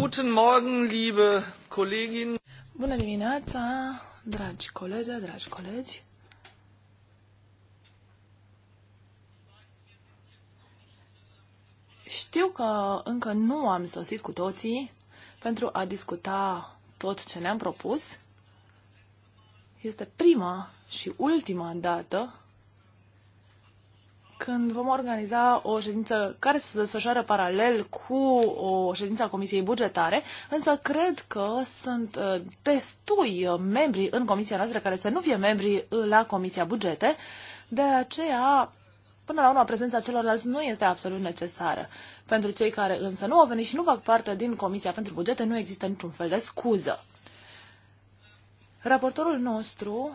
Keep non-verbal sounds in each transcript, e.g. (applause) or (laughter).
Guten Morgen, liebe Bună dimineața, dragi colegi, dragi colegi. Știu că încă nu am sosit cu toții pentru a discuta tot ce ne-am propus. Este prima și ultima dată când vom organiza o ședință care să se desfășoare paralel cu o ședință a Comisiei Bugetare, însă cred că sunt uh, destui uh, membri în Comisia noastră care să nu fie membri la Comisia Bugete, de aceea, până la urmă, prezența celorlalți nu este absolut necesară. Pentru cei care însă nu au venit și nu fac parte din Comisia pentru Bugete, nu există niciun fel de scuză. Raportorul nostru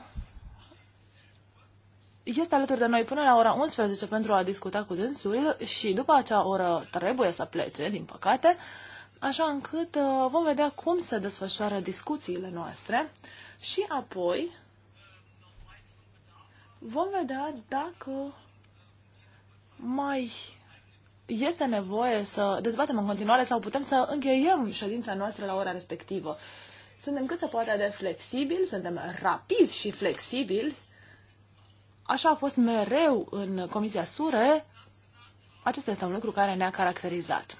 este alături de noi până la ora 11 pentru a discuta cu dânsul și după acea oră trebuie să plece, din păcate, așa încât uh, vom vedea cum se desfășoară discuțiile noastre și apoi vom vedea dacă mai este nevoie să dezbatem în continuare sau putem să încheiem ședința noastră la ora respectivă. Suntem cât se poate de flexibili, suntem rapizi și flexibili Așa a fost mereu în Comisia Sure. Acesta este un lucru care ne-a caracterizat.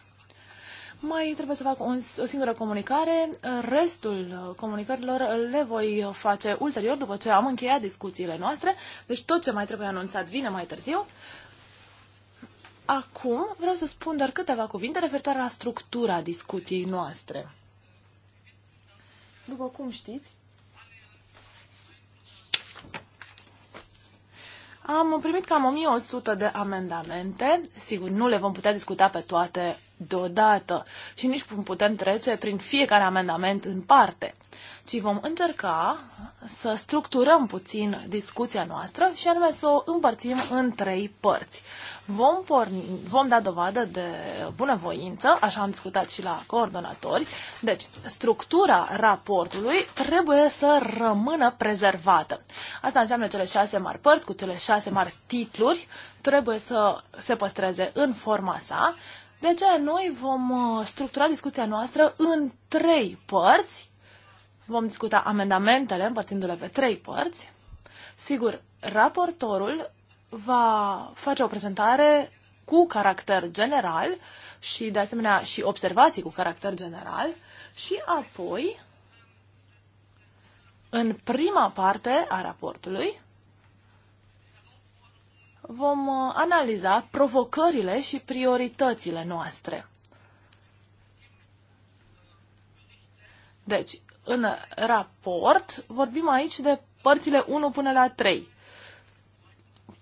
Mai trebuie să fac un, o singură comunicare. Restul comunicărilor le voi face ulterior, după ce am încheiat discuțiile noastre. Deci tot ce mai trebuie anunțat vine mai târziu. Acum vreau să spun doar câteva cuvinte referitoare la structura discuției noastre. După cum știți, Am primit cam 1100 de amendamente. Sigur, nu le vom putea discuta pe toate deodată și nici putem trece prin fiecare amendament în parte ci vom încerca să structurăm puțin discuția noastră și anume să o împărțim în trei părți. Vom, porni, vom da dovadă de bunăvoință, așa am discutat și la coordonatori, deci structura raportului trebuie să rămână prezervată. Asta înseamnă cele șase mari părți cu cele șase mari titluri trebuie să se păstreze în forma sa, de aceea noi vom uh, structura discuția noastră în trei părți Vom discuta amendamentele împărțindu-le pe trei părți. Sigur, raportorul va face o prezentare cu caracter general și, de asemenea, și observații cu caracter general și apoi, în prima parte a raportului, vom uh, analiza provocările și prioritățile noastre. Deci, în raport vorbim aici de părțile 1 până la 3.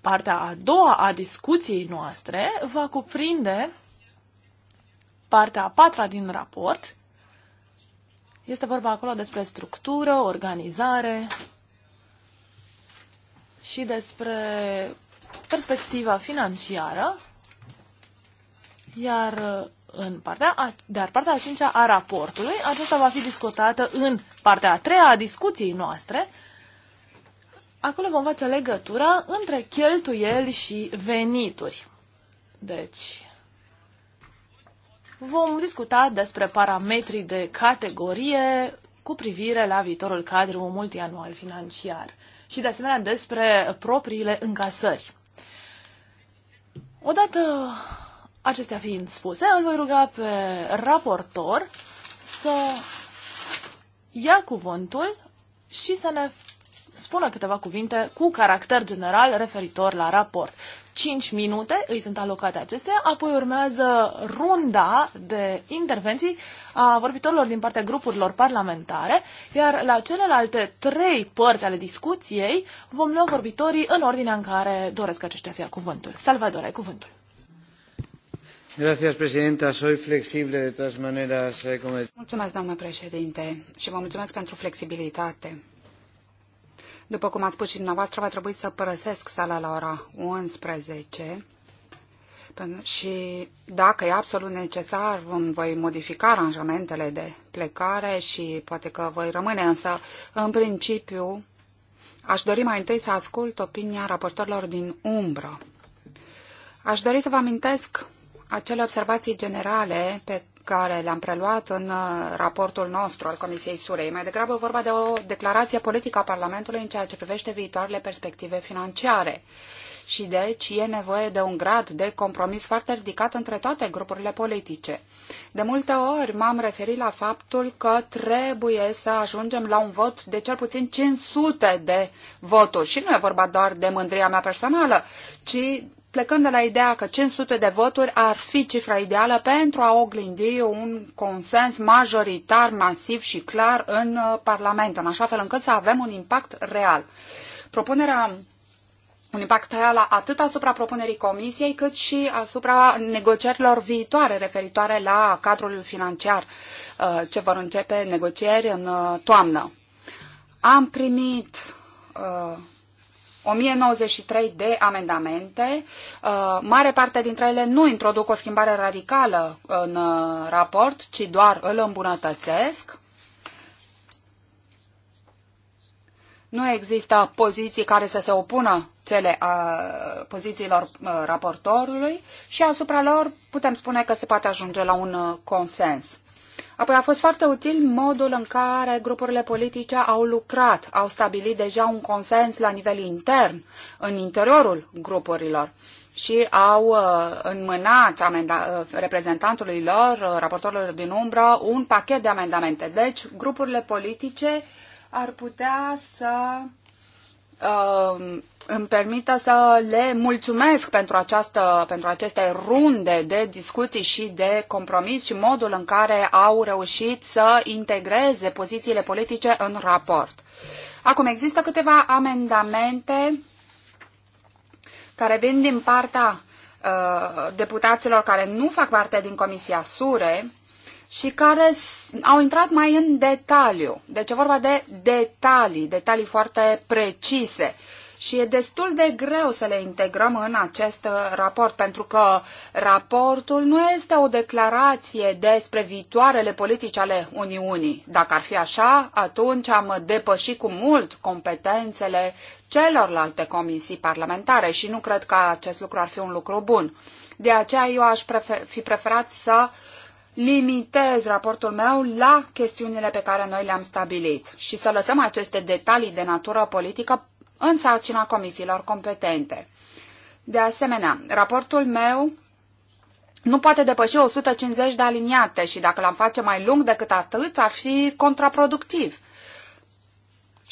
Partea a doua a discuției noastre va cuprinde partea a patra din raport. Este vorba acolo despre structură, organizare și despre perspectiva financiară, iar în partea a, dar partea a cincea a raportului, aceasta va fi discutată în partea a treia a discuției noastre. Acolo vom face legătura între cheltuieli și venituri. Deci, vom discuta despre parametrii de categorie cu privire la viitorul cadru multianual financiar și de asemenea despre propriile încasări. Odată Acestea fiind spuse, îl voi ruga pe raportor să ia cuvântul și să ne spună câteva cuvinte cu caracter general referitor la raport. 5 minute îi sunt alocate acestea, apoi urmează runda de intervenții a vorbitorilor din partea grupurilor parlamentare, iar la celelalte trei părți ale discuției vom lua vorbitorii în ordinea în care doresc aceștia să ia cuvântul. Salvador, ai cuvântul. Eh, mulțumesc, doamnă președinte, și vă mulțumesc pentru flexibilitate. După cum ați spus și dumneavoastră, va trebui să părăsesc sala la ora 11 și dacă e absolut necesar, voi modifica aranjamentele de plecare și poate că voi rămâne, însă în principiu aș dori mai întâi să ascult opinia raportorilor din umbră. Aș dori să vă amintesc acele observații generale pe care le-am preluat în uh, raportul nostru al Comisiei Surei. Mai degrabă vorba de o declarație politică a Parlamentului în ceea ce privește viitoarele perspective financiare. Și deci e nevoie de un grad de compromis foarte ridicat între toate grupurile politice. De multe ori m-am referit la faptul că trebuie să ajungem la un vot de cel puțin 500 de voturi. Și nu e vorba doar de mândria mea personală, ci plecând de la ideea că 500 de voturi ar fi cifra ideală pentru a oglindi un consens majoritar, masiv și clar în uh, Parlament, în așa fel încât să avem un impact real. Propunerea un impact real atât asupra propunerii Comisiei, cât și asupra negocierilor viitoare referitoare la cadrul financiar uh, ce vor începe negocieri în uh, toamnă. Am primit 1093 de amendamente. Uh, mare parte dintre ele nu introduc o schimbare radicală în uh, raport, ci doar îl îmbunătățesc. Nu există poziții care să se opună cele a uh, pozițiilor raportorului și asupra lor putem spune că se poate ajunge la un consens. Apoi a fost foarte util modul în care grupurile politice au lucrat, au stabilit deja un consens la nivel intern, în interiorul grupurilor și au uh, înmânat amenda- uh, reprezentantului lor, uh, raportorilor din umbră, un pachet de amendamente. Deci, grupurile politice ar putea să uh, îmi permită să le mulțumesc pentru, această, pentru aceste runde de discuții și de compromis și modul în care au reușit să integreze pozițiile politice în raport. Acum există câteva amendamente care vin din partea uh, deputaților care nu fac parte din Comisia SURE și care au intrat mai în detaliu. Deci e vorba de detalii, detalii foarte precise. Uh, și e destul de greu să le integrăm în acest uh, raport, pentru că raportul nu este o declarație despre viitoarele politici ale Uniunii. Dacă ar fi așa, atunci am depășit cu mult competențele celorlalte comisii parlamentare și nu cred că acest lucru ar fi un lucru bun. De aceea eu aș prefer, fi preferat să limitez raportul meu la chestiunile pe care noi le-am stabilit și să lăsăm aceste detalii de natură politică în sarcina comisiilor competente. De asemenea, raportul meu nu poate depăși 150 de aliniate și dacă l-am face mai lung decât atât, ar fi contraproductiv.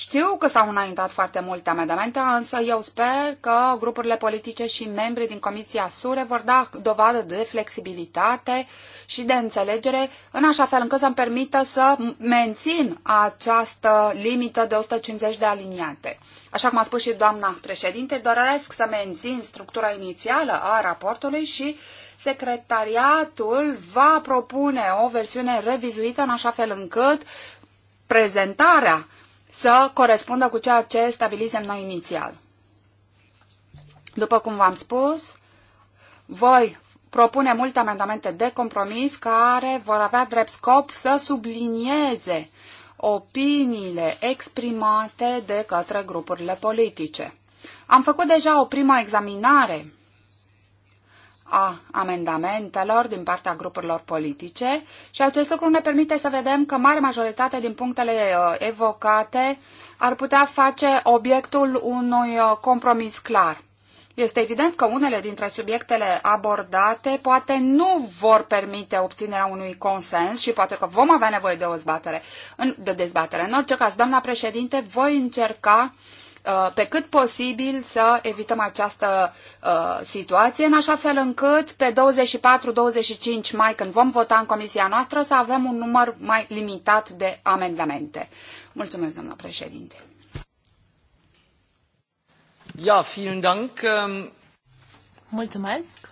Știu că s-au înaintat foarte multe amendamente, însă eu sper că grupurile politice și membrii din Comisia Sure vor da dovadă de flexibilitate și de înțelegere, în așa fel încât să-mi permită să mențin această limită de 150 de aliniate. Așa cum a spus și doamna președinte, doresc să mențin structura inițială a raportului și secretariatul va propune o versiune revizuită în așa fel încât prezentarea să corespundă cu ceea ce stabilisem noi inițial. După cum v-am spus, voi propune multe amendamente de compromis care vor avea drept scop să sublinieze opiniile exprimate de către grupurile politice. Am făcut deja o primă examinare a amendamentelor din partea grupurilor politice și acest lucru ne permite să vedem că mare majoritate din punctele uh, evocate ar putea face obiectul unui uh, compromis clar. Este evident că unele dintre subiectele abordate poate nu vor permite obținerea unui consens și poate că vom avea nevoie de o dezbatere. De dezbatere. În orice caz, doamna președinte, voi încerca uh, Uh, pe cât posibil să evităm această uh, situație, în așa fel încât pe 24-25 mai, când vom vota în comisia noastră, să avem un număr mai limitat de amendamente. Mulțumesc, doamna președinte. Ja, vielen Dank. Ähm, Mulțumesc.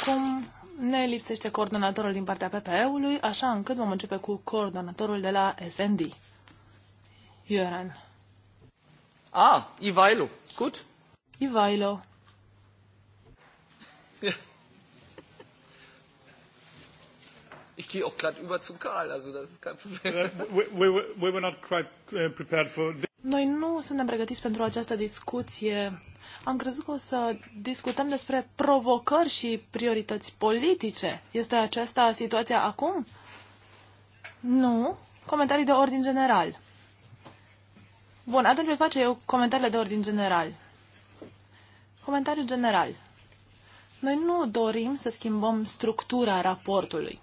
Acum ne lipsește coordonatorul din partea PPE-ului, așa încât vom începe cu coordonatorul de la SND. Ioran. Ah, Ivailo. Gut. Ivailo. Ja. Ich gehe auch glatt über zu Karl, also das ist kein Problem. Uh, we, we, we were not quite uh, prepared for this. Noi nu suntem pregătiți pentru această discuție. Am crezut că o să discutăm despre provocări și priorități politice. Este aceasta situația acum? Nu. Comentarii de ordin general. Bun, atunci voi face eu comentariile de ordin general. Comentariu general. Noi nu dorim să schimbăm structura raportului.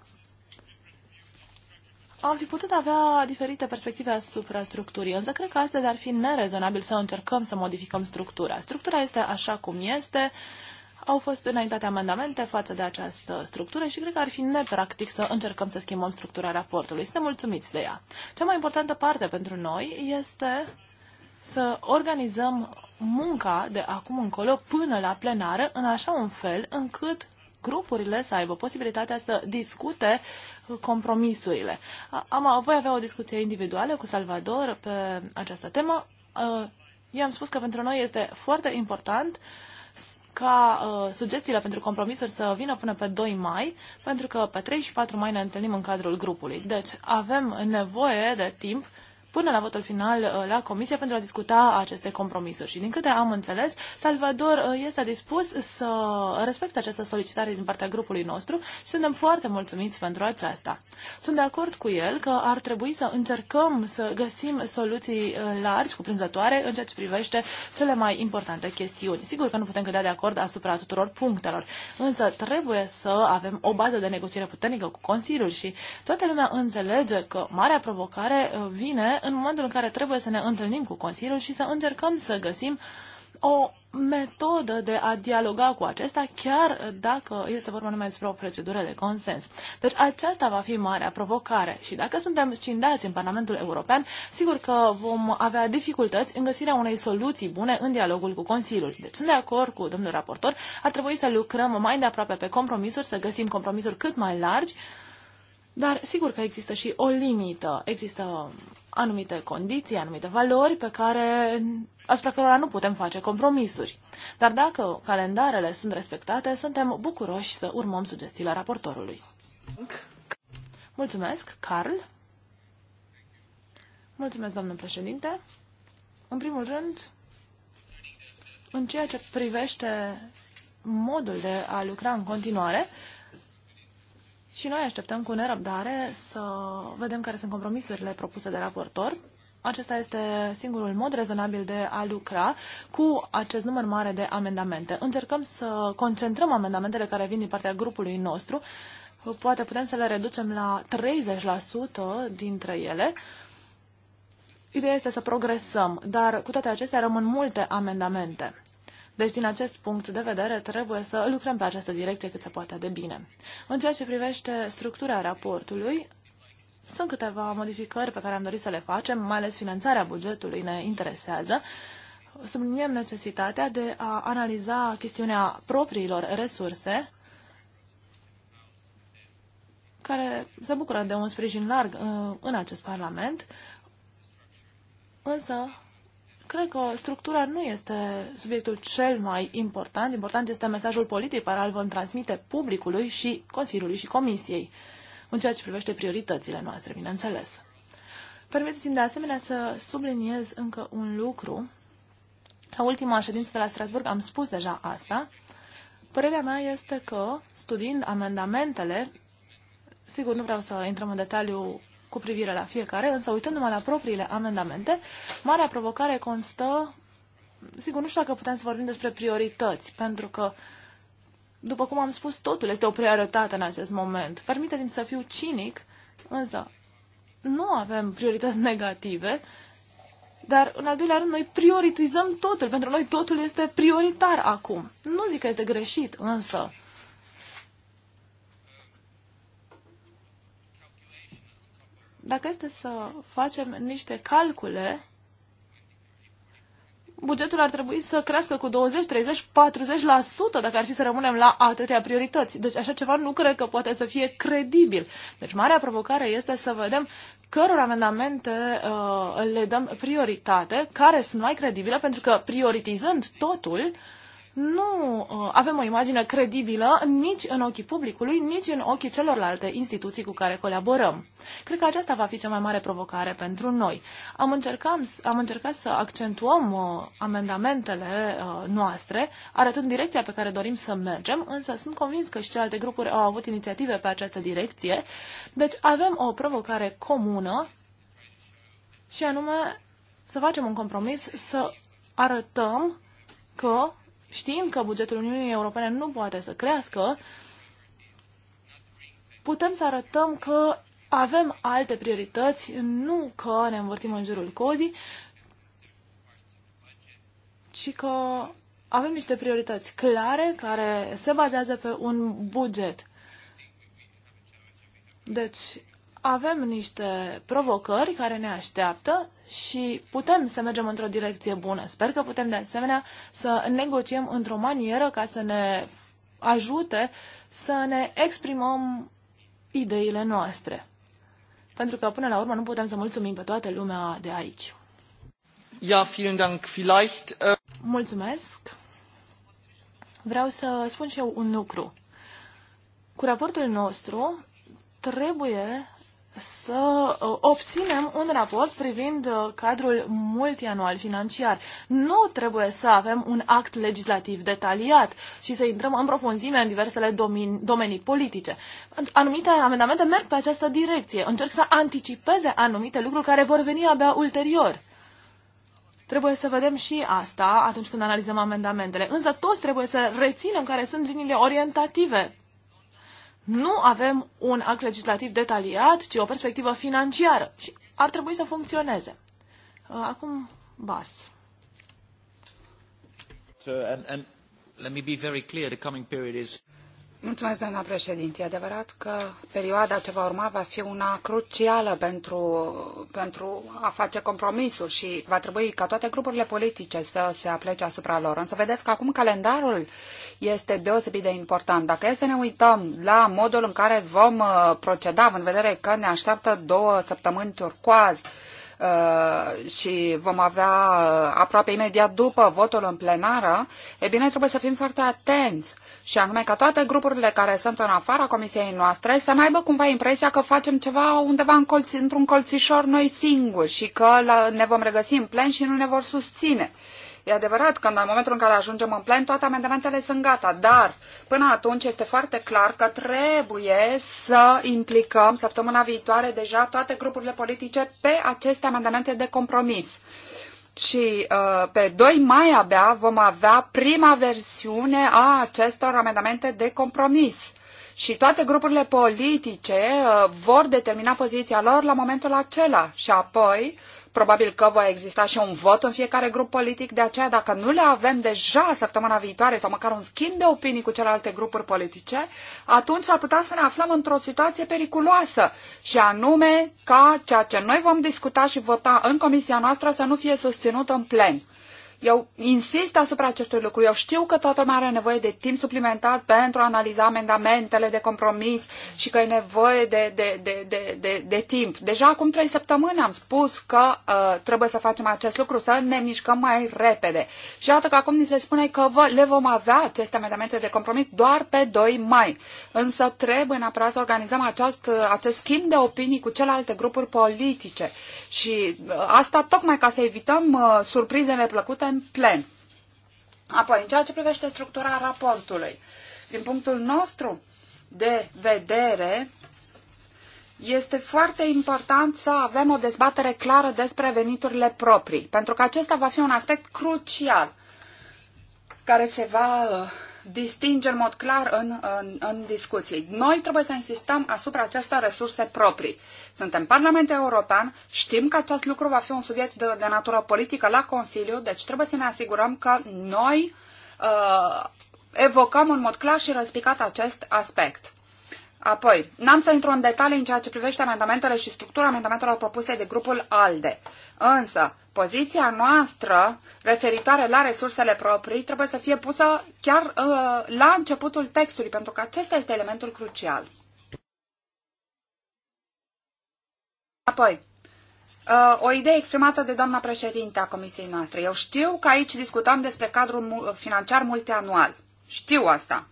Am fi putut avea diferite perspective asupra structurii, însă cred că astăzi ar fi nerezonabil să încercăm să modificăm structura. Structura este așa cum este, au fost înaintate amendamente față de această structură și cred că ar fi nepractic să încercăm să schimbăm structura raportului. Suntem mulțumiți de ea. Cea mai importantă parte pentru noi este să organizăm munca de acum încolo până la plenară în așa un fel încât grupurile să aibă posibilitatea să discute uh, compromisurile. Am, voi avea o discuție individuală cu Salvador pe această temă. Uh, i-am spus că pentru noi este foarte important ca uh, sugestiile pentru compromisuri să vină până pe 2 mai, pentru că pe 3 și 4 mai ne întâlnim în cadrul grupului. Deci avem nevoie de timp până la votul final uh, la Comisie pentru a discuta aceste compromisuri. Și din câte am înțeles, Salvador uh, este dispus să respecte această solicitare din partea grupului nostru și suntem foarte mulțumiți pentru aceasta. Sunt de acord cu el că ar trebui să încercăm să găsim soluții uh, largi, cuprinzătoare, în ceea ce privește cele mai importante chestiuni. Sigur că nu putem cădea de acord asupra tuturor punctelor, însă trebuie să avem o bază de negociere puternică cu Consiliul și toată lumea înțelege că marea provocare vine în momentul în care trebuie să ne întâlnim cu Consiliul și să încercăm să găsim o metodă de a dialoga cu acesta, chiar dacă este vorba numai despre o procedură de consens. Deci aceasta va fi marea provocare și dacă suntem scindați în Parlamentul European, sigur că vom avea dificultăți în găsirea unei soluții bune în dialogul cu Consiliul. Deci sunt de acord cu domnul raportor, ar trebui să lucrăm mai de aproape pe compromisuri, să găsim compromisuri cât mai largi, dar sigur că există și o limită. Există anumite condiții, anumite valori pe care, asupra cărora nu putem face compromisuri. Dar dacă calendarele sunt respectate, suntem bucuroși să urmăm sugestiile raportorului. Mulțumesc, Carl. Mulțumesc, domnule președinte. În primul rând, în ceea ce privește modul de a lucra în continuare, uh, și noi așteptăm cu nerăbdare să vedem care sunt compromisurile propuse de raportor. Acesta este singurul mod rezonabil de a lucra cu acest număr mare de amendamente. Încercăm să concentrăm amendamentele care vin din partea grupului nostru. Poate putem să le reducem la 30% dintre ele. Ideea este să progresăm, dar cu toate acestea rămân multe amendamente. Deci, din acest punct de vedere, trebuie să lucrăm pe această direcție cât se poate de bine. În ceea ce privește structura raportului, sunt câteva modificări pe care am dorit să le facem, mai ales finanțarea bugetului ne interesează. Subliniem necesitatea de a analiza chestiunea propriilor resurse, care se bucură de un sprijin larg uh, în acest Parlament, însă Cred că structura nu este subiectul cel mai important. Important este mesajul politic pe care îl vom transmite publicului și Consiliului și Comisiei, în ceea ce privește prioritățile noastre, bineînțeles. Permiteți-mi de asemenea să subliniez încă un lucru. La ultima ședință de la Strasburg am spus deja asta. Părerea mea este că, studiind amendamentele, sigur nu vreau să intrăm în detaliu cu privire la fiecare, însă uitându-mă la propriile amendamente, marea provocare constă, sigur, nu știu dacă putem să vorbim despre priorități, pentru că, după cum am spus, totul este o prioritate în acest moment. Permiteți-mi să fiu cinic, însă nu avem priorități negative, dar, în al doilea rând, noi prioritizăm totul. Pentru noi totul este prioritar acum. Nu zic că este greșit, însă Dacă este să facem niște calcule, bugetul ar trebui să crească cu 20, 30, 40% dacă ar fi să rămânem la atâtea priorități. Deci așa ceva nu cred că poate să fie credibil. Deci marea provocare este să vedem căror amendamente uh, le dăm prioritate, care sunt mai credibile, pentru că prioritizând totul, uh, nu uh, avem o imagine credibilă nici în ochii publicului, nici în ochii celorlalte instituții cu care colaborăm. Cred că aceasta va fi cea mai mare provocare pentru noi. Am încercat, am încercat să accentuăm uh, amendamentele uh, noastre, arătând direcția pe care dorim să mergem, însă sunt convins că și celelalte grupuri au avut inițiative pe această direcție. Deci avem o provocare comună și anume să facem un compromis, să arătăm că știind că bugetul Uniunii Europene nu poate să crească, putem să arătăm că avem alte priorități, nu că ne învârtim în jurul cozii, ci că avem niște priorități clare care se bazează pe un buget. Deci, avem niște provocări care ne așteaptă și putem să mergem într-o direcție bună. Sper că putem de asemenea să negociem într-o manieră ca să ne ajute să ne exprimăm ideile noastre. Pentru că până la urmă nu putem să mulțumim pe toată lumea de aici. Ja, vielen Dank. Vielleicht, uh... Mulțumesc. Vreau să spun și eu un lucru. Cu raportul nostru trebuie să uh, obținem un raport privind uh, cadrul multianual financiar. Nu trebuie să avem un act legislativ detaliat și să intrăm în profunzime în diversele domenii, domenii politice. Anumite amendamente merg pe această direcție. Încerc să anticipeze anumite lucruri care vor veni abia ulterior. Trebuie să vedem și asta atunci când analizăm amendamentele. Însă toți trebuie să reținem care sunt liniile orientative nu avem un act legislativ detaliat, ci o perspectivă financiară și ar trebui să funcționeze. Uh, acum, BAS. So, uh, and, and let me be very clear, the coming period is... Mulțumesc, doamna președinte. E adevărat că perioada ce va urma va fi una crucială pentru, pentru a face compromisuri și va trebui ca toate grupurile politice să se aplece asupra lor. Însă vedeți că acum calendarul este deosebit de important. Dacă e să ne uităm la modul în care vom uh, proceda, în vedere că ne așteaptă două săptămâni turcoazi, uh, și vom avea uh, aproape imediat după votul în plenară, e bine, trebuie să fim foarte atenți și anume ca toate grupurile care sunt în afara comisiei noastre să n-aibă cumva impresia că facem ceva undeva în colț, într-un colțișor noi singuri și că ne vom regăsi în plen și nu ne vor susține. E adevărat că în momentul în care ajungem în plen, toate amendamentele sunt gata, dar până atunci este foarte clar că trebuie să implicăm săptămâna viitoare deja toate grupurile politice pe aceste amendamente de compromis și uh, pe 2 mai abia vom avea prima versiune a acestor amendamente de compromis și toate grupurile politice uh, vor determina poziția lor la momentul acela și apoi probabil că va exista și un vot în fiecare grup politic, de aceea dacă nu le avem deja săptămâna viitoare sau măcar un schimb de opinii cu celelalte grupuri politice, atunci ar putea să ne aflăm într-o situație periculoasă și anume ca ceea ce noi vom discuta și vota în comisia noastră să nu fie susținut în plen. Eu insist asupra acestui lucru. Eu știu că toată lumea are nevoie de timp suplimentar pentru a analiza amendamentele de compromis și că e nevoie de, de, de, de, de, de timp. Deja acum trei săptămâni am spus că uh, trebuie să facem acest lucru, să ne mișcăm mai repede. Și iată că acum ni se spune că vă, le vom avea aceste amendamente de compromis doar pe 2 mai. Însă trebuie neapărat să organizăm aceast, uh, acest schimb de opinii cu celelalte grupuri politice. Și uh, asta tocmai ca să evităm uh, surprizele plăcute în plen. Apoi, în ceea ce privește structura raportului, din punctul nostru de vedere, este foarte important să avem o dezbatere clară despre veniturile proprii, pentru că acesta va fi un aspect crucial care se va uh, distinge în mod clar în, în, în discuții. Noi trebuie să insistăm asupra acestor resurse proprii. Suntem Parlamentul European, știm că acest lucru va fi un subiect de, de natură politică la Consiliu, deci trebuie să ne asigurăm că noi uh, evocăm în mod clar și răspicat acest aspect. Apoi, n-am să intru în detalii în ceea ce privește amendamentele și structura amendamentelor propuse de grupul ALDE. Însă, poziția noastră referitoare la resursele proprii trebuie să fie pusă chiar uh, la începutul textului, pentru că acesta este elementul crucial. Apoi, uh, o idee exprimată de doamna președinte a comisiei noastre. Eu știu că aici discutăm despre cadrul financiar multianual. Știu asta.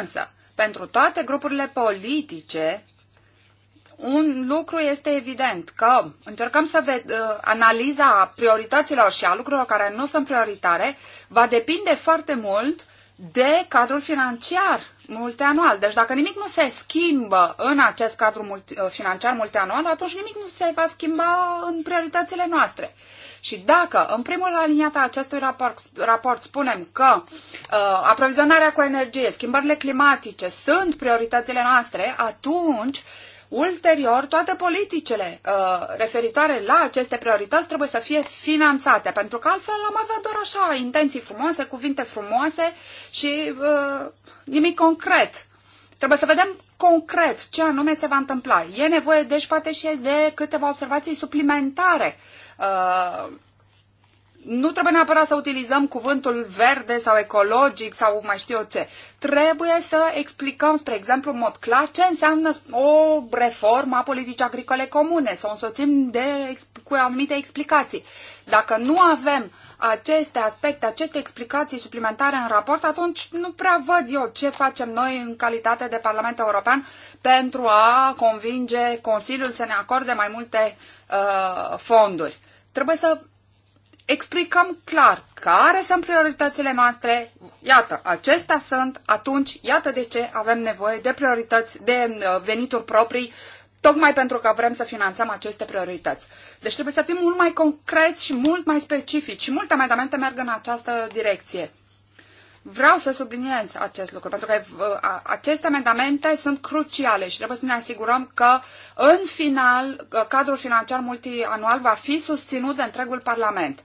Însă, pentru toate grupurile politice, un lucru este evident, că încercăm să ved, uh, analiza priorităților și a lucrurilor care nu sunt prioritare va depinde foarte mult de cadrul financiar multianual. Deci dacă nimic nu se schimbă în acest cadru multi, uh, financiar multianual, atunci nimic nu se va schimba în prioritățile noastre. Și dacă în primul aliniat a acestui raport, raport spunem că uh, aprovizionarea cu energie, schimbările climatice sunt prioritățile noastre, atunci uh, Ulterior, toate politicele uh, referitoare la aceste priorități trebuie să fie finanțate, pentru că altfel am avea doar așa intenții frumoase, cuvinte frumoase și uh, nimic concret. Trebuie să vedem concret ce anume se va întâmpla. E nevoie, deci, poate și de câteva observații suplimentare. Uh, nu trebuie neapărat să utilizăm cuvântul verde sau ecologic sau mai știu eu ce. Trebuie să explicăm, spre exemplu, în mod clar ce înseamnă o reformă a politicii agricole comune, să o însoțim de, cu anumite explicații. Dacă nu avem aceste aspecte, aceste explicații suplimentare în raport, atunci nu prea văd eu ce facem noi în calitate de Parlament European pentru a convinge Consiliul să ne acorde mai multe uh, fonduri. Trebuie să explicăm clar care sunt prioritățile noastre, iată, acestea sunt, atunci, iată de ce avem nevoie de priorități, de uh, venituri proprii, tocmai pentru că vrem să finanțăm aceste priorități. Deci trebuie să fim mult mai concreți și mult mai specifici și multe amendamente merg în această direcție. Vreau să subliniez acest lucru, pentru că uh, aceste amendamente sunt cruciale și trebuie să ne asigurăm că, în final, cadrul financiar multianual va fi susținut de întregul Parlament.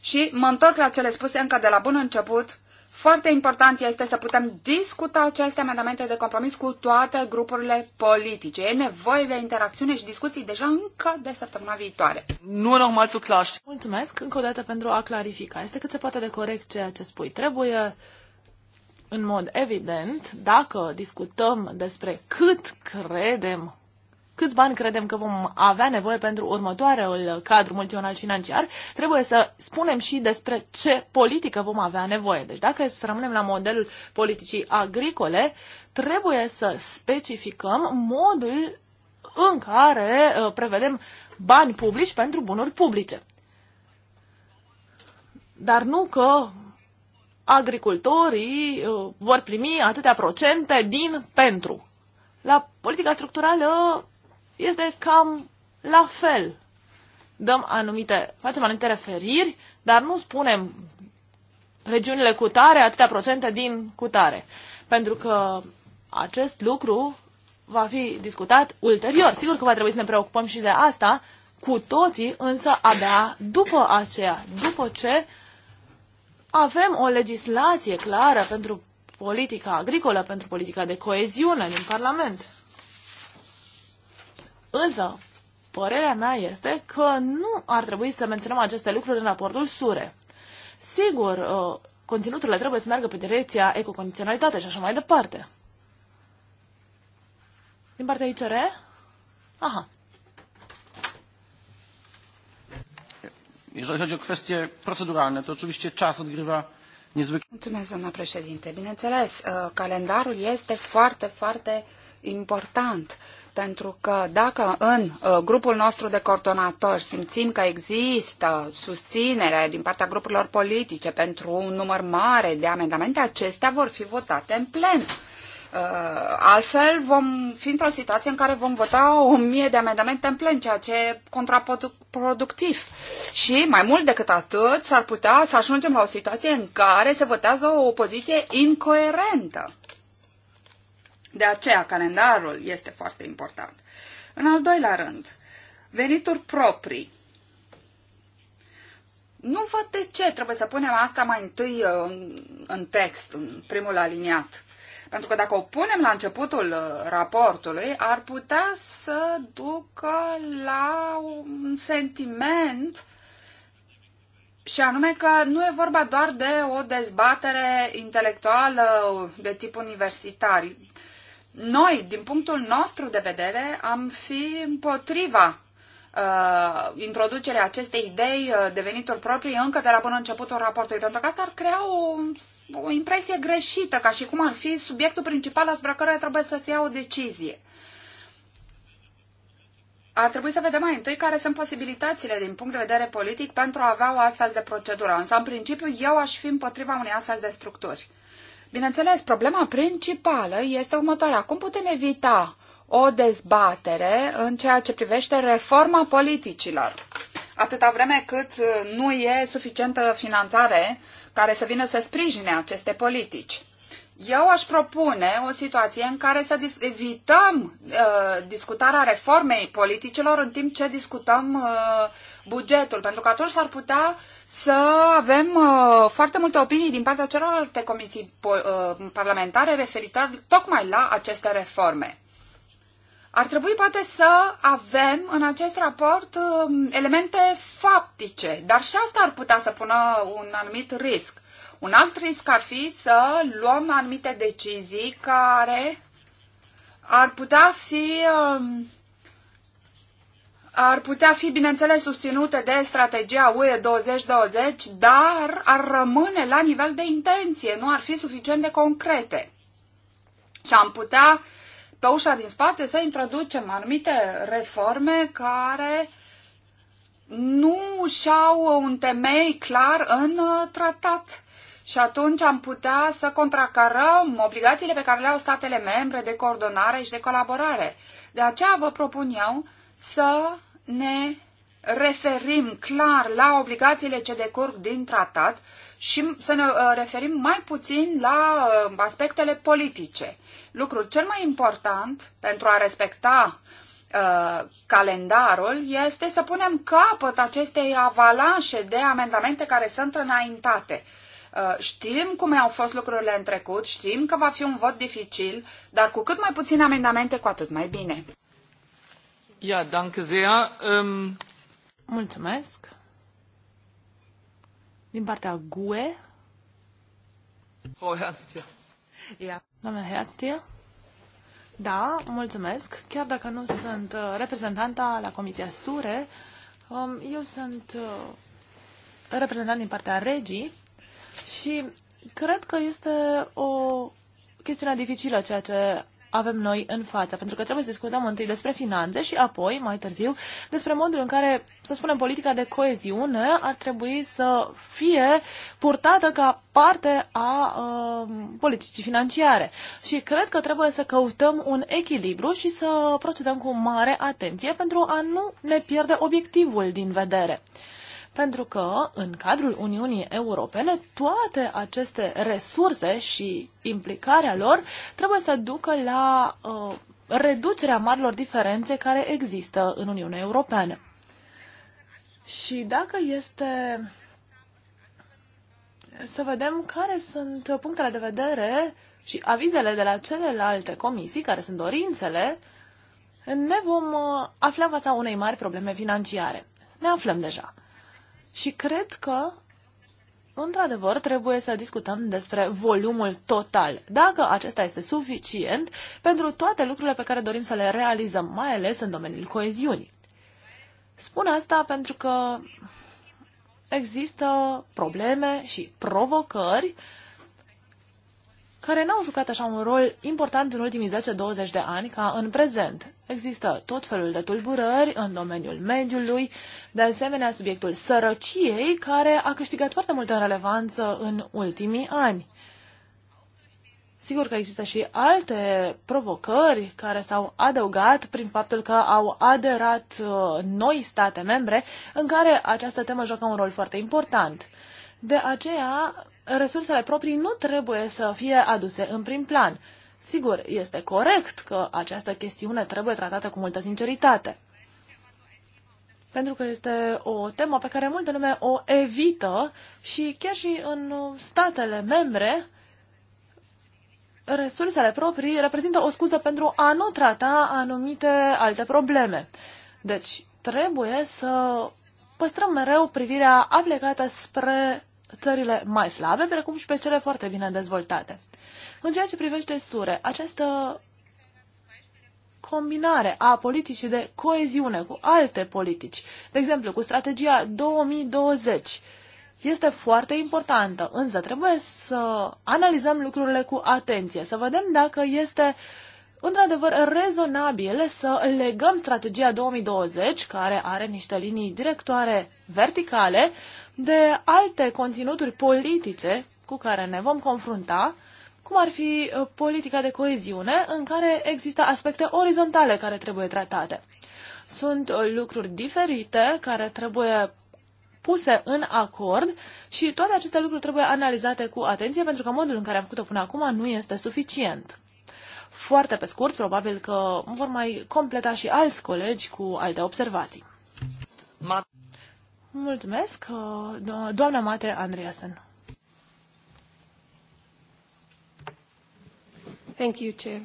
Și mă întorc la cele spuse încă de la bun început. Foarte important este să putem discuta aceste amendamente de compromis cu toate grupurile politice. E nevoie de interacțiune și discuții deja încă de săptămâna viitoare. Nu normal să clash. Mulțumesc încă o dată pentru a clarifica. Este cât se poate de corect ceea ce spui. Trebuie în mod evident, dacă discutăm despre cât credem câți bani credem că vom avea nevoie pentru următoarele cadru multianual financiar, trebuie să spunem și despre ce politică vom avea nevoie. Deci dacă să rămânem la modelul politicii agricole, trebuie să specificăm modul în care uh, prevedem bani publici pentru bunuri publice. Dar nu că agricultorii uh, vor primi atâtea procente din pentru. La politica structurală este cam la fel. Dăm anumite, facem anumite referiri, dar nu spunem regiunile cu tare, atâtea procente din cu tare. Pentru că acest lucru va fi discutat ulterior. Sigur că va trebui să ne preocupăm și de asta, cu toții, însă abia după aceea, după ce avem o legislație clară pentru politica agricolă, pentru politica de coeziune din Parlament. Însă, părerea mea este că nu ar trebui să menționăm aceste lucruri în raportul SURE. Sigur, uh, conținuturile trebuie să meargă pe direcția ecocondiționalitate și așa mai departe. Din partea ICR? Aha. Jeżeli chodzi o kwestie proceduralne, to oczywiście czas odgrywa niezwykle... Mulțumesc, doamna președinte. Bineînțeles, uh, calendarul este foarte, foarte important pentru că dacă în uh, grupul nostru de coordonatori simțim că există susținere din partea grupurilor politice pentru un număr mare de amendamente, acestea vor fi votate în plen. Uh, altfel vom fi într-o situație în care vom vota o mie de amendamente în plen, ceea ce e contraproductiv. Și mai mult decât atât, s-ar putea să ajungem la o situație în care se votează o poziție incoerentă. De aceea, calendarul este foarte important. În al doilea rând, venituri proprii. Nu văd de ce trebuie să punem asta mai întâi uh, în text, în primul aliniat. Pentru că dacă o punem la începutul uh, raportului, ar putea să ducă la un sentiment și anume că nu e vorba doar de o dezbatere intelectuală de tip universitar. Noi, din punctul nostru de vedere, am fi împotriva uh, introducerea acestei idei uh, de venituri proprii încă de la bun începutul raportului, pentru că asta ar crea o, o impresie greșită, ca și cum ar fi subiectul principal asupra căruia trebuie să-ți ia o decizie. Ar trebui să vedem mai întâi care sunt posibilitățile din punct de vedere politic pentru a avea o astfel de procedură. Însă, în principiu, eu aș fi împotriva unei astfel de structuri. Bineînțeles, problema principală este următoarea. Cum putem evita o dezbatere în ceea ce privește reforma politicilor? Atâta vreme cât uh, nu e suficientă finanțare care să vină să sprijine aceste politici. Eu aș propune o situație în care să dis- evităm uh, discutarea reformei politicilor în timp ce discutăm uh, bugetul, pentru că atunci s-ar putea să avem uh, foarte multe opinii din partea celorlalte comisii uh, parlamentare referitor tocmai la aceste reforme. Ar trebui poate să avem în acest raport uh, elemente faptice, dar și asta ar putea să pună un anumit risc. Un alt risc ar fi să luăm anumite decizii care ar putea fi uh, ar putea fi, bineînțeles, susținute de strategia UE 2020, dar ar rămâne la nivel de intenție, nu ar fi suficient de concrete. Și am putea, pe ușa din spate, să introducem anumite reforme care nu și-au un temei clar în uh, tratat. Și atunci am putea să contracarăm obligațiile pe care le au statele membre de coordonare și de colaborare. De aceea vă propun eu să ne referim clar la obligațiile ce decurg din tratat și să ne uh, referim mai puțin la uh, aspectele politice. Lucrul cel mai important pentru a respecta uh, calendarul este să punem capăt acestei avalanșe de amendamente care sunt înaintate. știm cum au fost lucrurile în trecut, știm că va fi un vot dificil, dar cu cât mai puține amendamente, cu atât mai bine. Ja, danke sehr. Ähm, mulțumesc. Din partea GUE. Frau Herzia. Ja. Doamna Herzia. Da, mulțumesc. Chiar dacă nu sunt uh, reprezentanta la Comisia Sure, um, eu sunt uh, reprezentant din partea regii și cred că este o chestiune dificilă ceea ce avem noi în față, pentru că trebuie să discutăm întâi despre finanțe și apoi, mai târziu, despre modul în care, să spunem, politica de coeziune ar trebui să fie purtată ca parte a uh, politicii financiare. Și cred că trebuie să căutăm un echilibru și să procedăm cu mare atenție pentru a nu ne pierde obiectivul din vedere pentru că în cadrul Uniunii Europene toate aceste resurse și implicarea lor trebuie să ducă la uh, reducerea marilor diferențe care există în Uniunea Europeană. Și dacă este să vedem care sunt punctele de vedere și avizele de la celelalte comisii, care sunt dorințele, ne vom uh, afla în fața unei mari probleme financiare. Ne aflăm deja. Și cred că într-adevăr, trebuie să discutăm despre volumul total. Dacă acesta este suficient pentru toate lucrurile pe care dorim să le realizăm, mai ales în domeniul coeziunii. Spun asta pentru că există probleme și provocări care n-au jucat așa un rol important în ultimii 10-20 de ani ca în prezent. Există tot felul de tulburări în domeniul mediului, de asemenea subiectul sărăciei, care a câștigat foarte multă relevanță în ultimii ani. Sigur că există și alte provocări care s-au adăugat prin faptul că au aderat uh, noi state membre în care această temă joacă un rol foarte important. De aceea, resursele proprii nu trebuie să fie aduse în prim plan. Sigur, este corect că această chestiune trebuie tratată cu multă sinceritate. Pentru că este o temă pe care multă lume o evită și chiar și în statele membre, resursele proprii reprezintă o scuză pentru a nu trata anumite alte probleme. Deci, trebuie să păstrăm mereu privirea aplicată spre țările mai slabe, precum și pe cele foarte bine dezvoltate. În ceea ce privește SURE, această combinare a politicii de coeziune cu alte politici, de exemplu cu strategia 2020, este foarte importantă, însă trebuie să analizăm lucrurile cu atenție, să vedem dacă este într-adevăr rezonabil să legăm strategia 2020, care are niște linii directoare verticale, de alte conținuturi politice cu care ne vom confrunta, cum ar fi uh, politica de coeziune, în care există aspecte orizontale care trebuie tratate. Sunt uh, lucruri diferite care trebuie puse în acord și toate aceste lucruri trebuie analizate cu atenție pentru că modul în care am făcut-o până acum nu este suficient. Foarte pe scurt, probabil că vor mai completa și alți colegi cu alte observații. Mulțumesc, uh, doamna Mate Andreasen. Thank you, Chair.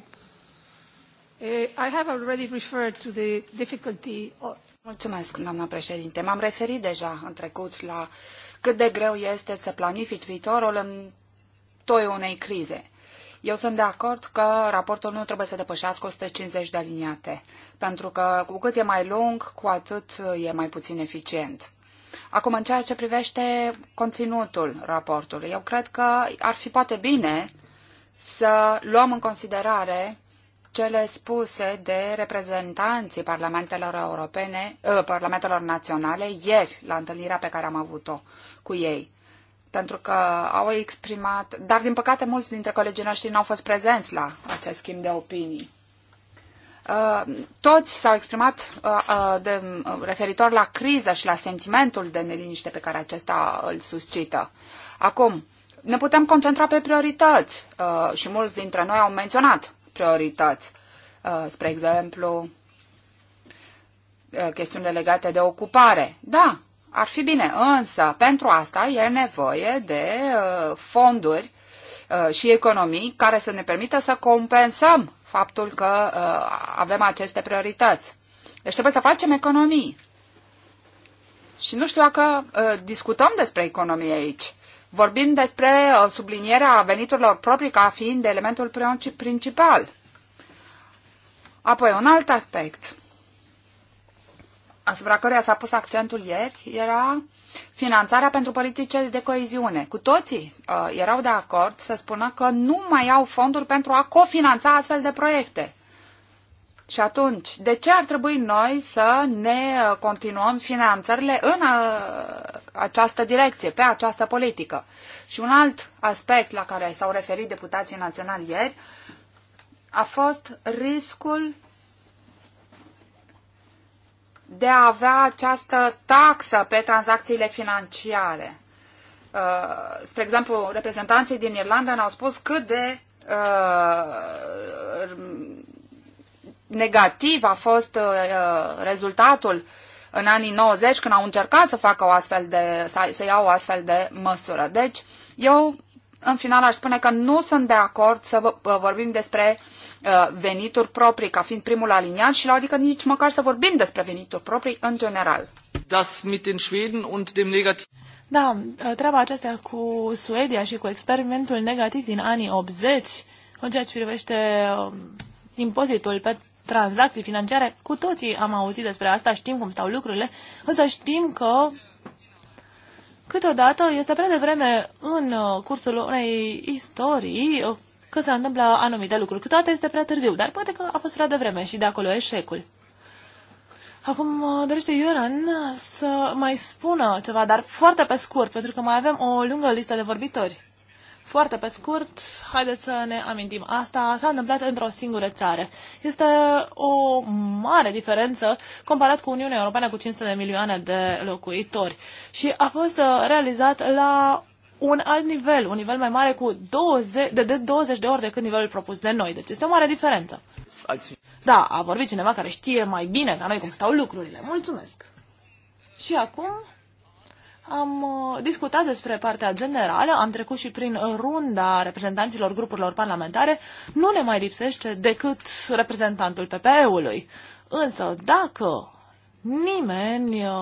Uh, I have already referred to the difficulty of... Mulțumesc, doamna președinte. M-am referit deja în trecut la cât de greu este să planifici viitorul în toiul unei crize. Eu sunt de acord că raportul nu trebuie să depășească 150 de aliniate, pentru că cu cât e mai lung, cu atât e mai puțin eficient. Acum, în ceea ce privește conținutul raportului, eu cred că ar fi poate bine să luăm în considerare cele spuse de reprezentanții parlamentelor europene, eh, parlamentelor naționale ieri la întâlnirea pe care am avut-o cu ei. Pentru că au exprimat, dar din păcate mulți dintre colegii noștri n-au fost prezenți la acest schimb de opinii. Uh, toți s-au exprimat uh, uh, de, referitor la criză și la sentimentul de neliniște pe care acesta îl suscită. Acum, ne putem concentra pe priorități și mulți dintre noi au menționat priorități. Spre exemplu, chestiunile legate de ocupare. Da, ar fi bine, însă pentru asta e nevoie de fonduri și economii care să ne permită să compensăm faptul că uh, avem aceste priorități. Deci trebuie să facem economii. Și nu știu dacă uh, discutăm despre economie aici. Vorbim despre uh, sublinierea veniturilor proprii ca fiind elementul principal. Apoi, un alt aspect asupra căruia s-a pus accentul ieri era finanțarea pentru politicile de coeziune. Cu toții uh, erau de acord să spună că nu mai au fonduri pentru a cofinanța astfel de proiecte. Și atunci, de ce ar trebui noi să ne uh, continuăm finanțările în uh, această direcție, pe această politică? Și un alt aspect la care s-au referit deputații naționali ieri a fost riscul de a avea această taxă pe tranzacțiile financiare. Uh, spre exemplu, reprezentanții din Irlanda ne-au spus cât de uh, negativ a fost uh, rezultatul în anii 90 când au încercat să facă o astfel de, să iau o astfel de măsură. Deci, eu în final aș spune că nu sunt de acord să vorbim despre uh, venituri proprii ca fiind primul aliniat și la adică nici măcar să vorbim despre venituri proprii în general. Das mit den Schweden und dem negativ da, treaba aceasta cu Suedia și cu experimentul negativ din anii 80, în ceea ce privește um, impozitul pe tranzacții financiare, cu toții am auzit despre asta, știm cum stau lucrurile, însă știm că Câteodată este prea devreme în uh, cursul unei istorii uh, că se întâmplă anumite lucruri. Câteodată este prea târziu, dar poate că a fost prea devreme și de acolo eșecul. Acum uh, dorește Ioran să mai spună ceva, dar foarte pe scurt, pentru că mai avem o lungă listă de vorbitori. Foarte pe scurt, haideți să ne amintim. Asta s-a întâmplat într-o singură țară. Este o mare diferență comparat cu Uniunea Europeană cu 500 de milioane de locuitori. Și a fost uh, realizat la un alt nivel, un nivel mai mare cu 20, de, de 20 de ori decât nivelul propus de noi. Deci este o mare diferență. Da, a vorbit cineva care știe mai bine ca noi cum stau lucrurile. Mulțumesc! Și acum am uh, discutat despre partea generală, am trecut și prin runda reprezentanților grupurilor parlamentare. Nu ne mai lipsește decât reprezentantul PPE-ului. Însă, dacă nimeni uh,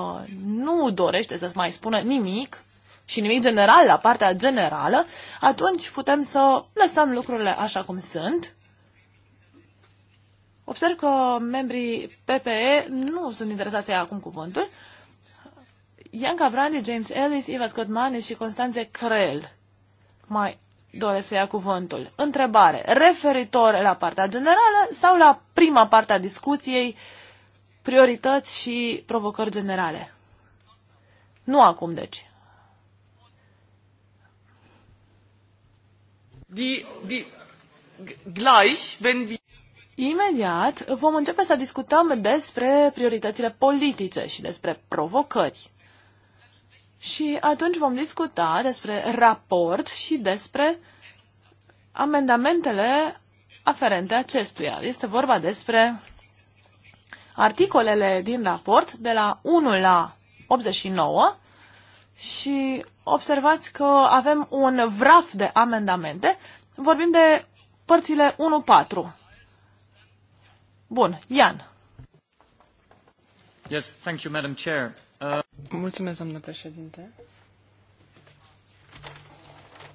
nu dorește să mai spună nimic și nimic general la partea generală, atunci putem să lăsăm lucrurile așa cum sunt. Observ că membrii PPE nu sunt interesați să ia acum cuvântul, Ianca Brandi, James Ellis, Eva Scott Manis și Constanze Creel mai doresc să ia cuvântul. Întrebare referitor la partea generală sau la prima parte a discuției, priorități și provocări generale? Nu acum, deci. Die, die, gleich, wenn wir... Imediat vom începe să discutăm despre prioritățile politice și despre provocări și atunci vom discuta despre raport și despre amendamentele aferente acestuia. Este vorba despre articolele din raport de la 1 la 89 și observați că avem un vraf de amendamente. Vorbim de părțile 1-4. Bun, Ian. Yes, thank you, Madam Chair. Uh...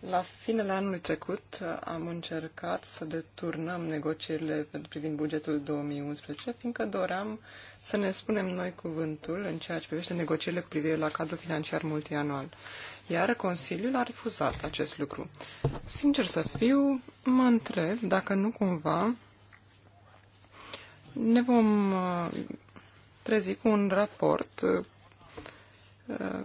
La finele anului trecut uh, am încercat să deturnăm negocierile privind bugetul 2011, fiindcă doream să ne spunem noi cuvântul în ceea ce privește negocierile cu privire la cadrul financiar multianual. Iar Consiliul a refuzat acest lucru. Sincer să fiu, mă întreb dacă nu cumva ne vom uh, trezi cu un raport uh, Uh,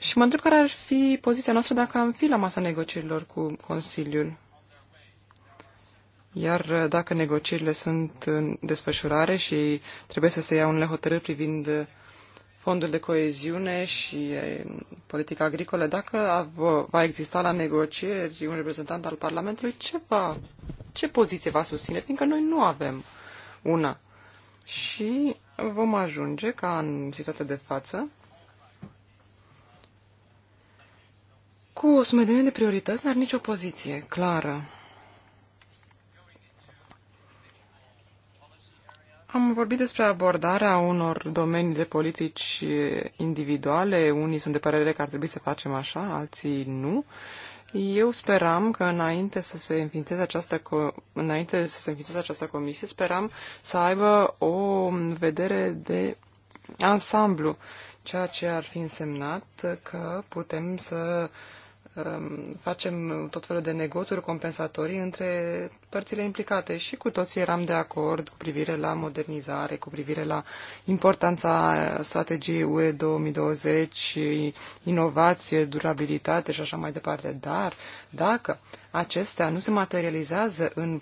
și mă întreb care ar fi poziția noastră dacă am fi la masa negocierilor cu Consiliul. Iar uh, dacă negocierile sunt în desfășurare și trebuie să se ia unele hotărâri privind uh, fondul de coeziune și politica agricolă, dacă va exista la negocieri un reprezentant al Parlamentului, ce, va, ce poziție va susține? Fiindcă noi nu avem una. Și vom ajunge ca în situația de față cu o sumedenie de priorități, dar nici o poziție clară. Am vorbit despre abordarea unor domenii de politici individuale. Unii sunt de părere că ar trebui să facem așa, alții nu. Eu speram că înainte să se înființeze această, co- înainte să se înființeze această comisie, speram să aibă o vedere de ansamblu, ceea ce ar fi însemnat că putem să uh, Um, facem tot felul de negoțuri compensatorii între părțile implicate și cu toții eram de acord cu privire la modernizare, cu privire la importanța strategiei UE 2020, inovație, durabilitate și așa mai departe. Dar dacă acestea nu se materializează în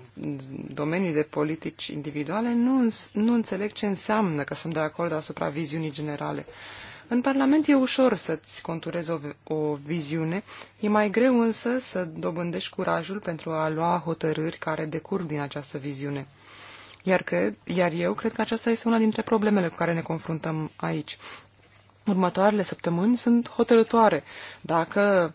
domenii de politici individuale, nu, nu înțeleg ce înseamnă că sunt de acord asupra viziunii generale. Uh, în Parlament e ușor să-ți conturezi o, o viziune, e mai greu însă să dobândești curajul pentru a lua hotărâri care decurg din această viziune. Iar, cred, iar eu cred că aceasta este una dintre problemele cu care ne confruntăm aici. Următoarele săptămâni sunt hotărătoare. Dacă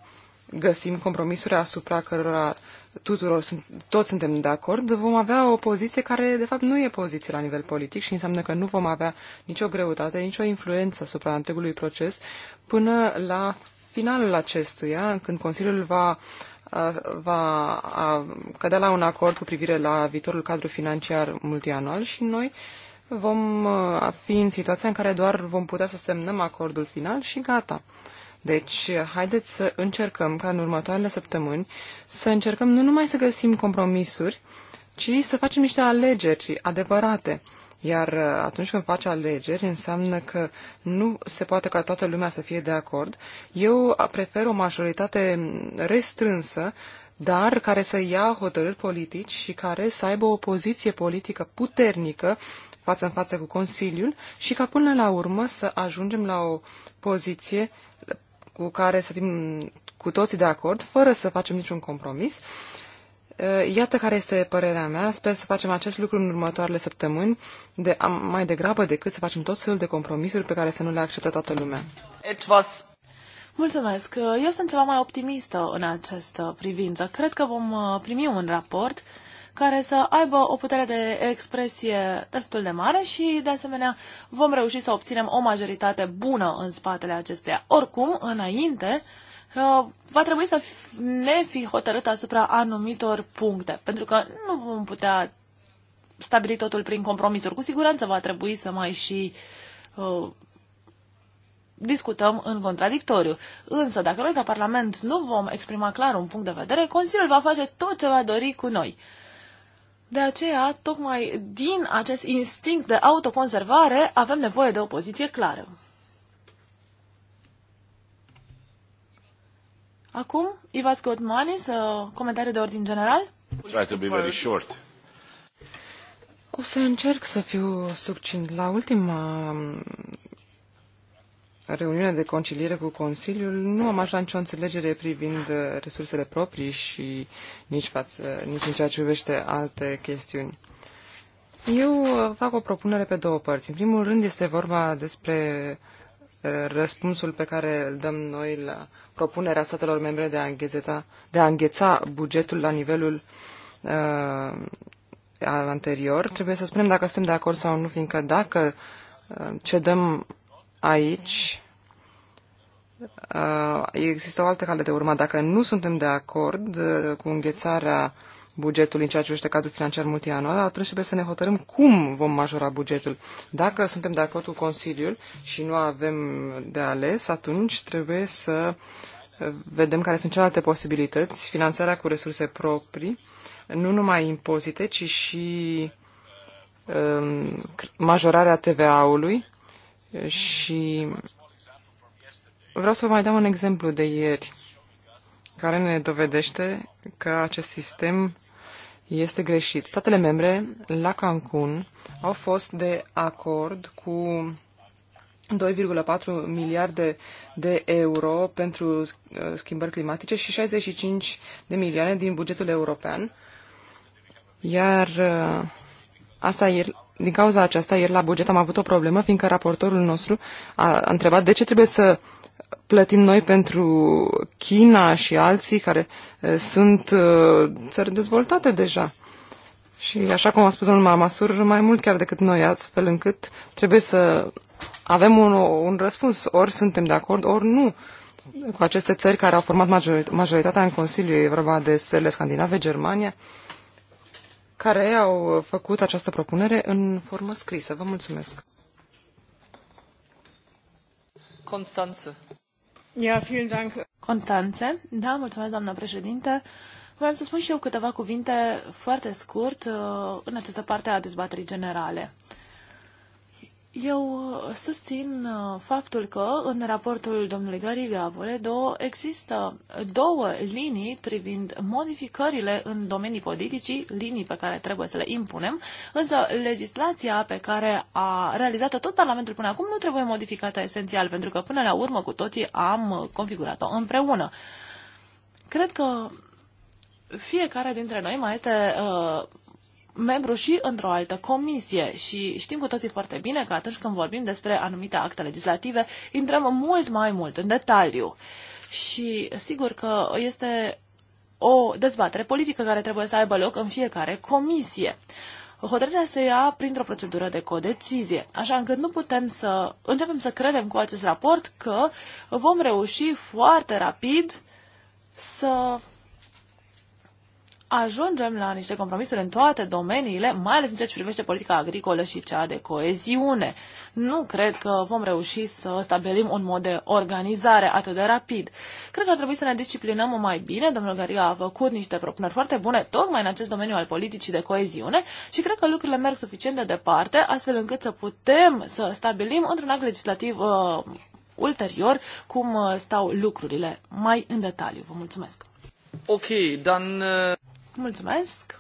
găsim compromisuri asupra cărora tuturor, sunt, toți suntem de acord, vom avea o poziție care, de fapt, nu e poziție la nivel politic și înseamnă că nu vom avea nicio greutate, nicio influență asupra întregului proces până la finalul acestuia, când Consiliul va va cădea la un acord cu privire la viitorul cadru financiar multianual și noi vom fi în situația în care doar vom putea să semnăm acordul final și gata. Deci, haideți să încercăm ca în următoarele săptămâni să încercăm nu numai să găsim compromisuri, ci să facem niște alegeri adevărate. Iar uh, atunci când faci alegeri, înseamnă că nu se poate ca toată lumea să fie de acord. Eu prefer o majoritate restrânsă, dar care să ia hotărâri politici și care să aibă o poziție politică puternică față în față cu Consiliul și ca până la urmă să ajungem la o poziție cu care să fim cu toții de acord, fără să facem niciun compromis. Iată care este părerea mea. Sper să facem acest lucru în următoarele săptămâni, de, mai degrabă decât să facem tot felul de compromisuri pe care să nu le accepte toată lumea. Etwas. Mulțumesc. Eu sunt ceva mai optimistă în această privință. Cred că vom uh, primi un raport care să aibă o putere de expresie destul de mare și, de asemenea, vom reuși să obținem o majoritate bună în spatele acesteia. Oricum, înainte, uh, va trebui să ne fi hotărât asupra anumitor puncte, pentru că nu vom putea stabili totul prin compromisuri. Cu siguranță va trebui să mai și uh, discutăm în contradictoriu. Însă, dacă noi ca Parlament nu vom exprima clar un punct de vedere, Consiliul va face tot ce va dori cu noi. De aceea, tocmai din acest instinct de autoconservare, avem nevoie de o poziție clară. Acum, Ivas Gotmanis, comentariu de ordin general. Try to be very short. O să încerc să fiu succint. La ultima reuniune de conciliere cu Consiliul, nu am așa nicio înțelegere privind uh, resursele proprii și nici, față, nici în ceea ce privește alte chestiuni. Eu uh, fac o propunere pe două părți. În primul rând este vorba despre uh, răspunsul pe care îl dăm noi la propunerea statelor membre de a îngheța, de a îngheța bugetul la nivelul uh, anterior. Trebuie să spunem dacă suntem de acord sau nu, fiindcă dacă cedăm aici uh, există o altă cale de urmat. Dacă nu suntem de acord uh, cu înghețarea bugetului în ceea ce privește cadrul financiar multianual, atunci trebuie să ne hotărâm cum vom majora bugetul. Dacă suntem de acord cu Consiliul și nu avem de ales, atunci trebuie să uh, vedem care sunt celelalte posibilități, finanțarea cu resurse proprii, nu numai impozite, ci și um, majorarea TVA-ului și vreau să vă mai dau un exemplu de ieri care ne dovedește că acest sistem este greșit. Statele membre la Cancun au fost de acord cu 2,4 miliarde de euro pentru uh, schimbări climatice și 65 de milioane din bugetul european. Iar uh, asta din cauza aceasta, ieri la buget am avut o problemă, fiindcă raportorul nostru a, a întrebat de ce trebuie să plătim noi pentru China și alții care sunt țări dezvoltate deja. Și așa cum a spus domnul Mamasur, mai mult chiar decât noi, astfel încât trebuie să avem un, un răspuns. Ori suntem de acord, ori nu cu aceste țări care au format majoritatea în Consiliu. E vorba de țările scandinave, Germania, care au făcut această propunere în formă scrisă. Vă mulțumesc. Constanță. Ja, vielen Dank. Constanțe. Da, mulțumesc, doamna președinte. Vreau să spun și eu câteva cuvinte foarte scurt uh, în această parte a dezbaterii generale. Eu uh, susțin uh, faptul că în raportul domnului Gariga două există două linii privind modificările în domenii politicii, linii pe care trebuie să le impunem, însă legislația pe care a realizat-o tot Parlamentul până acum nu trebuie modificată esențial, pentru că până la urmă cu toții am uh, configurat-o împreună. Cred că fiecare dintre noi mai este uh, membru și într-o altă comisie și știm cu toții foarte bine că atunci când vorbim despre anumite acte legislative, intrăm mult mai mult în detaliu. Și sigur că este o dezbatere politică care trebuie să aibă loc în fiecare comisie. Hotărârea se ia printr-o procedură de codecizie, așa încât nu putem să începem să credem cu acest raport că vom reuși foarte rapid să ajungem la niște compromisuri în toate domeniile, mai ales în ceea ce privește politica agricolă și cea de coeziune. Nu cred că vom reuși să stabilim un mod de organizare atât de rapid. Cred că ar trebui să ne disciplinăm mai bine. Domnul Gariga a făcut niște propuneri foarte bune tocmai în acest domeniu al politicii de coeziune și cred că lucrurile merg suficient de departe, astfel încât să putem să stabilim într-un act legislativ uh, ulterior cum uh, stau lucrurile mai în detaliu. Vă mulțumesc! Ok, dan... Uh... Mulțumesc!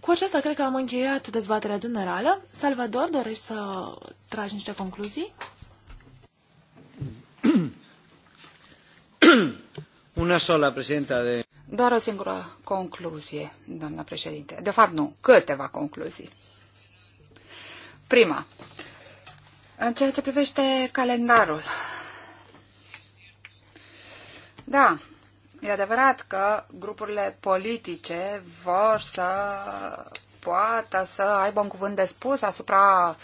Cu aceasta cred că am încheiat dezbaterea generală. Salvador, dorești să tragi niște concluzii? (clears throat) Una sola, președinte. de... Doar o singură concluzie, doamna președinte. De fapt, nu, câteva concluzii. Prima, în ceea ce privește calendarul. Da, E adevărat că grupurile politice vor să poată să aibă un cuvânt de spus asupra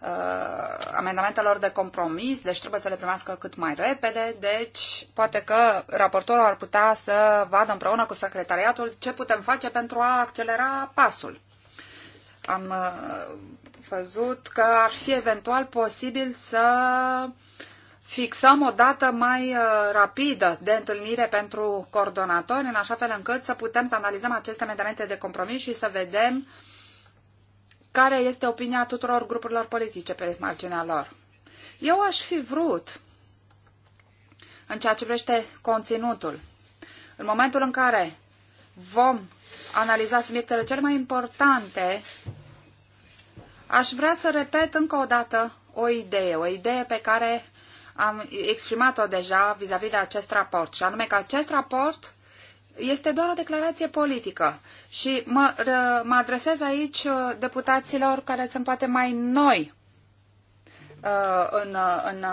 uh, amendamentelor de compromis, deci trebuie să le primească cât mai repede, deci poate că raportorul ar putea să vadă împreună cu secretariatul ce putem face pentru a accelera pasul. Am uh, văzut că ar fi eventual posibil să uh, fixăm o dată mai uh, rapidă de întâlnire pentru coordonatori, în așa fel încât să putem să analizăm aceste amendamente de compromis și să vedem care este opinia tuturor grupurilor politice pe marginea lor. Eu aș fi vrut, în ceea ce privește conținutul, în momentul în care vom analiza subiectele cele mai importante, aș vrea să repet încă o dată o idee, o idee pe care am exprimat-o deja vis-a-vis de acest raport, și anume că acest raport este doar o declarație politică și mă, mă adresez aici uh, deputaților care sunt poate mai noi uh, în, uh, în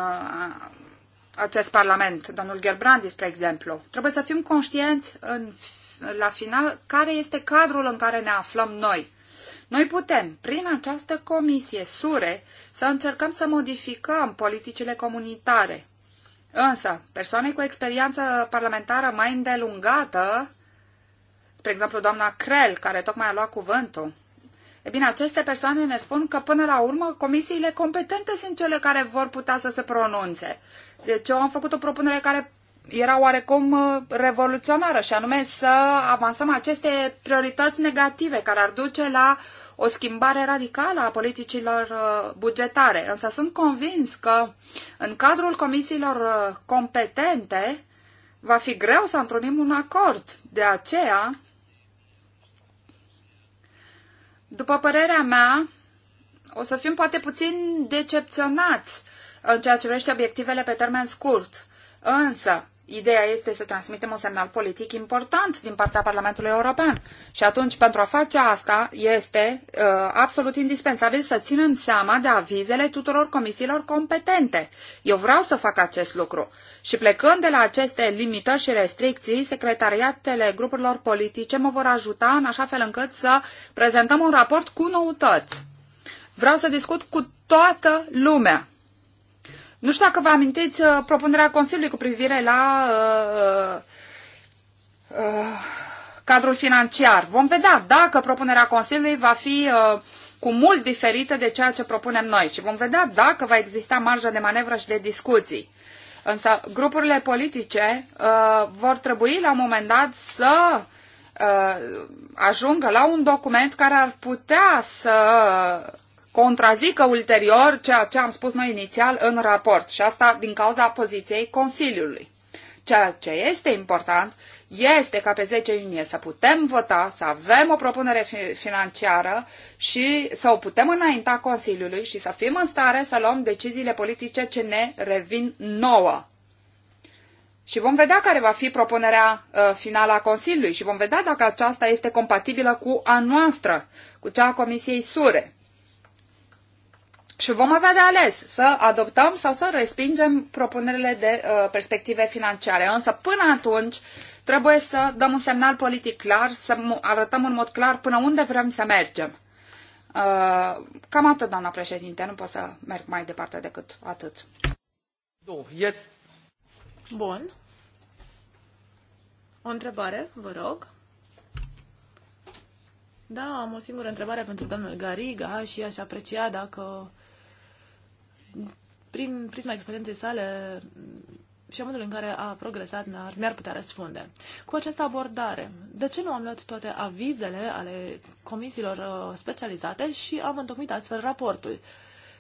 acest parlament, domnul Gerbrandi, spre exemplu. Trebuie să fim conștienți în, la final care este cadrul în care ne aflăm noi. Noi putem, prin această comisie SURE, să încercăm să modificăm politicile comunitare. Însă, persoane cu experiență parlamentară mai îndelungată, spre exemplu doamna Crel, care tocmai a luat cuvântul, E bine, aceste persoane ne spun că până la urmă comisiile competente sunt cele care vor putea să se pronunțe. Deci eu am făcut o propunere care era oarecum uh, revoluționară și anume să avansăm aceste priorități negative care ar duce la o schimbare radicală a politicilor uh, bugetare, însă sunt convins că în cadrul comisiilor uh, competente va fi greu să întrunim un acord. De aceea, după părerea mea, o să fim poate puțin decepționați în ceea ce vrește obiectivele pe termen scurt. Însă, Ideea este să transmitem un semnal politic important din partea Parlamentului European. Și atunci, pentru a face asta, este uh, absolut indispensabil să ținem seama de avizele tuturor comisiilor competente. Eu vreau să fac acest lucru. Și plecând de la aceste limitări și restricții, secretariatele grupurilor politice mă vor ajuta în așa fel încât să prezentăm un raport cu noutăți. Vreau să discut cu toată lumea nu știu dacă vă amintiți uh, propunerea Consiliului cu privire la uh, uh, uh, cadrul financiar. Vom vedea dacă propunerea Consiliului va fi uh, cu mult diferită de ceea ce propunem noi și vom vedea dacă va exista marja de manevră și de discuții. Însă grupurile politice uh, vor trebui la un moment dat să uh, ajungă la un document care ar putea să contrazică ulterior ceea ce am spus noi inițial în raport și asta din cauza poziției Consiliului. Ceea ce este important este ca pe 10 iunie să putem vota, să avem o propunere financiară și să o putem înainta Consiliului și să fim în stare să luăm deciziile politice ce ne revin nouă. Și vom vedea care va fi propunerea uh, finală a Consiliului și vom vedea dacă aceasta este compatibilă cu a noastră, cu cea a Comisiei Sure. Și vom avea de ales să adoptăm sau să respingem propunerile de uh, perspective financiare. Însă până atunci trebuie să dăm un semnal politic clar, să arătăm în mod clar până unde vrem să mergem. Uh, cam atât, doamna președinte, nu pot să merg mai departe decât atât. Bun. O întrebare, vă rog. Da, am o singură întrebare pentru domnul Gariga și aș aprecia dacă prin prisma experienței sale și a modul în care a progresat ne-ar putea răspunde. Cu această abordare, de ce nu am luat toate avizele ale comisiilor uh, specializate și am întocmit astfel raportul?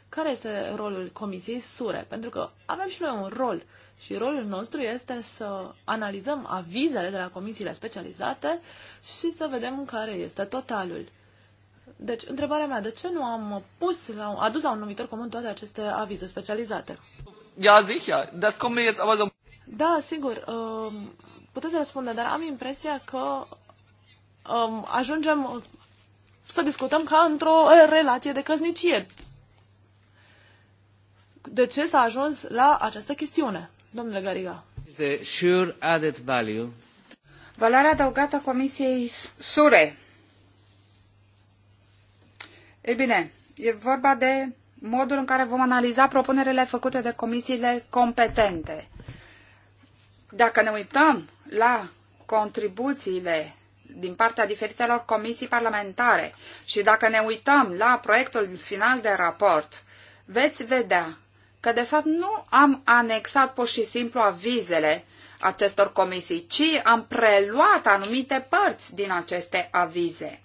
Care este rolul comisiei SURE? Pentru că avem și noi un rol și rolul nostru este să analizăm avizele de la comisiile specializate și să vedem care este totalul. Deci, întrebarea mea, de ce nu am pus, la, adus la un numitor comun toate aceste avize specializate? Ja, sicher. Das kommt mir jetzt aber so... Da, sigur. Um, puteți răspunde, dar am impresia că um, ajungem să discutăm ca într-o relație de căsnicie. De ce s-a ajuns la această chestiune, domnule Gariga? The sure added value. Valoarea adăugată a Comisiei SURE ei bine, e vorba de modul în care vom analiza propunerile făcute de comisiile competente. Dacă ne uităm la contribuțiile din partea diferitelor comisii parlamentare și dacă ne uităm la proiectul final de raport, veți vedea că de fapt nu am anexat pur și simplu avizele acestor comisii, ci am preluat anumite părți din aceste avize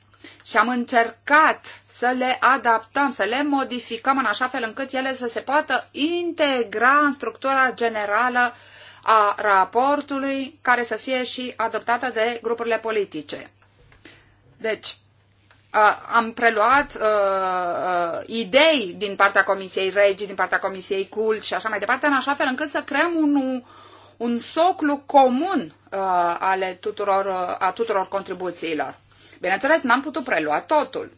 și am încercat să le adaptăm, să le modificăm în așa fel încât ele să se poată integra în structura generală a raportului care să fie și adoptată de grupurile politice. Deci, am preluat uh, uh, idei din partea Comisiei Regii, din partea Comisiei Cult și așa mai departe, în așa fel încât să creăm un, un soclu comun uh, ale tuturor, uh, a tuturor contribuțiilor. Bineînțeles, n-am putut prelua totul.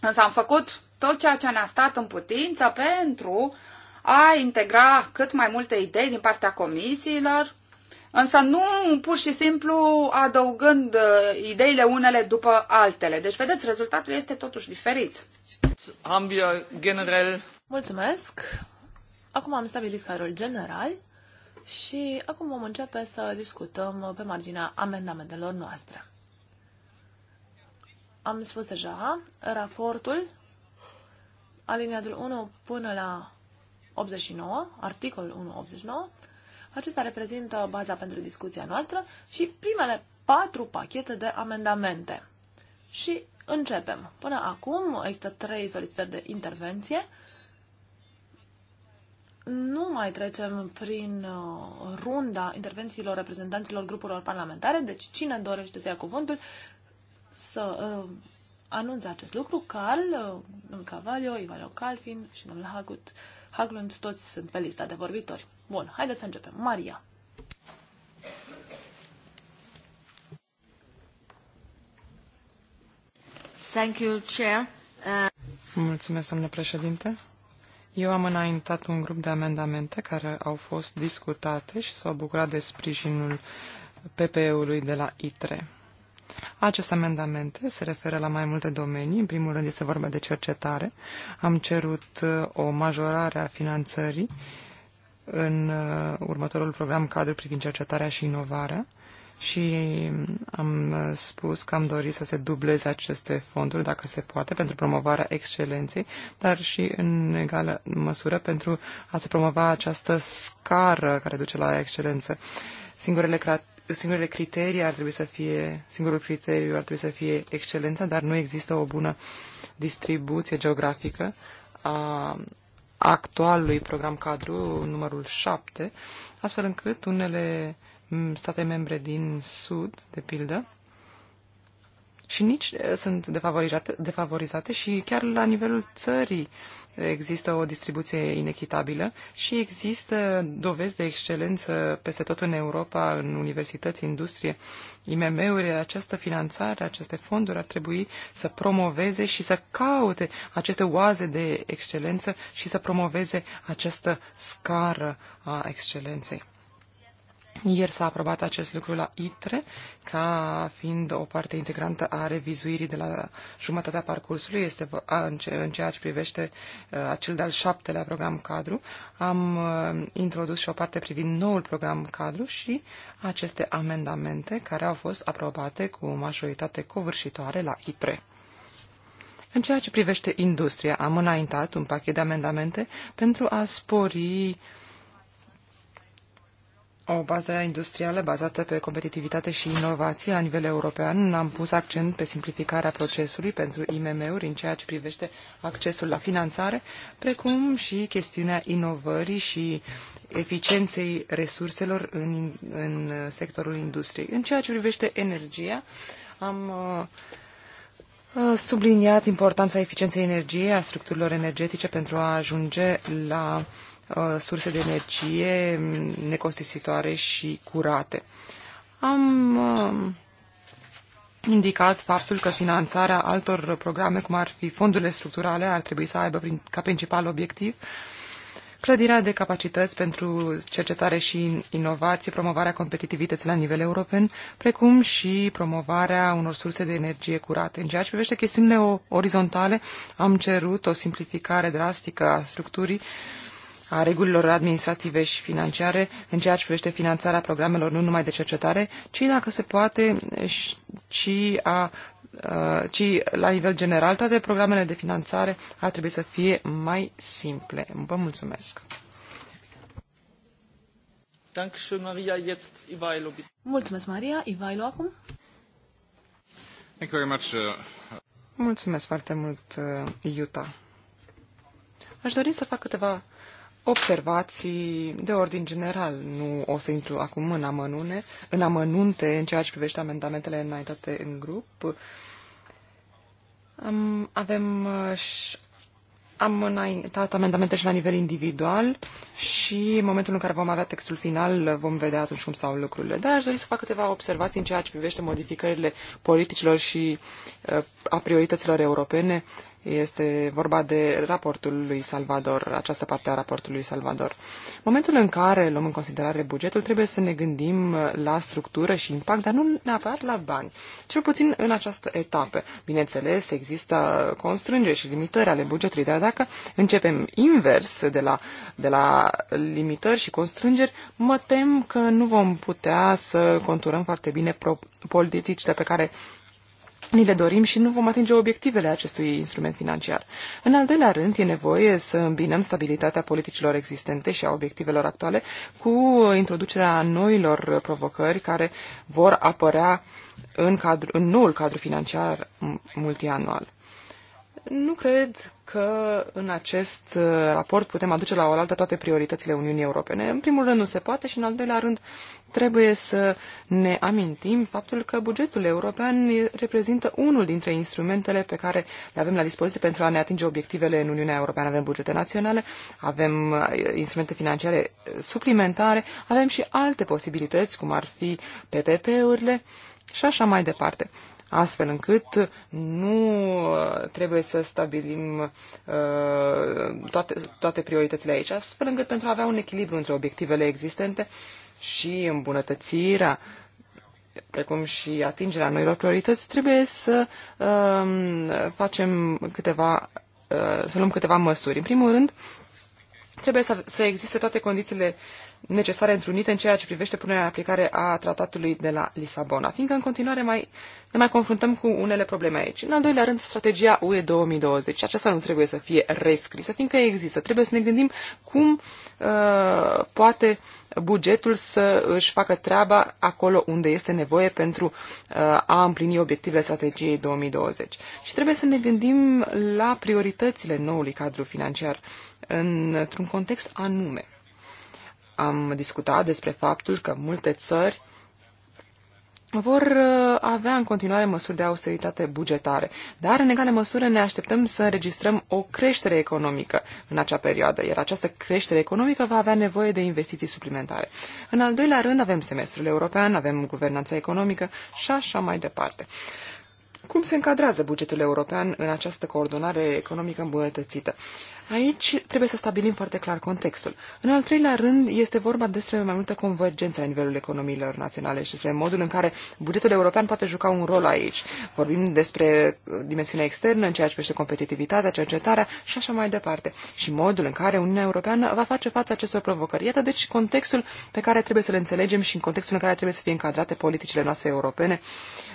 Însă am făcut tot ceea ce ne-a stat în putință pentru a integra cât mai multe idei din partea comisiilor, însă nu pur și simplu adăugând uh, ideile unele după altele. Deci, vedeți, rezultatul este totuși diferit. Am general... Mulțumesc! Acum am stabilit carul general și acum vom începe să discutăm pe marginea amendamentelor noastre. Am spus deja, raportul, aliniatul 1 până la 89, articolul 189, acesta reprezintă baza pentru discuția noastră și primele patru pachete de amendamente. Și începem. Până acum există trei solicitări de intervenție. Nu mai trecem prin uh, runda intervențiilor reprezentanților grupurilor parlamentare, deci cine dorește să ia cuvântul să uh, anunțe acest lucru. Carl, uh, domnul Cavalio, Ivalo Calvin și domnul Hagut, Haglund, toți sunt pe lista de vorbitori. Bun, haideți să începem. Maria. Thank you, Chair. Uh... Mulțumesc, domnule președinte. Eu am înaintat un grup de amendamente care au fost discutate și s-au bucurat de sprijinul PPE-ului de la ITRE. Aceste amendamente se referă la mai multe domenii. În primul rând este vorba de cercetare. Am cerut uh, o majorare a finanțării în uh, următorul program cadru privind cercetarea și inovarea și am uh, spus că am dorit să se dubleze aceste fonduri, dacă se poate, pentru promovarea excelenței, dar și în egală măsură pentru a se promova această scară care duce la excelență. Singurele singurele criterii ar trebui să fie, singurul criteriu ar trebui să fie excelența, dar nu există o bună distribuție geografică a actualului program cadru, numărul 7, astfel încât unele state membre din Sud, de pildă, și nici eh, sunt defavorizate, defavorizate și chiar la nivelul țării există o distribuție inechitabilă și există dovezi de excelență peste tot în Europa, în universități, industrie, IMM-uri. Această finanțare, aceste fonduri ar trebui să promoveze și să caute aceste oaze de excelență și să promoveze această scară a excelenței. Ieri s-a aprobat acest lucru la ITRE ca fiind o parte integrantă a revizuirii de la jumătatea parcursului, este în ceea ce privește uh, acel de-al șaptelea program cadru. Am uh, introdus și o parte privind noul program cadru și aceste amendamente care au fost aprobate cu majoritate covârșitoare la ITRE. În ceea ce privește industria, am înaintat un pachet de amendamente pentru a spori uh, o bază industrială bazată pe competitivitate și inovație la nivel european. Am pus accent pe simplificarea procesului pentru IMM-uri în ceea ce privește accesul la finanțare, precum și chestiunea inovării și eficienței resurselor în, în sectorul industriei. În ceea ce privește energia, am uh, uh, subliniat importanța eficienței energiei, a structurilor energetice pentru a ajunge la Uh, surse de energie necostisitoare și curate. Am uh, indicat faptul că finanțarea altor programe, cum ar fi fondurile structurale, ar trebui să aibă prin, ca principal obiectiv clădirea de capacități pentru cercetare și inovație, promovarea competitivității la nivel european, precum și promovarea unor surse de energie curate. În ceea ce privește chestiunile orizontale, am cerut o simplificare drastică a structurii uh, a regulilor administrative și financiare în ceea ce privește finanțarea programelor nu numai de cercetare, ci dacă se poate și a ci la nivel general toate programele de finanțare ar trebui să fie mai simple. Vă mulțumesc! Mulțumesc, Maria. Ivailo acum. Uh, mulțumesc foarte mult, uh, Iuta. Aș dori să fac câteva observații de ordin general. Nu o să intru acum în, amănune, în amănunte în ceea ce privește amendamentele înaintate în grup. Am, avem uh, am înaintat amendamente și la nivel individual și în momentul în care vom avea textul final uh, vom vedea atunci cum stau lucrurile. Dar aș dori să fac câteva observații în ceea ce privește modificările politicilor și uh, a priorităților europene este vorba de raportul lui Salvador, această parte a raportului lui Salvador. Momentul în care luăm în considerare bugetul, trebuie să ne gândim la structură și impact, dar nu neapărat la bani, cel puțin în această etapă. Bineînțeles, există constrângeri și limitări ale bugetului, dar dacă începem invers de la, de la limitări și constrângeri, mă tem că nu vom putea să conturăm foarte bine politicile pe care ni le dorim și nu vom atinge obiectivele acestui instrument financiar. În al doilea rând, e nevoie să îmbinăm stabilitatea politicilor existente și a obiectivelor actuale cu introducerea noilor provocări care vor apărea în, cadru, în noul cadru financiar multianual. Nu cred că în acest uh, raport putem aduce la oaltă toate prioritățile Uniunii Europene. În primul rând nu se poate și în al doilea rând Trebuie să ne amintim faptul că bugetul european reprezintă unul dintre instrumentele pe care le avem la dispoziție pentru a ne atinge obiectivele în Uniunea Europeană. Avem bugete naționale, avem uh, instrumente financiare suplimentare, avem și alte posibilități, cum ar fi PPP-urile și așa mai departe astfel încât nu uh, trebuie să stabilim uh, toate, toate prioritățile aici, astfel încât pentru a avea un echilibru între obiectivele existente și îmbunătățirea precum și atingerea noilor priorități, trebuie să um, facem câteva, uh, să luăm câteva măsuri. În primul rând, trebuie să, să existe toate condițiile necesare întrunite în ceea ce privește punerea în aplicare a tratatului de la Lisabona, fiindcă în continuare mai, ne mai confruntăm cu unele probleme aici. În al doilea rând, strategia UE 2020. Aceasta nu trebuie să fie rescrisă, fiindcă există. Trebuie să ne gândim cum uh, Uh, poate bugetul să își facă treaba acolo unde este nevoie pentru uh, a împlini obiectivele strategiei 2020. Și trebuie să ne gândim la prioritățile noului cadru financiar într-un context anume. Am discutat despre faptul că multe țări vor uh, avea în continuare măsuri de austeritate bugetare, dar în egală măsură ne așteptăm să înregistrăm o creștere economică în acea perioadă, iar această creștere economică va avea nevoie de investiții suplimentare. În al doilea rând avem semestrul european, avem guvernanța economică și așa mai departe. Cum se încadrează bugetul european în această coordonare economică îmbunătățită? Uh, Aici trebuie să stabilim foarte clar contextul. În al treilea rând, este vorba despre mai multă convergență la nivelul economiilor naționale și despre modul în care bugetul european poate juca un rol aici. Vorbim despre uh, dimensiunea externă în ceea ce privește competitivitatea, cercetarea și așa mai departe. Și modul în care Uniunea Europeană va face față acestor provocări. Iată deci contextul pe care trebuie să-l înțelegem și în contextul în care trebuie să fie încadrate politicile noastre europene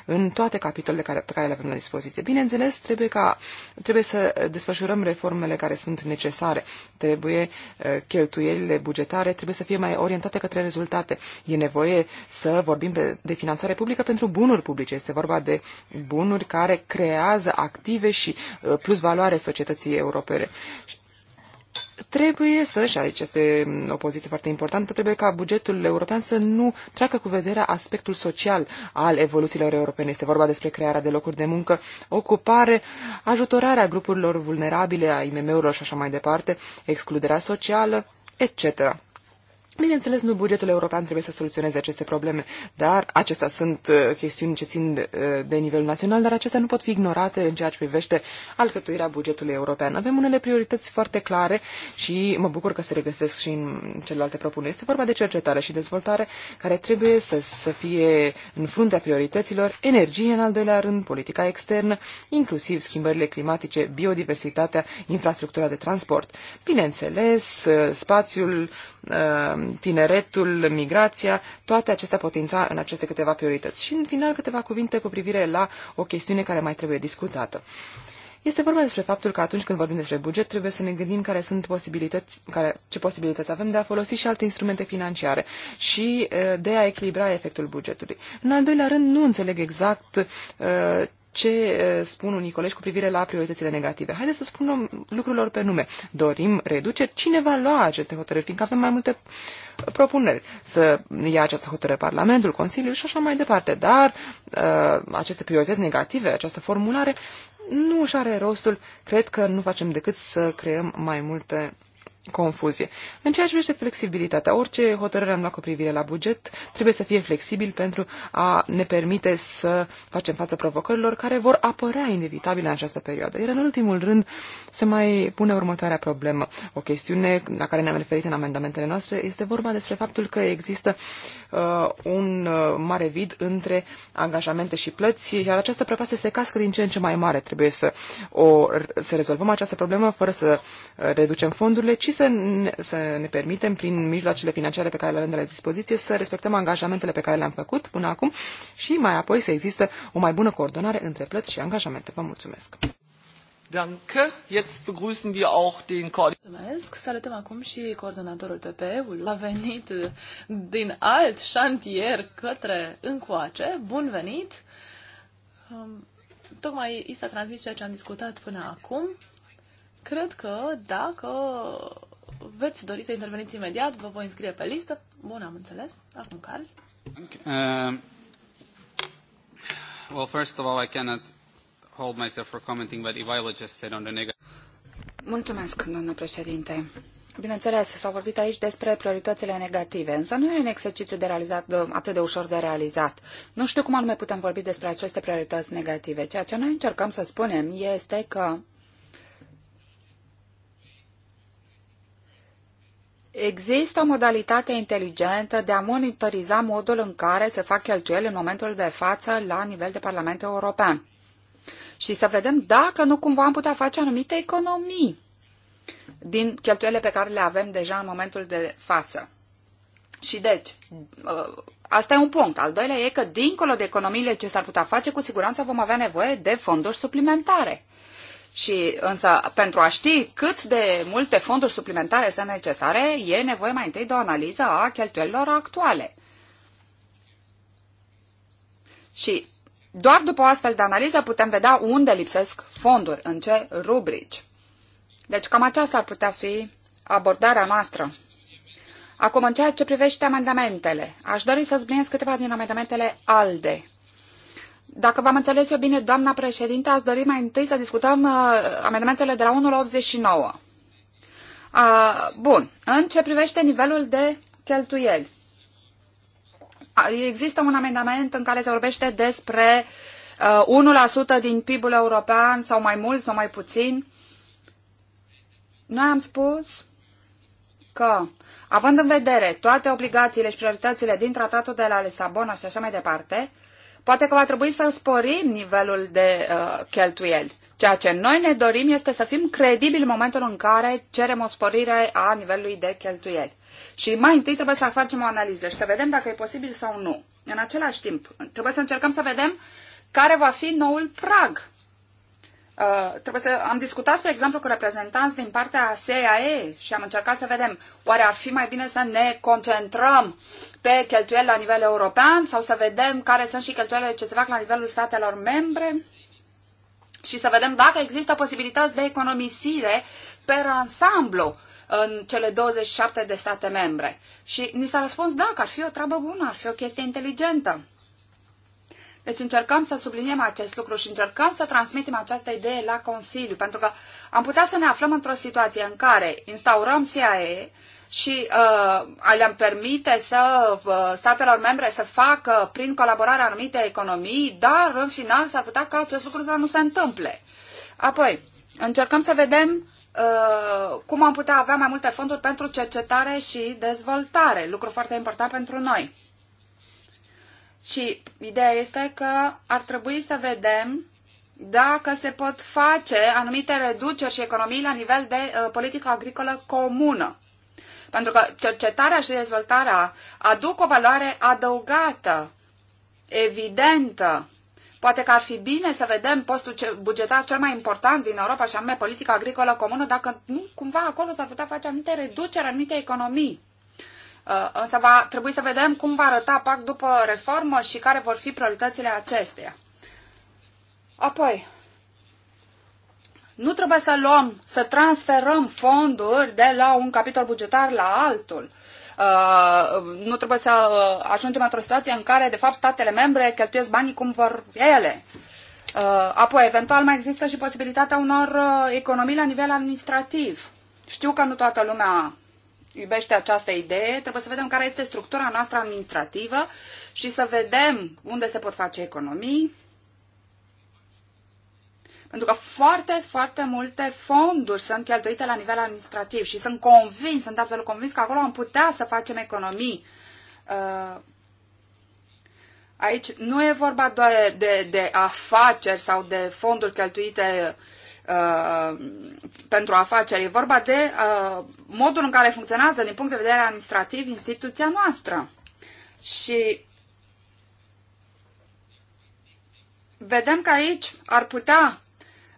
în toate capitolele care, pe care le avem la dispoziție. Bineînțeles, trebuie, ca, trebuie să desfășurăm reformele care sunt sunt necesare. Trebuie uh, cheltuielile bugetare trebuie să fie mai orientate către rezultate. E nevoie să vorbim de finanțare publică pentru bunuri publice. Este vorba de bunuri care creează active și uh, plus valoare societății europene trebuie să, și aici este o poziție foarte importantă, trebuie ca bugetul european să nu treacă cu vederea aspectul social al evoluțiilor europene. Este vorba despre crearea de locuri de muncă, ocupare, ajutorarea grupurilor vulnerabile, a IMM-urilor și așa mai departe, excluderea socială, etc. Bineînțeles, nu bugetul european trebuie să soluționeze aceste probleme, dar acestea sunt uh, chestiuni ce țin de, uh, nivel național, dar acestea nu pot fi ignorate în ceea ce privește alcătuirea bugetului european. Avem unele priorități foarte clare și mă bucur că se regăsesc și în celelalte propuneri. Este vorba de cercetare și dezvoltare care trebuie să, să fie în fruntea priorităților, energie în al doilea rând, politica externă, inclusiv schimbările climatice, biodiversitatea, infrastructura de transport. Bineînțeles, uh, spațiul tineretul, migrația, toate acestea pot intra în aceste câteva priorități. Și în final câteva cuvinte cu privire la o chestiune care mai trebuie discutată. Este vorba despre faptul că atunci când vorbim despre buget, trebuie să ne gândim care sunt posibilități, care, ce posibilități avem de a folosi și alte instrumente financiare și eh, de a echilibra efectul bugetului. În al doilea rând, nu înțeleg exact eh, ce eh, spun unii colegi cu privire la prioritățile negative. Haideți să spunem lucrurilor pe nume. Dorim reduceri? Cine va lua aceste hotărâri? Fiindcă avem mai multe propuneri să ia această hotărâre Parlamentul, Consiliul și așa mai departe. Dar uh, aceste priorități negative, această formulare, nu își are rostul. Cred că nu facem decât să creăm mai multe confuzie. În ceea ce privește flexibilitatea, orice hotărâre am luat cu privire la buget trebuie să fie flexibil pentru a ne permite să facem față provocărilor care vor apărea inevitabil în această perioadă. Iar în ultimul rând se mai pune următoarea problemă. O chestiune la care ne-am referit în amendamentele noastre este vorba despre faptul că există uh, un uh, mare vid între angajamente și plăți, iar această prăpastie se cască din ce în ce mai mare. Trebuie să, o, să rezolvăm această problemă fără să uh, reducem fondurile, ci și să ne, să ne permitem, prin mijloacele financiare pe care le avem de la dispoziție, să respectăm angajamentele pe care le-am făcut până acum și mai apoi să există o mai bună coordonare între plăți și angajamente. Vă mulțumesc! Danke. Jetzt begrüßen wir auch den Mulțumesc. Salutăm acum și coordonatorul PPE-ul. A venit din alt șantier către încoace. Bun venit! Um, tocmai i s-a transmis ceea ce am discutat până acum. Cred că dacă veți dori să interveniți imediat, vă voi înscrie pe listă. Bun, am înțeles. Acum, Carl. Uh, well, first of all, I cannot hold myself for commenting what Ivailo just said on the negative. Mulțumesc, doamnă președinte. Bineînțeles, s-a vorbit aici despre prioritățile negative, însă nu e un exercițiu de realizat de, atât de ușor de realizat. Nu știu cum anume putem vorbi despre aceste priorități negative. Ceea ce noi încercăm să spunem este că Există o modalitate inteligentă de a monitoriza modul în care se fac cheltuieli în momentul de față la nivel de Parlament European și să vedem dacă nu cumva am putea face anumite economii din cheltuielile pe care le avem deja în momentul de față. Și deci, uh, asta e un punct. Al doilea e că, dincolo de economiile ce s-ar putea face, cu siguranță vom avea nevoie de fonduri suplimentare. Și însă, pentru a ști cât de multe fonduri suplimentare sunt necesare, e nevoie mai întâi de o analiză a cheltuielilor actuale. Și doar după o astfel de analiză putem vedea unde lipsesc fonduri, în ce rubrici. Deci cam aceasta ar putea fi abordarea noastră. Acum, în ceea ce privește amendamentele, aș dori să subliniez câteva din amendamentele ALDE. Dacă v-am înțeles eu bine, doamna președinte, ați dori mai întâi să discutăm uh, amendamentele de la 1 la 89. Uh, bun. În ce privește nivelul de cheltuieli? Există un amendament în care se vorbește despre uh, 1% din PIB-ul european sau mai mult sau mai puțin. Noi am spus că, având în vedere toate obligațiile și prioritățile din tratatul de la Lisabona și așa mai departe, uh, Poate că va trebui să sporim nivelul de uh, cheltuieli. Ceea ce noi ne dorim este să fim credibili în momentul în care cerem o sporire a nivelului de cheltuieli. Și mai întâi trebuie să facem o analiză și să vedem dacă e posibil sau nu. În același timp, trebuie să încercăm să vedem care va fi noul prag Uh, trebuie să am discutat, spre exemplu, cu reprezentanți din partea SAE și am încercat să vedem oare ar fi mai bine să ne concentrăm pe cheltuieli la nivel european sau să vedem care sunt și cheltuielile ce se fac la nivelul statelor membre și să vedem dacă există posibilități de economisire per ansamblu în cele 27 de state membre. Și ni s-a răspuns da, că ar fi o treabă bună, ar fi o chestie inteligentă. Deci încercăm să subliniem acest lucru și încercăm să transmitem această idee la Consiliu, pentru că am putea să ne aflăm într-o situație în care instaurăm CIA și uh, le-am permite să uh, statelor membre să facă prin colaborare anumite economii, dar în final s-ar putea ca acest lucru să nu se întâmple. Apoi, încercăm să vedem uh, cum am putea avea mai multe fonduri pentru cercetare și dezvoltare, lucru foarte important pentru noi. Și ideea este că ar trebui să vedem dacă se pot face anumite reduceri și economii la nivel de uh, politică agricolă comună. Pentru că cercetarea și dezvoltarea aduc o valoare adăugată, evidentă. Poate că ar fi bine să vedem postul bugetar cel mai important din Europa, și anume politica agricolă comună, dacă nu cumva acolo s-ar putea face anumite reduceri, anumite economii. Uh, însă va trebui să vedem cum va arăta PAC după reformă și care vor fi prioritățile acesteia. Apoi, nu trebuie să luăm, să transferăm fonduri de la un capitol bugetar la altul. Uh, nu trebuie să uh, ajungem într-o situație în care, de fapt, statele membre cheltuiesc banii cum vor ele. Uh, apoi, eventual, mai există și posibilitatea unor uh, economii la nivel administrativ. Știu că nu toată lumea iubește această idee, trebuie să vedem care este structura noastră administrativă și să vedem unde se pot face economii. Pentru că foarte, foarte multe fonduri sunt cheltuite la nivel administrativ și sunt convins, sunt absolut convins că acolo am putea să facem economii. Uh, aici nu e vorba de, de, de afaceri sau de fonduri cheltuite uh, Uh, pentru afaceri. E vorba de uh, modul în care funcționează din punct de vedere administrativ instituția noastră. Și vedem că aici ar putea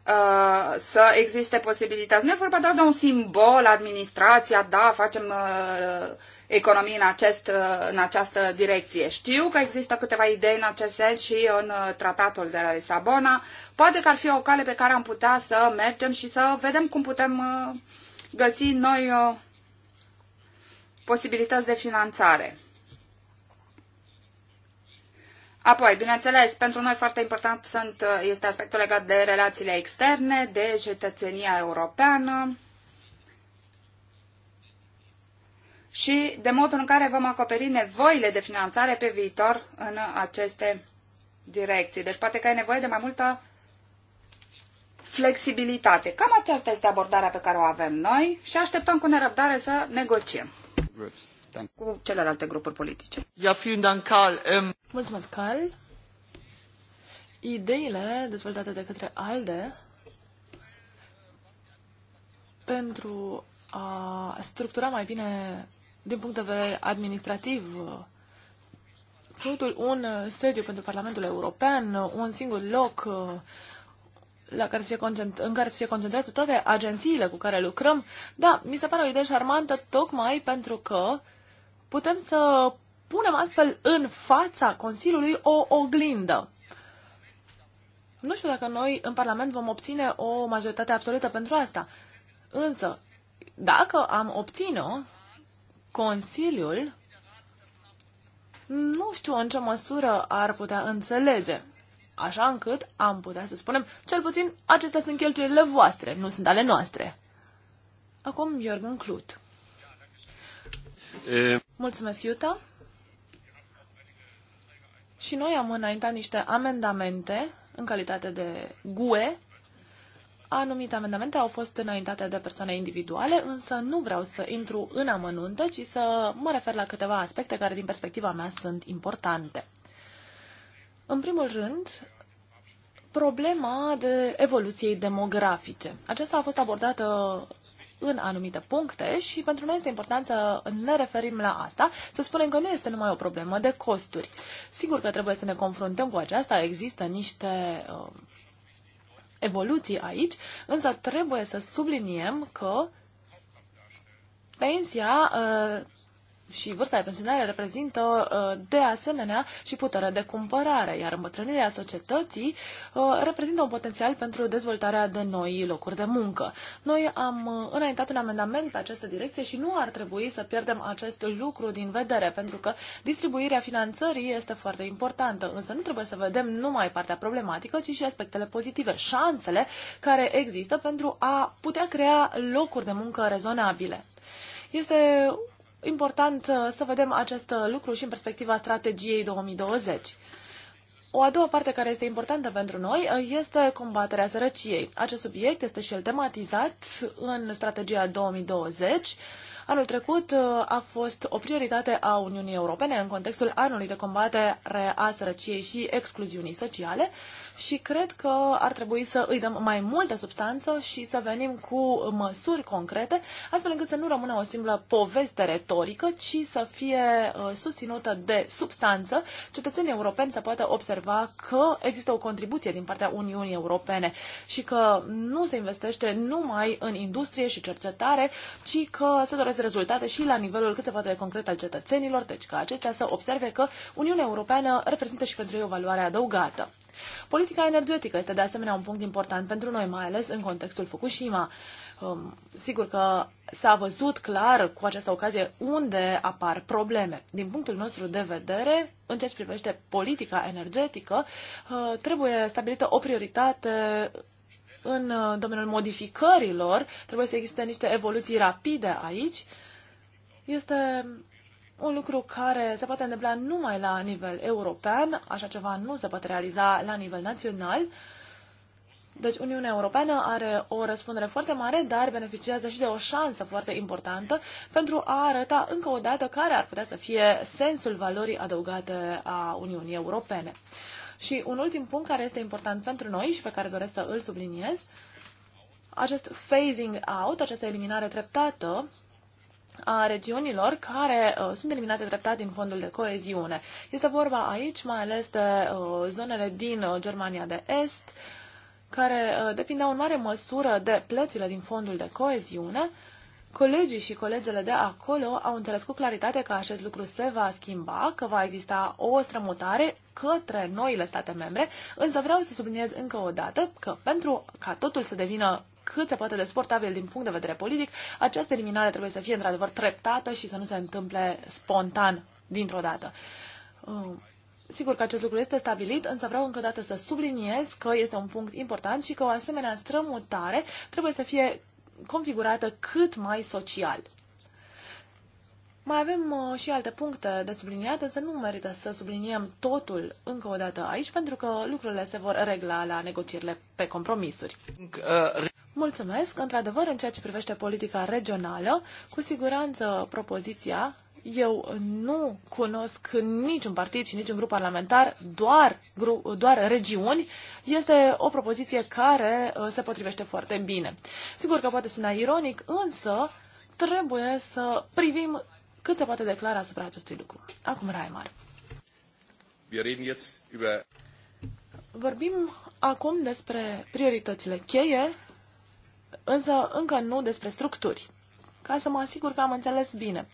uh, să existe posibilități. Nu e vorba doar de un simbol, administrația, da, facem uh, economii în, acest, în această direcție. Știu că există câteva idei în acest sens și în uh, tratatul de la Lisabona. Poate că ar fi o cale pe care am putea să mergem și să vedem cum putem uh, găsi noi uh, posibilități de finanțare. Apoi, bineînțeles, pentru noi foarte important sunt, este aspectul legat de relațiile externe, de cetățenia europeană. și de modul în care vom acoperi nevoile de finanțare pe viitor în aceste direcții. Deci poate că ai nevoie de mai multă flexibilitate. Cam aceasta este abordarea pe care o avem noi și așteptăm cu nerăbdare să negociem cu celelalte grupuri politice. Ja, Karl. Ähm, Mulțumesc, Carl. Ideile dezvoltate de către ALDE pentru a structura mai bine din punct de vedere administrativ, totul un uh, sediu pentru Parlamentul European, uh, un singur loc uh, la care să fie concentrat, în care să fie concentrate toate agențiile cu care lucrăm. Da, mi se pare o idee șarmantă tocmai pentru că putem să punem astfel în fața Consiliului o oglindă. Nu știu dacă noi în Parlament vom obține o majoritate absolută pentru asta, însă dacă am obține Consiliul nu știu în ce măsură ar putea înțelege, așa încât am putea să spunem, cel puțin acestea sunt cheltuielile voastre, nu sunt ale noastre. Acum Jorgen Clut. E... Mulțumesc, Iuta. Și noi am înaintat niște amendamente în calitate de GUE Anumite amendamente au fost înaintate de persoane individuale, însă nu vreau să intru în amănunte, ci să mă refer la câteva aspecte care, din perspectiva mea, sunt importante. În primul rând, problema de evoluției demografice. Aceasta a fost abordată în anumite puncte și pentru noi este important să ne referim la asta, să spunem că nu este numai o problemă de costuri. Sigur că trebuie să ne confruntăm cu aceasta, există niște uh, evoluții aici, însă trebuie să subliniem că pensia uh, și vârsta de pensionare reprezintă uh, de asemenea și puterea de cumpărare, iar îmbătrânirea societății uh, reprezintă un potențial pentru dezvoltarea de noi locuri de muncă. Noi am uh, înaintat un amendament pe această direcție și nu ar trebui să pierdem acest lucru din vedere, pentru că distribuirea finanțării este foarte importantă, însă nu trebuie să vedem numai partea problematică, ci și aspectele pozitive, șansele care există pentru a putea crea locuri de muncă rezonabile. Este important uh, să vedem acest uh, lucru și în perspectiva strategiei 2020. O a doua parte care este importantă pentru noi uh, este combaterea sărăciei. Acest subiect este și el tematizat în strategia 2020. Anul trecut a fost o prioritate a Uniunii Europene în contextul anului de combatere a sărăciei și excluziunii sociale și cred că ar trebui să îi dăm mai multă substanță și să venim cu măsuri concrete, astfel încât să nu rămână o simplă poveste retorică, ci să fie uh, susținută de substanță. Cetățenii europeni să poată observa că există o contribuție din partea Uniunii Europene și că nu se investește numai în industrie și cercetare, ci că se doresc rezultate și la nivelul cât se poate de concret al cetățenilor, deci că aceștia să observe că Uniunea Europeană reprezintă și pentru ei o valoare adăugată. Politica energetică este de asemenea un punct important pentru noi, mai ales în contextul Fukushima. Um, sigur că s-a văzut clar cu această ocazie unde apar probleme. Din punctul nostru de vedere, în ceea ce privește politica energetică, uh, trebuie stabilită o prioritate în uh, domeniul modificărilor, trebuie să existe niște evoluții rapide aici. Este un lucru care se poate întâmpla numai la nivel european, așa ceva nu se poate realiza la nivel național. Deci Uniunea Europeană are o răspundere foarte mare, dar beneficiază și de o șansă foarte importantă pentru a arăta încă o dată care ar putea să fie sensul valorii adăugate a Uniunii Europene. Și un ultim punct care este important pentru noi și pe care doresc să îl subliniez, acest phasing out, această eliminare treptată a regiunilor care uh, sunt eliminate treptat din fondul de coeziune. Este vorba aici mai ales de uh, zonele din uh, Germania de Est, care uh, depindeau în mare măsură de plățile din fondul de coeziune. Colegii și colegele de acolo au înțeles cu claritate că acest lucru se va schimba, că va exista o strămutare către noile state membre, însă vreau să subliniez încă o dată că pentru ca totul să devină cât se poate de sportabil din punct de vedere politic, această eliminare trebuie să fie într-adevăr treptată și să nu se întâmple spontan dintr-o dată. Uh, sigur că acest lucru este stabilit, însă vreau încă o dată să subliniez că este un punct important și că o asemenea strămutare trebuie să fie configurată cât mai social. Mai avem uh, și alte puncte de subliniat, însă nu merită să subliniem totul încă o dată aici, pentru că lucrurile se vor regla la negocierile pe compromisuri. Uh, Mulțumesc! Într-adevăr, în ceea ce privește politica regională, cu siguranță propoziția eu nu cunosc niciun partid și niciun grup parlamentar, doar, gru, doar regiuni. Este o propoziție care uh, se potrivește foarte bine. Sigur că poate suna ironic, însă trebuie să privim cât se poate declara asupra acestui lucru. Acum, Raimar. Vorbim acum despre prioritățile cheie însă încă nu despre structuri. Ca să mă asigur că am înțeles bine.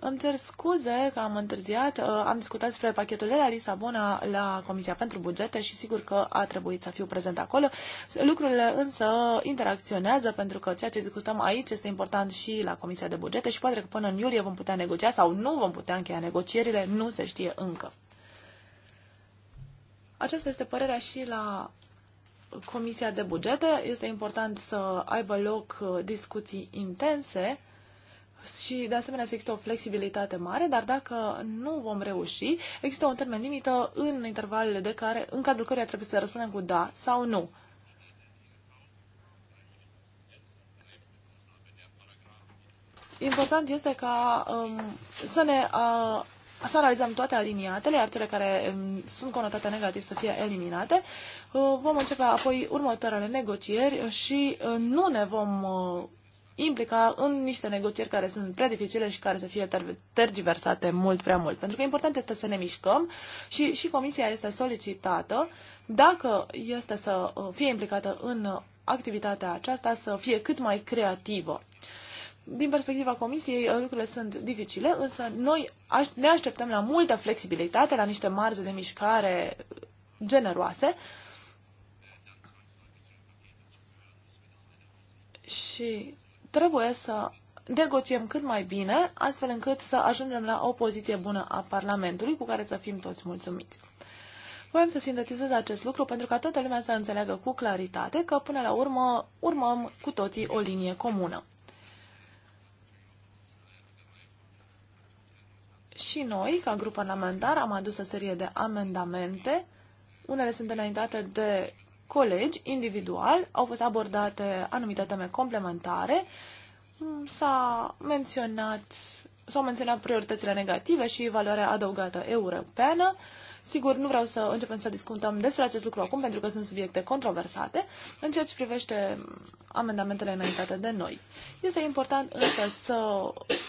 Îmi cer scuze că am întârziat. Uh, am discutat despre pachetul de la Lisabona la Comisia pentru Bugete și sigur că a trebuit să fiu prezent acolo. Lucrurile însă interacționează pentru că ceea ce discutăm aici este important și la Comisia de Bugete și poate că până în iulie vom putea negocia sau nu vom putea încheia negocierile, nu se știe încă. Aceasta este părerea și la Comisia de Bugete. Este important să aibă loc uh, discuții intense și, de asemenea, să există o flexibilitate mare, dar dacă nu vom reuși, există un termen limită în intervalele de care, în cadrul căruia trebuie să răspundem cu da sau nu. Important este ca um, să ne uh, să analizăm toate aliniatele, iar cele care mm, sunt conotate negativ să fie eliminate. Uh, vom începe apoi următoarele negocieri și uh, nu ne vom uh, implica în niște negocieri care sunt prea dificile și care să fie tergiversate mult prea mult. Pentru că important este să ne mișcăm și, și comisia este solicitată, dacă este să fie implicată în activitatea aceasta, să fie cât mai creativă din perspectiva Comisiei, uh, lucrurile sunt dificile, însă noi ne așteptăm la multă flexibilitate, la niște marze de mișcare generoase. Și trebuie să negociem cât mai bine, astfel încât să ajungem la o poziție bună a Parlamentului, cu care să fim toți mulțumiți. Voiam să sintetizez acest lucru pentru ca toată lumea să înțeleagă cu claritate că, până la urmă, urmăm cu toții o linie comună. și noi, ca grup parlamentar, am adus o serie de amendamente. Unele sunt înaintate de colegi, individual, au fost abordate anumite teme complementare, mm, s-a menționat, s-au menționat prioritățile negative și valoarea adăugată europeană. Sigur, nu vreau să începem să discutăm despre acest lucru acum, pentru că sunt subiecte controversate în ceea ce privește amendamentele înaintate de noi. Este important însă să,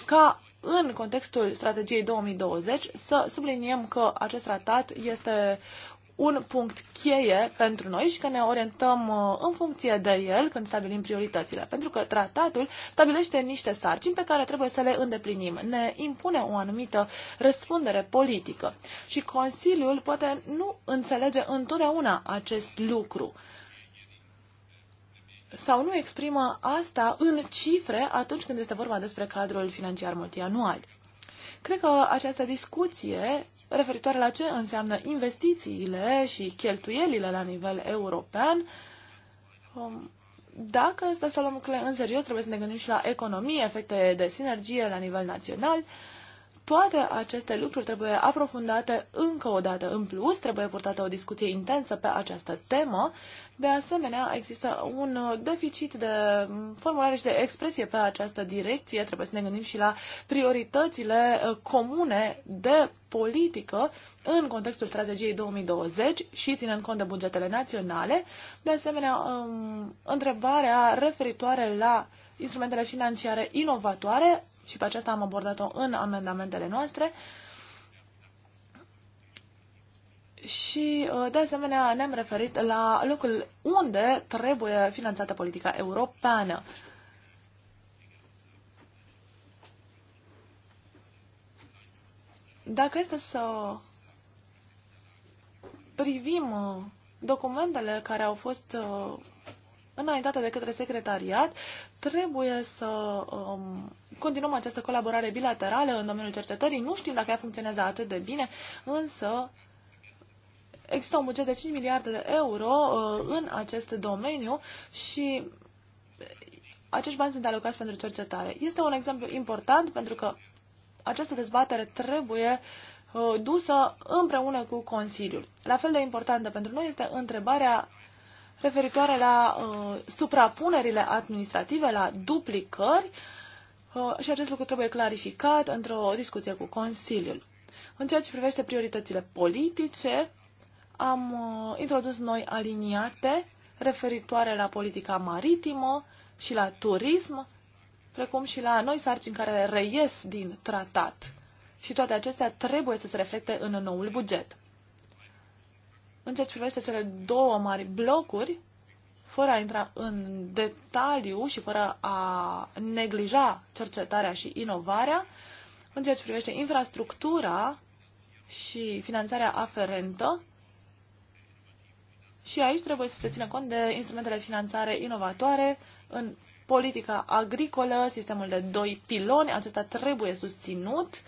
ca în contextul strategiei 2020 să subliniem că acest tratat este un punct cheie pentru noi și că ne orientăm uh, în funcție de el când stabilim prioritățile. Pentru că tratatul stabilește niște sarcini pe care trebuie să le îndeplinim. Ne impune o anumită răspundere politică și Consiliul poate nu înțelege întotdeauna acest lucru sau nu exprimă asta în cifre atunci când este vorba despre cadrul financiar multianual. Cred că această discuție referitoare la ce înseamnă investițiile și cheltuielile la nivel european, um, dacă este să luăm în serios, trebuie să ne gândim și la economie, efecte de sinergie la nivel național, toate aceste lucruri trebuie aprofundate încă o dată în plus, trebuie purtată o discuție intensă pe această temă. De asemenea, există un deficit de formulare și de expresie pe această direcție. Trebuie să ne gândim și la prioritățile uh, comune de politică în contextul strategiei 2020 și ținând cont de bugetele naționale. De asemenea, um, întrebarea referitoare la instrumentele financiare inovatoare și pe aceasta am abordat-o în amendamentele noastre. Și, uh, de asemenea, ne-am referit la locul unde trebuie finanțată politica europeană. Dacă este să privim uh, documentele care au fost uh, înaintată de către secretariat. Trebuie să um, continuăm această colaborare bilaterală în domeniul cercetării. Nu știm dacă ea funcționează atât de bine, însă există un buget de 5 miliarde de euro uh, în acest domeniu și acești bani sunt alocați pentru cercetare. Este un exemplu important pentru că această dezbatere trebuie uh, dusă împreună cu Consiliul. La fel de importantă pentru noi este întrebarea referitoare la uh, suprapunerile administrative, la duplicări uh, și acest lucru trebuie clarificat într-o discuție cu Consiliul. În ceea ce privește prioritățile politice, am uh, introdus noi aliniate referitoare la politica maritimă și la turism, precum și la noi sarcini care reies din tratat. Și toate acestea trebuie să se reflecte în noul buget. În ce privește cele două mari blocuri, fără a intra în detaliu și fără a neglija cercetarea și inovarea, în ceea ce privește infrastructura și finanțarea aferentă, și aici trebuie să se țină cont de instrumentele de finanțare inovatoare în politica agricolă, sistemul de doi piloni, acesta trebuie susținut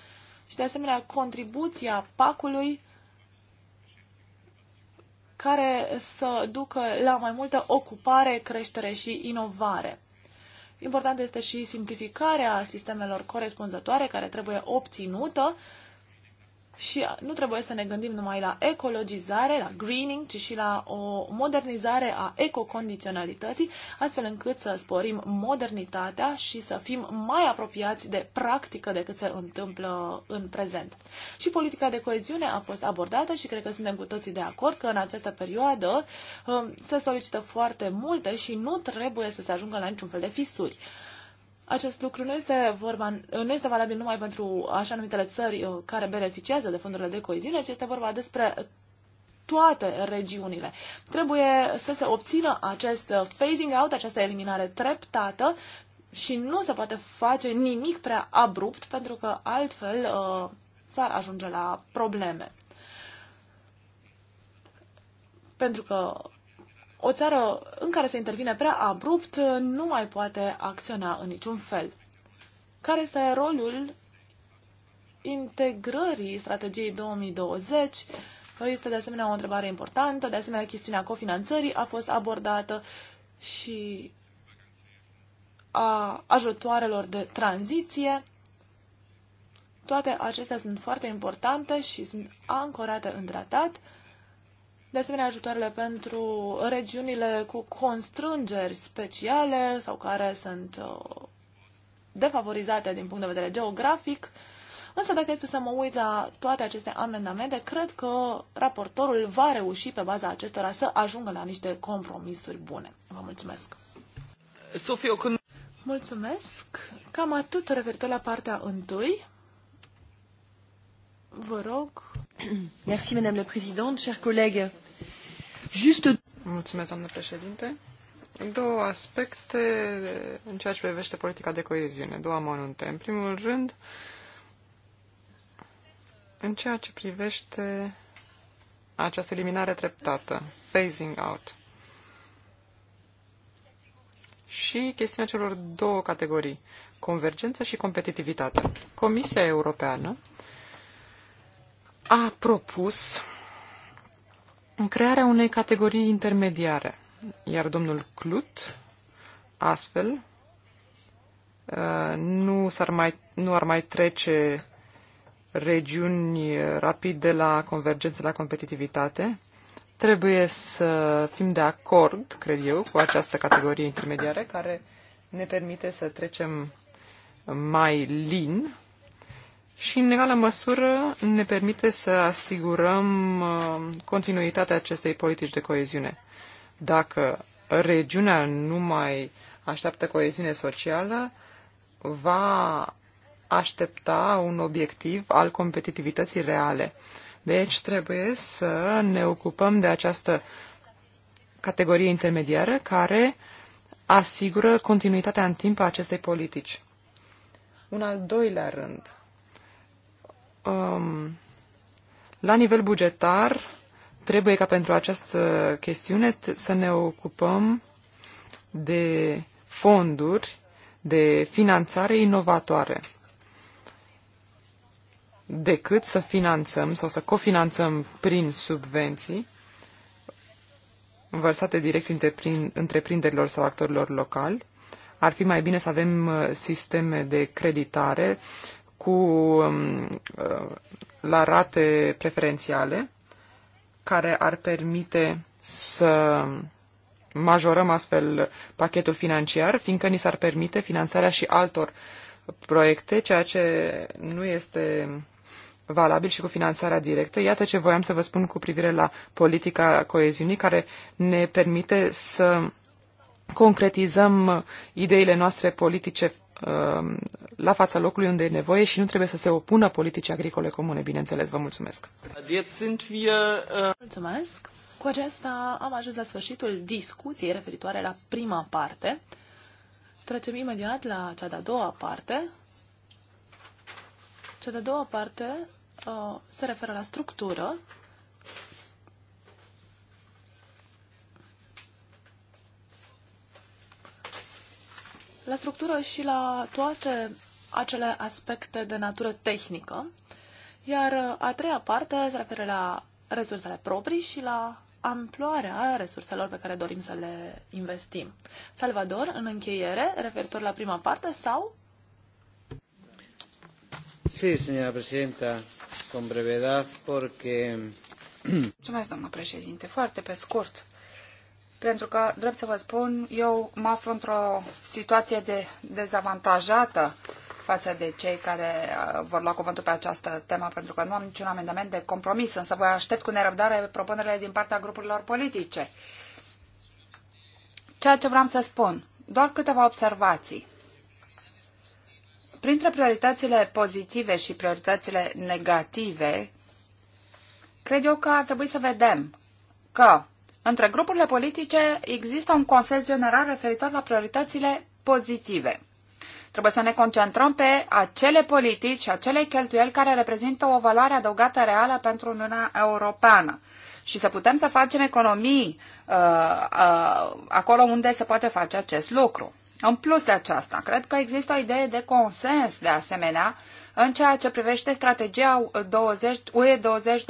și de asemenea contribuția PAC-ului care să ducă la mai multă ocupare, creștere și inovare. Important este și simplificarea sistemelor corespunzătoare care trebuie obținută și nu trebuie să ne gândim numai la ecologizare, la greening, ci și la o modernizare a ecocondiționalității, astfel încât să sporim modernitatea și să fim mai apropiați de practică decât se întâmplă în prezent. Și politica de coeziune a fost abordată și cred că suntem cu toții de acord că în această perioadă um, se solicită foarte multe și nu trebuie să se ajungă la niciun fel de fisuri. Acest lucru nu este, vorba, nu este valabil numai pentru așa numitele țări uh, care beneficiază de fondurile de coeziune, ci este vorba despre toate regiunile. Trebuie să se obțină acest uh, phasing out, această eliminare treptată și nu se poate face nimic prea abrupt, pentru că altfel uh, s-ar ajunge la probleme. Pentru că o țară în care se intervine prea abrupt nu mai poate acționa în niciun fel. Care este rolul integrării strategiei 2020? Este de asemenea o întrebare importantă, de asemenea chestiunea cofinanțării a fost abordată și a ajutoarelor de tranziție. Toate acestea sunt foarte importante și sunt ancorate în tratat de asemenea ajutoarele pentru regiunile cu constrângeri speciale sau care sunt uh, defavorizate din punct de vedere geografic. Însă dacă este să mă uit la toate aceste amendamente, cred că raportorul va reuși pe baza acestora să ajungă la niște compromisuri bune. Vă mulțumesc! Sofie, când... Mulțumesc! Cam atât referitor la partea întâi. Vă rog. Merci, Madame la Présidente, chers collègues. Just... Mulțumesc, doamnă președinte. Două aspecte în ceea ce privește politica de coeziune, două amănunte. În primul rând, în ceea ce privește această eliminare treptată, phasing out, și chestiunea celor două categorii, convergență și competitivitate. Comisia Europeană a propus în crearea unei categorii intermediare. Iar domnul Clut, astfel, uh, nu, ar mai, nu ar mai trece regiuni rapid de la convergență la competitivitate. Trebuie să fim de acord, cred eu, cu această categorie intermediară care ne permite să trecem mai lin și, în egală măsură, ne permite să asigurăm uh, continuitatea acestei politici de coeziune. Dacă regiunea nu mai așteaptă coeziune socială, va aștepta un obiectiv al competitivității reale. Deci trebuie să ne ocupăm de această categorie intermediară care asigură continuitatea în timp a acestei politici. Un al doilea rând – Um, la nivel bugetar, trebuie ca pentru această chestiune să ne ocupăm de fonduri de finanțare inovatoare decât să finanțăm sau să cofinanțăm prin subvenții vărsate direct întreprinderilor sau actorilor locali. Ar fi mai bine să avem uh, sisteme de creditare cu um, uh, la rate preferențiale care ar permite să majorăm astfel pachetul financiar, fiindcă ni s-ar permite finanțarea și altor proiecte, ceea ce nu este valabil și cu finanțarea directă. Iată ce voiam să vă spun cu privire la politica coeziunii, care ne permite să concretizăm ideile noastre politice Um, la fața locului unde e nevoie și nu trebuie să se opună politicii agricole comune, bineînțeles. Vă mulțumesc! Uh, mulțumesc! Cu acesta am ajuns la sfârșitul discuției referitoare la prima parte. Trecem imediat la cea de-a doua parte. Cea de-a doua parte uh, se referă la structură la structură și la toate acele aspecte de natură tehnică, iar a treia parte se referă la resursele proprii și la amploarea resurselor pe care dorim să le investim. Salvador, în încheiere, referitor la prima parte sau? Sí, señora presidenta, con brevedad, porque... Mulțumesc, doamnă președinte, foarte pe scurt pentru că, drept să vă spun, eu mă aflu într-o situație de dezavantajată față de cei care uh, vor lua cuvântul pe această temă, pentru că nu am niciun amendament de compromis, însă voi aștept cu nerăbdare propunerile din partea grupurilor politice. Ceea ce vreau să spun, doar câteva observații. Printre prioritățile pozitive și prioritățile negative, cred eu că ar trebui să vedem că între grupurile politice există un consens general referitor la prioritățile pozitive. Trebuie să ne concentrăm pe acele politici și acele cheltuieli care reprezintă o valoare adăugată reală pentru Uniunea Europeană și să putem să facem economii uh, uh, acolo unde se poate face acest lucru. În plus de aceasta, cred că există o idee de consens, de asemenea, în ceea ce privește strategia UE 2020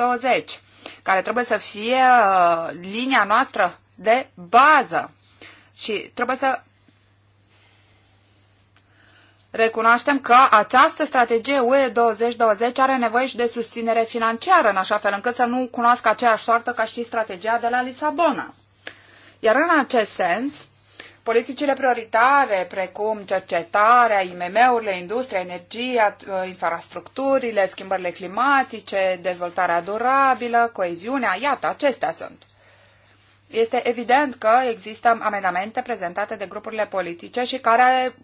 care trebuie să fie uh, linia noastră de bază. Și trebuie să recunoaștem că această strategie UE 2020 are nevoie și de susținere financiară, în așa fel încât să nu cunoască aceeași soartă ca și strategia de la Lisabona. Iar în acest sens, Politicile prioritare, precum cercetarea, IMM-urile, industria, energia, uh, infrastructurile, schimbările climatice, dezvoltarea durabilă, coeziunea, iată, acestea sunt. Este evident că există amendamente prezentate de grupurile politice și care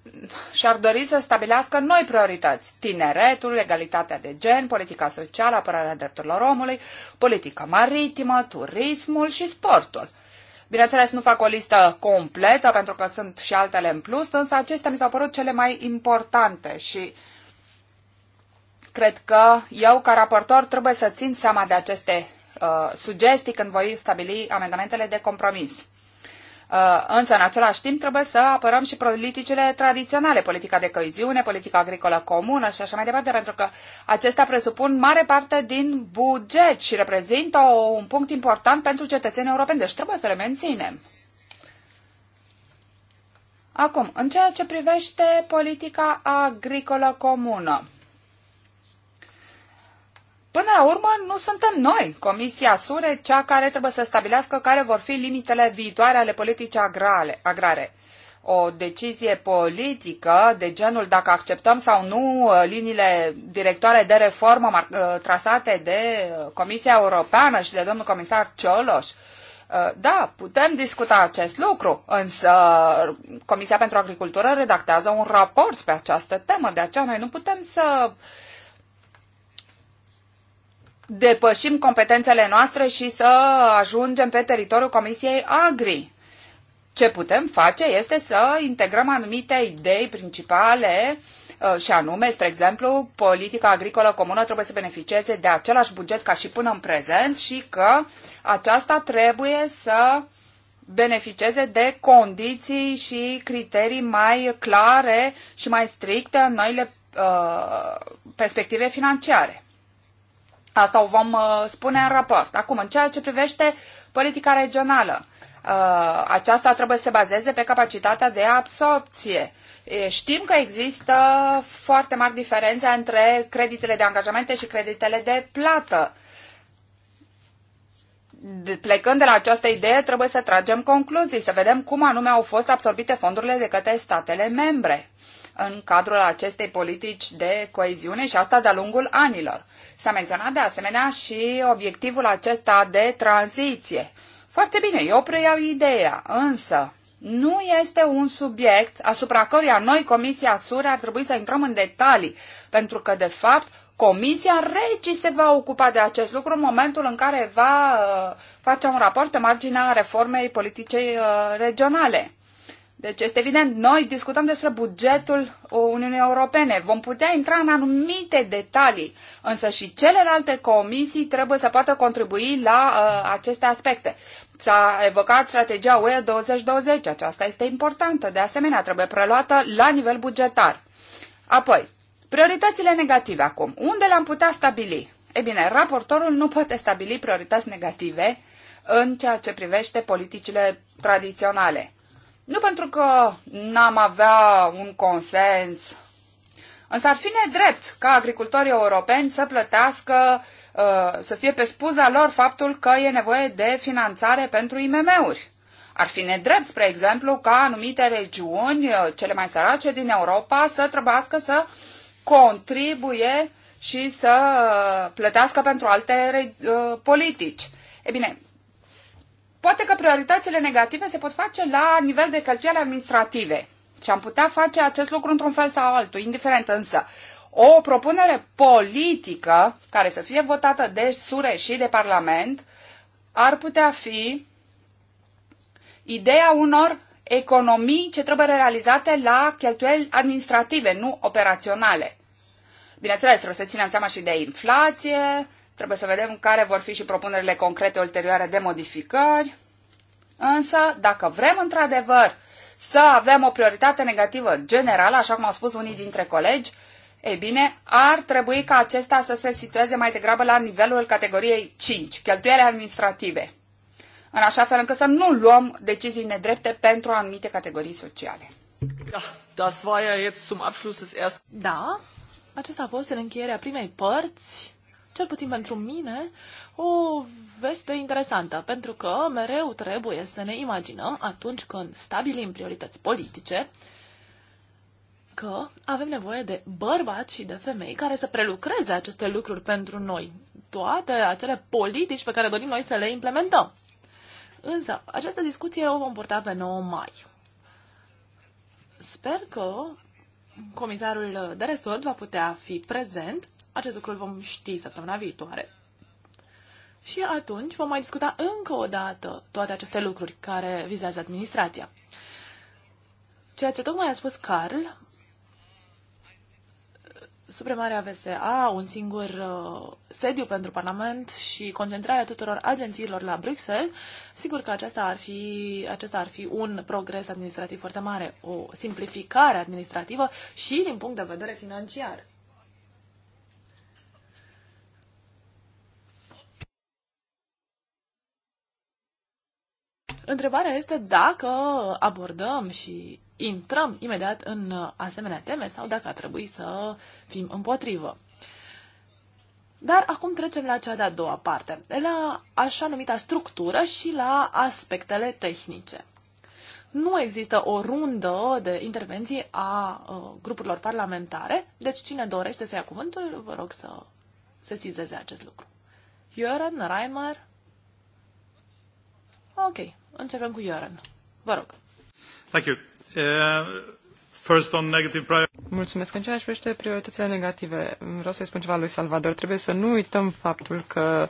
și-ar dori să stabilească noi priorități. Tineretul, egalitatea de gen, politica socială, apărarea drepturilor omului, politica maritimă, turismul și sportul. Bineînțeles, nu fac o listă completă, pentru că sunt și altele în plus, însă acestea mi s-au părut cele mai importante și cred că eu, ca raportor, trebuie să țin seama de aceste uh, sugestii când voi stabili amendamentele de compromis. Uh, însă, în același timp, trebuie să apărăm și politicile tradiționale, politica de coeziune, politica agricolă comună și așa mai departe, pentru că acestea presupun mare parte din buget și reprezintă un punct important pentru cetățenii europeni, deci trebuie să le menținem. Acum, în ceea ce privește politica agricolă comună, Până la urmă, nu suntem noi, Comisia Sure, cea care trebuie să stabilească care vor fi limitele viitoare ale politicii agrare. agrare. O decizie politică de genul dacă acceptăm sau nu uh, liniile directoare de reformă uh, trasate de uh, Comisia Europeană și de domnul comisar Cioloș, da, putem discuta acest lucru, însă Comisia pentru Agricultură redactează un raport pe această temă, de aceea noi nu putem să depășim competențele noastre și să ajungem pe teritoriul Comisiei Agri. Ce putem face este să integrăm anumite idei principale uh, și anume, spre exemplu, politica agricolă comună trebuie să beneficieze de același buget ca și până în prezent și că aceasta trebuie să beneficieze de condiții și criterii mai clare și mai stricte în noile uh, perspective financiare. Asta o vom uh, spune în raport. Acum, în ceea ce privește politica regională, uh, aceasta trebuie să se bazeze pe capacitatea de absorpție. Știm că există foarte mari diferențe între creditele de angajamente și creditele de plată. Plecând de la această idee, trebuie să tragem concluzii, să vedem cum anume au fost absorbite fondurile de către statele membre. Uh, în cadrul acestei politici de coeziune și asta de-a lungul anilor. S-a menționat de asemenea și obiectivul acesta de tranziție. Foarte bine, eu preiau ideea, însă nu este un subiect asupra căruia noi, Comisia Sure, ar trebui să intrăm în detalii, pentru că, de fapt, Comisia regi se va ocupa de acest lucru în momentul în care va uh, face un raport pe marginea reformei politicei uh, regionale. Deci este evident, noi discutăm despre bugetul Uniunii Europene. Vom putea intra în anumite detalii, însă și celelalte comisii trebuie să poată contribui la uh, aceste aspecte. S-a evocat strategia UE 2020, aceasta este importantă, de asemenea trebuie preluată la nivel bugetar. Apoi, prioritățile negative acum. Unde le-am putea stabili? E bine, raportorul nu poate stabili priorități negative în ceea ce privește politicile tradiționale. Nu pentru că n-am avea un consens, însă ar fi nedrept ca agricultorii europeni să plătească, uh, să fie pe spuza lor faptul că e nevoie de finanțare pentru IMM-uri. Ar fi nedrept, spre exemplu, ca anumite regiuni, uh, cele mai sărace din Europa, să trebuiască să contribuie și să uh, plătească pentru alte politici. E bine, Poate că prioritățile negative se pot face la nivel de cheltuieli administrative și am putea face acest lucru într-un fel sau altul, indiferent însă. O propunere politică care să fie votată de SURE și de Parlament ar putea fi ideea unor economii ce trebuie realizate la cheltuieli administrative, nu operaționale. Bineînțeles, trebuie să ținem seama și de inflație, Trebuie să vedem care vor fi și propunerile concrete ulterioare de modificări. Însă, dacă vrem într-adevăr să avem o prioritate negativă generală, așa cum au spus unii dintre colegi, ei bine, ar trebui ca acesta să se situeze mai degrabă la nivelul categoriei 5, cheltuiele administrative, în așa fel încât să nu luăm decizii nedrepte pentru anumite categorii sociale. Da, da acesta a fost în încheierea primei părți cel puțin pentru mine, o veste interesantă, pentru că mereu trebuie să ne imaginăm atunci când stabilim priorități politice, că avem nevoie de bărbați și de femei care să prelucreze aceste lucruri pentru noi, toate acele politici pe care dorim noi să le implementăm. Însă, această discuție o vom purta pe 9 mai. Sper că comisarul de resort va putea fi prezent acest lucru îl vom ști săptămâna viitoare. Și atunci vom mai discuta încă o dată toate aceste lucruri care vizează administrația. Ceea ce tocmai a spus Carl, supremarea VSA, un singur uh, sediu pentru Parlament și concentrarea tuturor agențiilor la Bruxelles, sigur că acesta ar fi, acesta ar fi un progres administrativ foarte mare, o simplificare administrativă și din punct de vedere financiar. Întrebarea este dacă abordăm și intrăm imediat în asemenea teme sau dacă ar trebui să fim împotrivă. Dar acum trecem la cea de-a doua parte, la așa numita structură și la aspectele tehnice. Nu există o rundă de intervenții a uh, grupurilor parlamentare, deci cine dorește să ia cuvântul, vă rog să sesizeze acest lucru. Jören, Reimer. Ok, Începem cu Ioran. Vă rog. Thank you. Uh... First on negative priority. Mulțumesc. În ceea ce privește prioritățile negative, vreau să-i spun ceva lui Salvador. Trebuie să nu uităm faptul că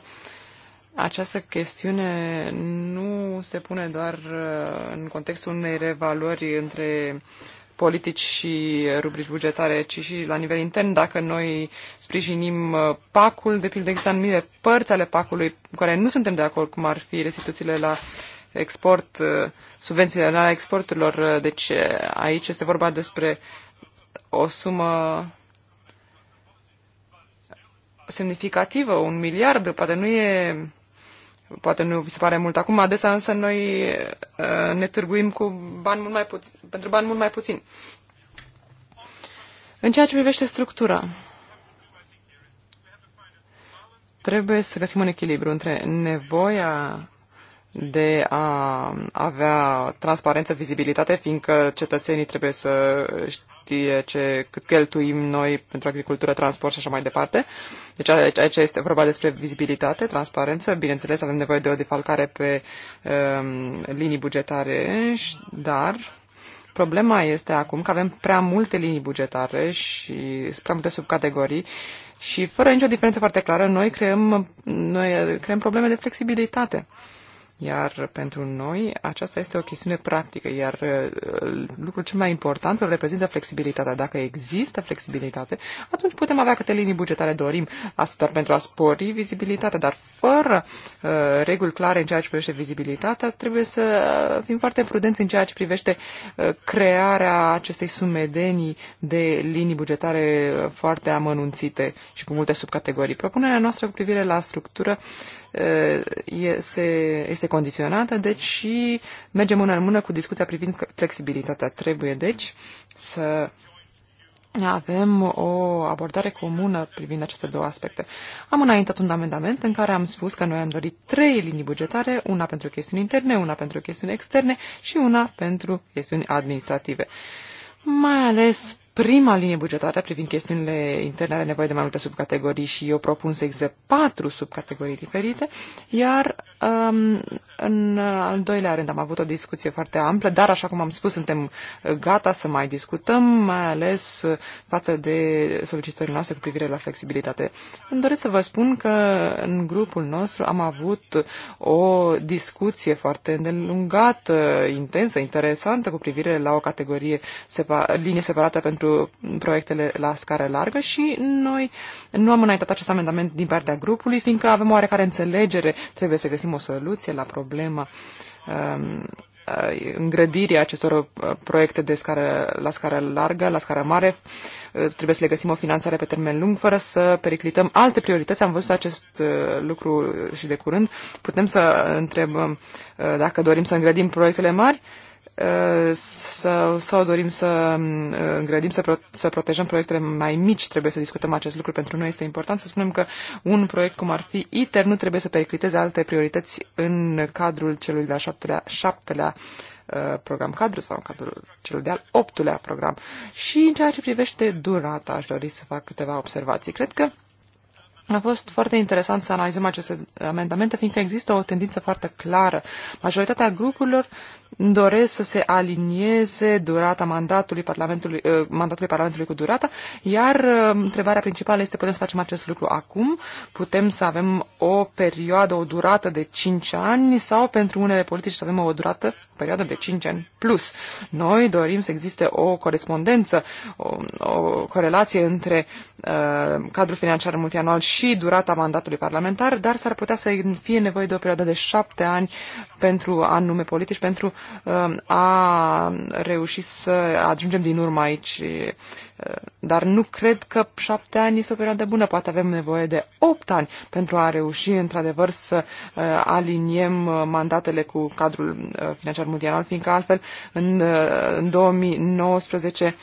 această chestiune nu se pune doar uh, în contextul unei revaluări între politici și rubrici bugetare, ci și la nivel intern, dacă noi sprijinim uh, pacul, de pildă există anumite părți ale pacului cu care nu suntem de acord, cum ar fi restituțiile la uh, export, uh, subvenționarea exporturilor. Uh, deci uh, aici este vorba despre o sumă semnificativă, un miliard, poate nu e poate nu vi se pare mult acum, adesea însă noi ne târguim cu bani mult mai puțin, pentru bani mult mai puțin. În ceea ce privește structura, trebuie să găsim un echilibru între nevoia de a avea transparență, vizibilitate, fiindcă cetățenii trebuie să știe ce, cât cheltuim noi pentru agricultură, transport și așa mai departe. Deci aici, aici este vorba despre vizibilitate, transparență. Bineînțeles, avem nevoie de o defalcare pe um, linii bugetare, dar problema este acum că avem prea multe linii bugetare și prea multe subcategorii și fără nicio diferență foarte clară, noi creăm, noi creăm probleme de flexibilitate. Iar pentru noi aceasta este o chestiune practică, iar uh, lucrul cel mai important îl reprezintă flexibilitatea. Dacă există flexibilitate, atunci putem avea câte linii bugetare dorim, asta doar pentru a spori vizibilitatea, dar fără uh, reguli clare în ceea ce privește vizibilitatea, trebuie să uh, fim foarte prudenți în ceea ce privește uh, crearea acestei sumedenii de linii bugetare uh, foarte amănunțite și cu multe subcategorii. Propunerea noastră cu privire la structură uh, este, este condiționată, deci și merge mână în mână cu discuția privind flexibilitatea. Trebuie, deci, să avem o abordare comună privind aceste două aspecte. Am înaintat un amendament în care am spus că noi am dorit trei linii bugetare, una pentru chestiuni interne, una pentru chestiuni externe și una pentru chestiuni administrative. Mai ales prima linie bugetară privind chestiunile interne are nevoie de mai multe subcategorii și eu propun să existe patru subcategorii diferite, iar um, în al doilea rând am avut o discuție foarte amplă, dar așa cum am spus, suntem gata să mai discutăm, mai ales față de solicitările noastre cu privire la flexibilitate. Îmi doresc să vă spun că în grupul nostru am avut o discuție foarte îndelungată, intensă, interesantă cu privire la o categorie separ- linie separată pentru pentru proiectele la scară largă și noi nu am înaintat acest amendament din partea grupului, fiindcă avem oarecare înțelegere, trebuie să găsim o soluție la problema um, uh, îngrădirii acestor uh, proiecte de scară, la scară largă, la scară mare, uh, trebuie să le găsim o finanțare pe termen lung, fără să periclităm alte priorități. Am văzut acest lucru și de curând. Putem să întrebăm dacă dorim să îngrădim proiectele mari Uh, sau, sau dorim să um, uh, îngrădim, să, pro, să protejăm proiectele mai mici, trebuie să discutăm acest lucru. Pentru noi este important să spunem că un proiect cum ar fi ITER nu trebuie să pericliteze alte priorități în cadrul celui de-al șaptelea, șaptelea uh, program cadru sau în cadrul celui de-al optulea program. Și în ceea ce privește durata, aș dori să fac câteva observații. Cred că a fost foarte interesant să analizăm aceste amendamente, fiindcă există o tendință foarte clară. Majoritatea grupurilor doresc să se alinieze durata mandatului Parlamentului, uh, mandatului Parlamentului cu durata, iar uh, întrebarea principală este putem să facem acest lucru acum, putem să avem o perioadă, o durată de 5 ani sau pentru unele politici să avem o durată, o perioadă de 5 ani plus. Noi dorim să existe o corespondență, o, o corelație între uh, cadrul financiar multianual și durata mandatului parlamentar, dar s-ar putea să fie nevoie de o perioadă de 7 ani pentru anume politici, pentru Um, a reușit să ajungem din urmă aici, uh, dar nu cred că șapte ani este o perioadă bună. Poate avem nevoie de opt ani pentru a reuși într-adevăr să uh, aliniem uh, mandatele cu cadrul financiar multianual, fiindcă altfel în 2019,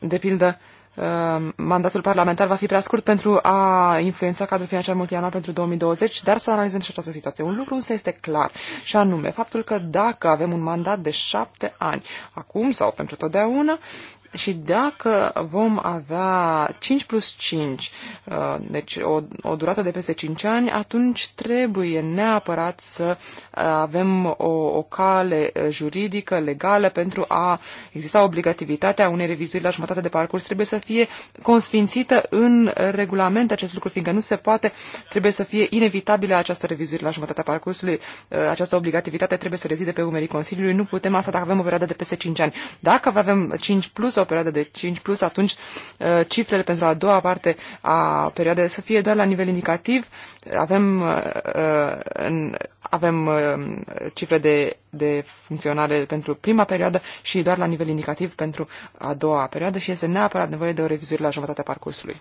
de pildă, Ehm, mandatul parlamentar va fi prea scurt pentru a influența cadrul financiar multianual pentru 2020, dar să analizăm și această situație. Un lucru însă este clar, și anume faptul că dacă avem un mandat de șapte ani, acum sau pentru totdeauna, și dacă vom avea 5 plus 5, uh, deci o, o durată de peste 5 ani, atunci trebuie neapărat să uh, avem o, o cale uh, juridică, legală, pentru a exista obligativitatea unei revizuiri la jumătate de parcurs. Trebuie să fie consfințită în regulament acest lucru, fiindcă nu se poate, trebuie să fie inevitabilă această revizuire la jumătatea parcursului. Această obligativitate trebuie să rezide pe umerii Consiliului. Nu putem asta dacă avem o perioadă de peste 5 ani. Dacă avem 5 plus, o perioadă de 5 plus, atunci uh, cifrele pentru a doua parte a perioadei să fie doar la nivel indicativ. Avem, uh, uh, avem cifre de, de funcționare pentru prima perioadă și doar la nivel indicativ pentru a doua perioadă și este neapărat nevoie de o revizuire la jumătatea parcursului.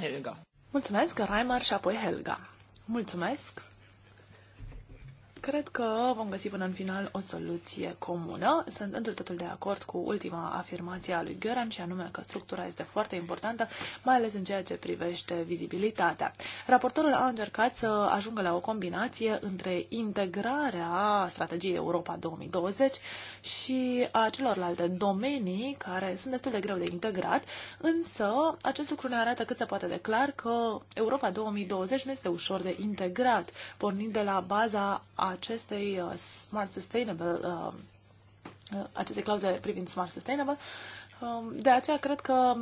Helga. Mulțumesc, Raimar și apoi Helga. Mulțumesc! Cred că vom găsi până în final o soluție comună. Sunt într totul de acord cu ultima afirmație a lui Göran și anume că structura este foarte importantă, mai ales în ceea ce privește vizibilitatea. Raportorul a încercat să ajungă la o combinație între integrarea strategiei Europa 2020 și a celorlalte domenii care sunt destul de greu de integrat, însă acest lucru ne arată cât se poate de clar că Europa 2020 nu este ușor de integrat, pornind de la baza a acestei uh, Smart Sustainable, uh, acestei clauze privind Smart Sustainable. Um, de aceea cred că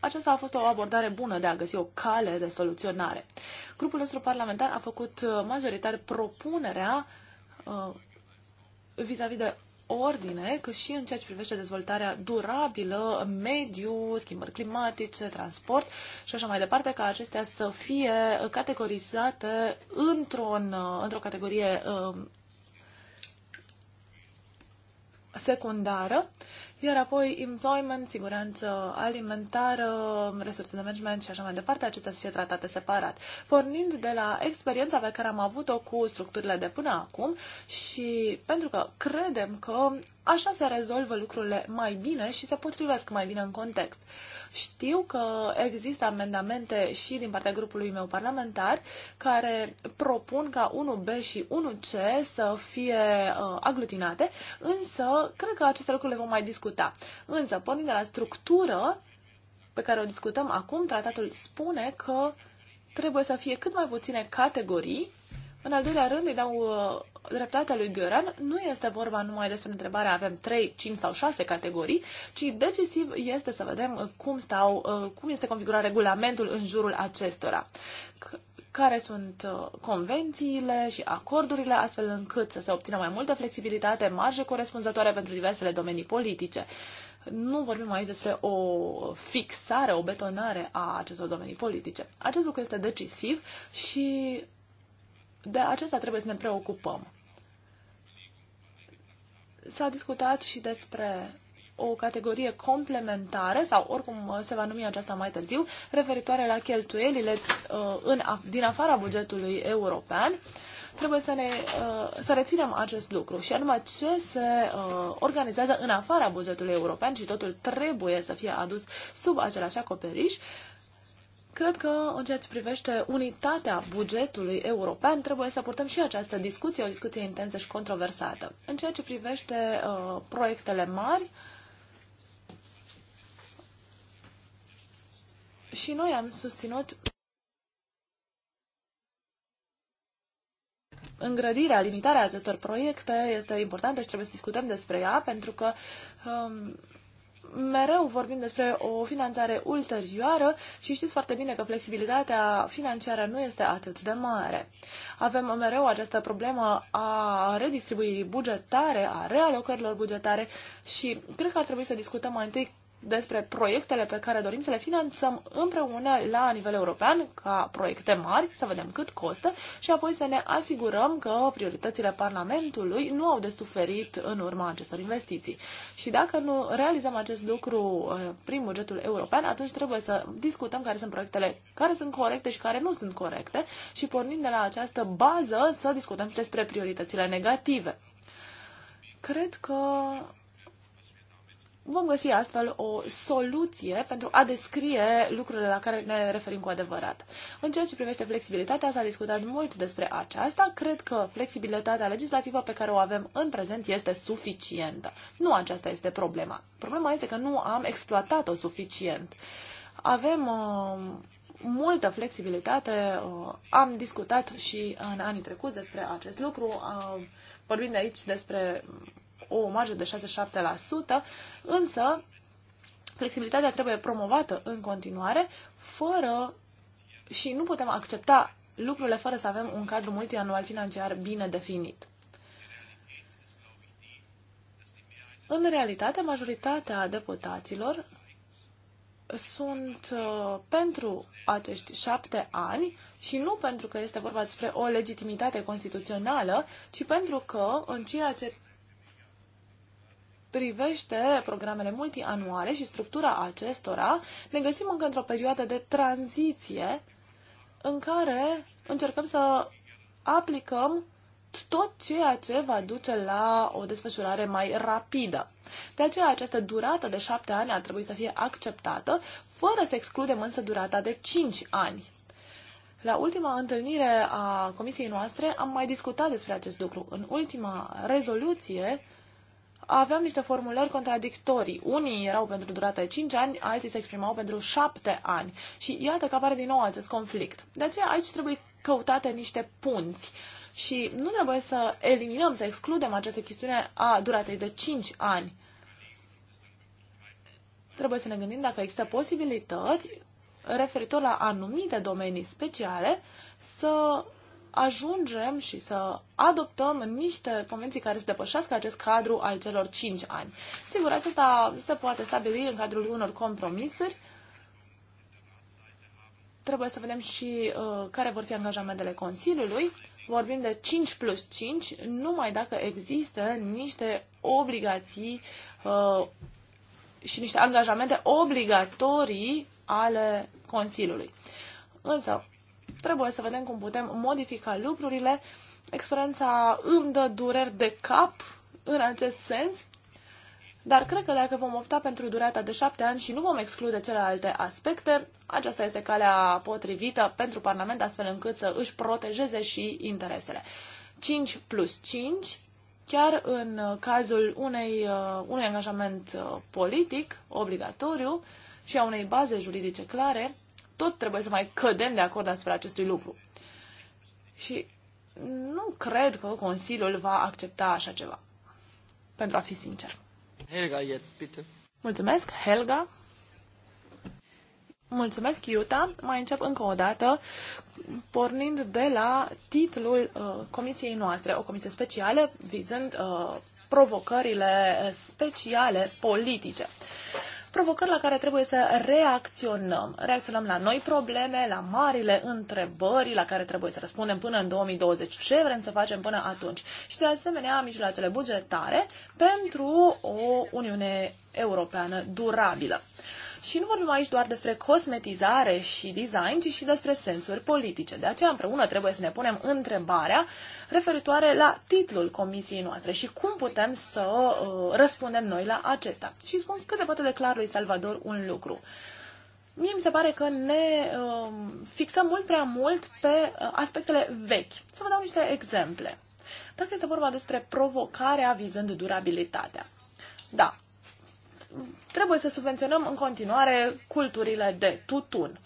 aceasta a fost o abordare bună de a găsi o cale de soluționare. Grupul nostru parlamentar a făcut uh, majoritar propunerea vis-a-vis -vis de ordine, cât și în ceea ce privește dezvoltarea durabilă, mediu, schimbări climatice, transport și așa mai departe, ca acestea să fie categorizate într o uh, într-o categorie uh, secundară iar apoi employment, siguranță alimentară, resurse de management și așa mai departe, acestea să fie tratate separat. Pornind de la experiența pe care am avut-o cu structurile de până acum și pentru că credem că așa se rezolvă lucrurile mai bine și se potrivesc mai bine în context. Știu că există amendamente și din partea grupului meu parlamentar care propun ca 1B și 1C să fie uh, aglutinate, însă cred că aceste lucruri le vom mai discuta. Însă, pornind de la structură pe care o discutăm acum, tratatul spune că trebuie să fie cât mai puține categorii în al doilea rând, îi dau uh, dreptatea lui Göran, nu este vorba numai despre întrebarea avem 3, 5 sau 6 categorii, ci decisiv este să vedem uh, cum, stau, uh, cum este configurat regulamentul în jurul acestora care sunt convențiile și acordurile, astfel încât să se obțină mai multă flexibilitate, marge corespunzătoare pentru diversele domenii politice. Nu vorbim aici despre o fixare, o betonare a acestor domenii politice. Acest lucru este decisiv și de acesta trebuie să ne preocupăm. S-a discutat și despre o categorie complementară, sau oricum se va numi aceasta mai târziu, referitoare la cheltuielile uh, în, din afara bugetului european. Trebuie să, ne, uh, să reținem acest lucru și anume ce se uh, organizează în afara bugetului european și totul trebuie să fie adus sub același acoperiș. Uh, Cred că în ceea ce privește unitatea bugetului european trebuie să purtăm și această discuție, o discuție intensă și controversată. În ceea ce privește uh, proiectele mari, și noi am susținut îngrădirea, limitarea acestor proiecte este importantă și trebuie să discutăm despre ea, pentru că um, mereu vorbim despre o finanțare ulterioară și știți foarte bine că flexibilitatea financiară nu este atât de mare. Avem mereu această problemă a redistribuirii bugetare, a realocărilor bugetare și cred că ar trebui să discutăm mai întâi despre proiectele pe care dorim să le finanțăm împreună la nivel european ca proiecte mari, să vedem cât costă și apoi să ne asigurăm că prioritățile Parlamentului nu au de suferit în urma acestor investiții. Și dacă nu realizăm acest lucru uh, prin bugetul european, atunci trebuie să discutăm care sunt proiectele care sunt corecte și care nu sunt corecte și pornind de la această bază să discutăm și despre prioritățile negative. Cred că vom găsi astfel o soluție pentru a descrie lucrurile la care ne referim cu adevărat. În ceea ce privește flexibilitatea, s-a discutat mult despre aceasta. Cred că flexibilitatea legislativă pe care o avem în prezent este suficientă. Nu aceasta este problema. Problema este că nu am exploatat-o suficient. Avem uh, multă flexibilitate. Uh, am discutat și în anii trecuți despre acest lucru. Uh, vorbim de aici despre o marjă de 6-7%, însă flexibilitatea trebuie promovată în continuare fără și nu putem accepta lucrurile fără să avem un cadru multianual financiar bine definit. În realitate, majoritatea deputaților sunt uh, pentru acești șapte ani și nu pentru că este vorba despre o legitimitate constituțională, ci pentru că în ceea ce privește programele multianuale și structura acestora, ne găsim încă într-o perioadă de tranziție în care încercăm să aplicăm tot ceea ce va duce la o desfășurare mai rapidă. De aceea, această durată de șapte ani ar trebui să fie acceptată, fără să excludem însă durata de cinci ani. La ultima întâlnire a comisiei noastre am mai discutat despre acest lucru. În ultima rezoluție aveam niște formulări contradictorii. Unii erau pentru durata de 5 ani, alții se exprimau pentru 7 ani. Și iată că apare din nou acest conflict. De aceea aici trebuie căutate niște punți. Și nu trebuie să eliminăm, să excludem această chestiune a duratei de 5 ani. Trebuie să ne gândim dacă există posibilități referitor la anumite domenii speciale să ajungem și să adoptăm niște convenții care să depășească acest cadru al celor 5 ani. Sigur, acesta se poate stabili în cadrul unor compromisuri. Trebuie să vedem și uh, care vor fi angajamentele Consiliului. Vorbim de 5 plus 5, numai dacă există niște obligații uh, și niște angajamente obligatorii ale Consiliului. Însă, Trebuie să vedem cum putem modifica lucrurile. Experiența îmi dă dureri de cap în acest sens, dar cred că dacă vom opta pentru durata de șapte ani și nu vom exclude celelalte aspecte, aceasta este calea potrivită pentru Parlament, astfel încât să își protejeze și interesele. 5 plus 5, chiar în cazul unei, uh, unui angajament uh, politic obligatoriu și a unei baze juridice clare, tot trebuie să mai cădem de acord asupra acestui lucru. Și nu cred că Consiliul va accepta așa ceva. Pentru a fi sincer. Helga, jetzt, bitte. Mulțumesc, Helga. Mulțumesc, Iuta. Mai încep încă o dată, pornind de la titlul uh, comisiei noastre, o comisie specială vizând uh, provocările speciale politice. Uh, provocări la care trebuie să reacționăm. Reacționăm la noi probleme, la marile întrebări la care trebuie să răspundem până în 2020, ce vrem să facem până atunci și de asemenea mijloacele bugetare pentru o Uniune Europeană durabilă. Și nu vorbim aici doar despre cosmetizare și design, ci și despre sensuri politice. De aceea împreună trebuie să ne punem întrebarea referitoare la titlul comisiei noastre și cum putem să uh, răspundem noi la acesta. Și spun că se poate de clar lui Salvador un lucru. Mie mi se pare că ne uh, fixăm mult prea mult pe uh, aspectele vechi. Să vă dau niște exemple. Dacă este vorba despre provocarea vizând durabilitatea. Da, trebuie să subvenționăm în continuare culturile de tutun.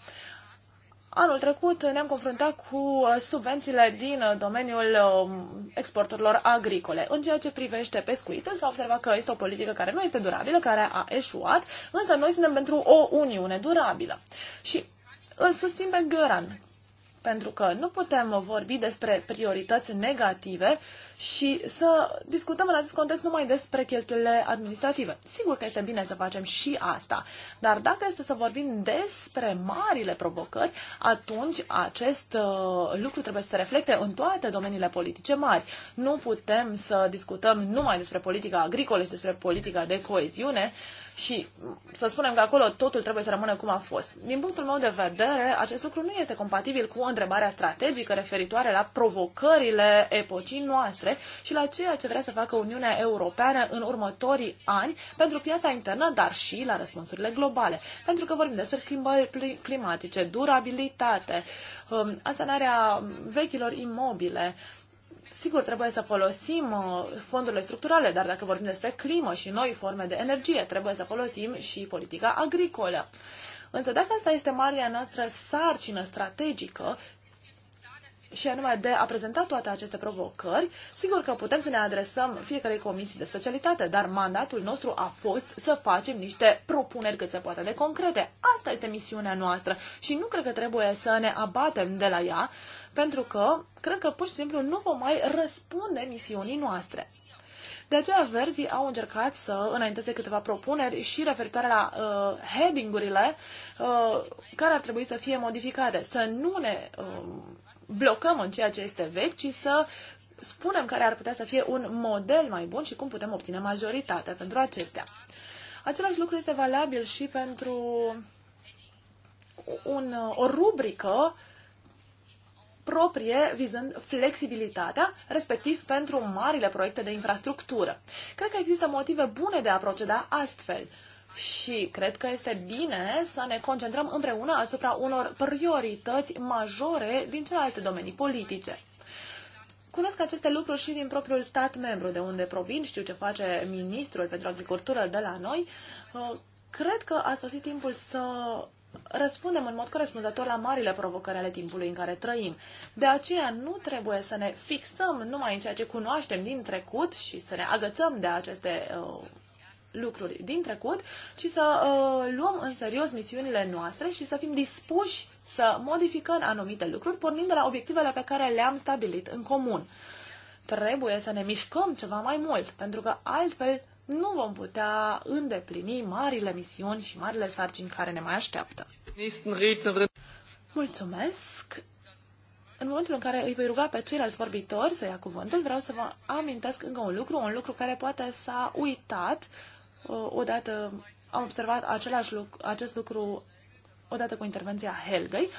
Anul trecut ne-am confruntat cu uh, subvențiile din uh, domeniul um, exporturilor agricole. În ceea ce privește pescuitul, s-a observat că este o politică care nu este durabilă, care a eșuat, însă noi suntem pentru o uniune durabilă. Și îl susțin pe Găran pentru că nu putem vorbi despre priorități negative și să discutăm în acest context numai despre cheltuielile administrative. Sigur că este bine să facem și asta, dar dacă este să vorbim despre marile provocări, atunci acest uh, lucru trebuie să se reflecte în toate domeniile politice mari. Nu putem să discutăm numai despre politica agricolă și despre politica de coeziune, și să spunem că acolo totul trebuie să rămână cum a fost. Din punctul meu de vedere, acest lucru nu este compatibil cu întrebarea strategică referitoare la provocările epocii noastre și la ceea ce vrea să facă Uniunea Europeană în următorii ani pentru piața internă, dar și la răspunsurile globale. Pentru că vorbim despre schimbări climatice, durabilitate, um, asanarea vechilor imobile, Sigur, trebuie să folosim uh, fondurile structurale, dar dacă vorbim despre climă și noi forme de energie, trebuie să folosim și politica agricolă. Însă dacă asta este marea noastră sarcină strategică, și anume de a prezenta toate aceste provocări. Sigur că putem să ne adresăm fiecarei comisii de specialitate, dar mandatul nostru a fost să facem niște propuneri cât se poate de concrete. Asta este misiunea noastră și nu cred că trebuie să ne abatem de la ea, pentru că cred că pur și simplu nu vom mai răspunde misiunii noastre. De aceea, verzii au încercat să înainteze câteva propuneri și referitoare la uh, heading-urile uh, care ar trebui să fie modificate, să nu ne uh, blocăm în ceea ce este vechi, ci să spunem care ar putea să fie un model mai bun și cum putem obține majoritatea pentru acestea. Același lucru este valabil și pentru un, o rubrică proprie vizând flexibilitatea, respectiv pentru marile proiecte de infrastructură. Cred că există motive bune de a proceda astfel. Uh, și cred că este bine să ne concentrăm împreună asupra unor priorități majore din celelalte domenii politice. Cunosc aceste lucruri și din propriul stat membru de unde provin, știu ce face ministrul pentru agricultură de la noi. Uh, cred că a sosit timpul să răspundem în mod corespunzător la marile provocări ale timpului în care trăim. De aceea nu trebuie să ne fixăm numai în ceea ce cunoaștem din trecut și să ne agățăm de aceste uh, lucruri din trecut, ci să uh, luăm în serios misiunile noastre și să fim dispuși să modificăm anumite lucruri, pornind de la obiectivele pe care le-am stabilit în comun. Trebuie să ne mișcăm ceva mai mult, pentru că altfel nu vom putea îndeplini marile misiuni și marile sarcini care ne mai așteaptă. Mulțumesc! În momentul în care îi voi ruga pe ceilalți vorbitori să ia cuvântul, vreau să vă amintesc încă un lucru, un lucru care poate s-a uitat Uh, odată am observat același lucru, acest lucru odată cu intervenția Helgei.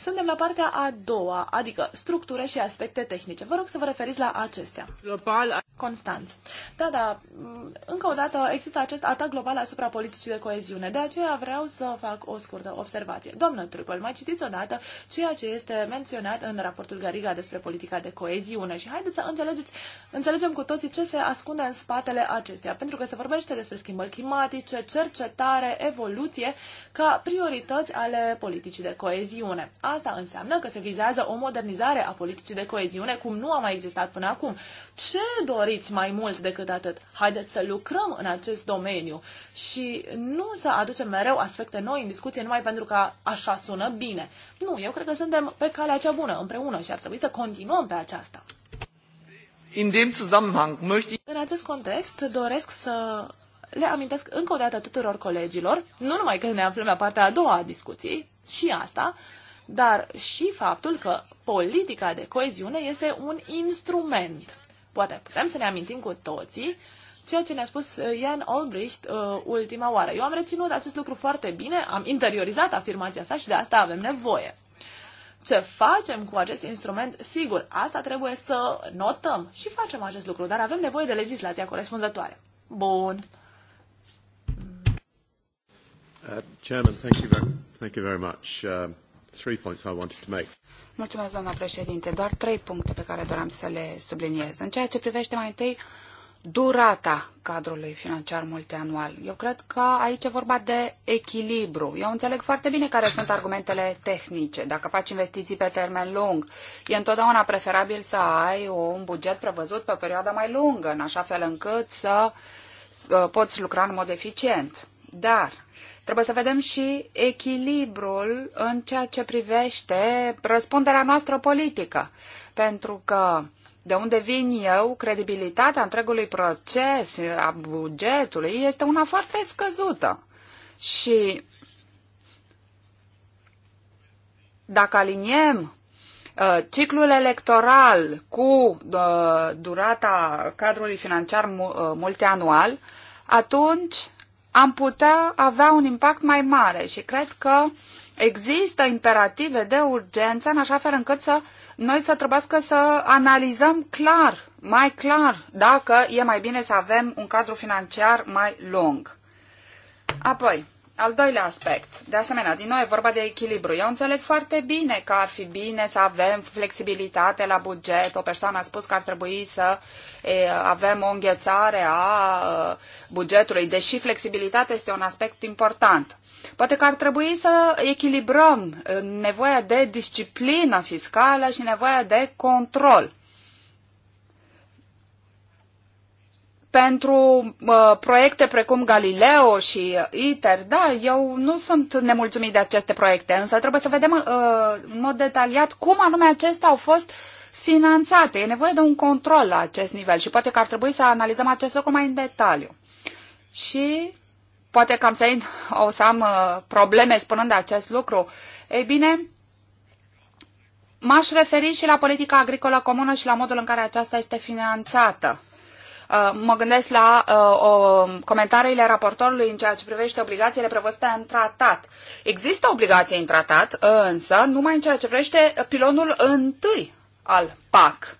Suntem la partea a doua, adică structură și aspecte tehnice. Vă rog să vă referiți la acestea. Global. Constanț. Da, da, mm, încă o dată există acest atac global asupra politicii de coeziune. De aceea vreau să fac o scurtă observație. Doamnă Trupel, mai citiți odată ceea ce este menționat în raportul Gariga despre politica de coeziune și haideți să înțelegeți, înțelegem cu toții ce se ascunde în spatele acesteia, pentru că se vorbește despre schimbări climatice, cercetare, evoluție ca priorități ale politicii de coeziune. Asta înseamnă că se vizează o modernizare a politicii de coeziune cum nu a mai existat până acum. Ce dor doriți mai mult decât atât. Haideți să lucrăm în acest domeniu și nu să aducem mereu aspecte noi în discuție numai pentru că așa sună bine. Nu, eu cred că suntem pe calea cea bună împreună și ar trebui să continuăm pe aceasta. In dem Zusammenhang möchte ich... În acest context doresc să le amintesc încă o dată tuturor colegilor, nu numai că ne aflăm la partea a doua a discuției, și asta, dar și faptul că politica de coeziune este un instrument. Poate putem să ne amintim cu toții ceea ce ne-a spus uh, Ian Olbricht uh, ultima oară. Eu am reținut acest lucru foarte bine, am interiorizat afirmația sa și de asta avem nevoie. Ce facem cu acest instrument? Sigur, asta trebuie să notăm și facem acest lucru, dar avem nevoie de legislația corespunzătoare. Bun. Uh, chairman, thank you very, thank you very much. Uh three points I wanted to make. Mulțumesc, doamna președinte. Doar trei puncte pe care doream să le subliniez. În ceea ce privește mai întâi durata cadrului financiar multianual. Eu cred că aici e vorba de echilibru. Eu înțeleg foarte bine care sunt argumentele tehnice. Dacă faci investiții pe termen lung, e întotdeauna preferabil să ai un buget prevăzut pe o perioadă mai lungă, în așa fel încât să poți lucra în mod eficient. Dar Trebuie să vedem și echilibrul în ceea ce privește răspunderea noastră politică. Pentru că de unde vin eu, credibilitatea întregului proces, a bugetului, este una foarte scăzută. Și dacă aliniem uh, ciclul electoral cu uh, durata cadrului financiar uh, multianual, atunci am putea avea un impact mai mare și cred că există imperative de urgență în așa fel încât să noi să trebuiască să analizăm clar, mai clar, dacă e mai bine să avem un cadru financiar mai lung. Apoi, al doilea aspect, de asemenea, din nou e vorba de echilibru. Eu înțeleg foarte bine că ar fi bine să avem flexibilitate la buget. O persoană a spus că ar trebui să e, avem o înghețare a e, bugetului, deși flexibilitatea este un aspect important. Poate că ar trebui să echilibrăm nevoia de disciplină fiscală și nevoia de control. pentru uh, proiecte precum Galileo și uh, ITER. Da, eu nu sunt nemulțumit de aceste proiecte, însă trebuie să vedem uh, în mod detaliat cum anume acestea au fost finanțate. E nevoie de un control la acest nivel și poate că ar trebui să analizăm acest lucru mai în detaliu. Și poate că am să, (laughs) o să am uh, probleme spunând de acest lucru. Ei bine, m-aș referi și la politica agricolă comună și la modul în care aceasta este finanțată. Uh, mă gândesc la uh, o, comentariile raportorului în ceea ce privește obligațiile prevăzute în tratat. Există obligații în tratat, însă numai în ceea ce privește pilonul întâi al PAC.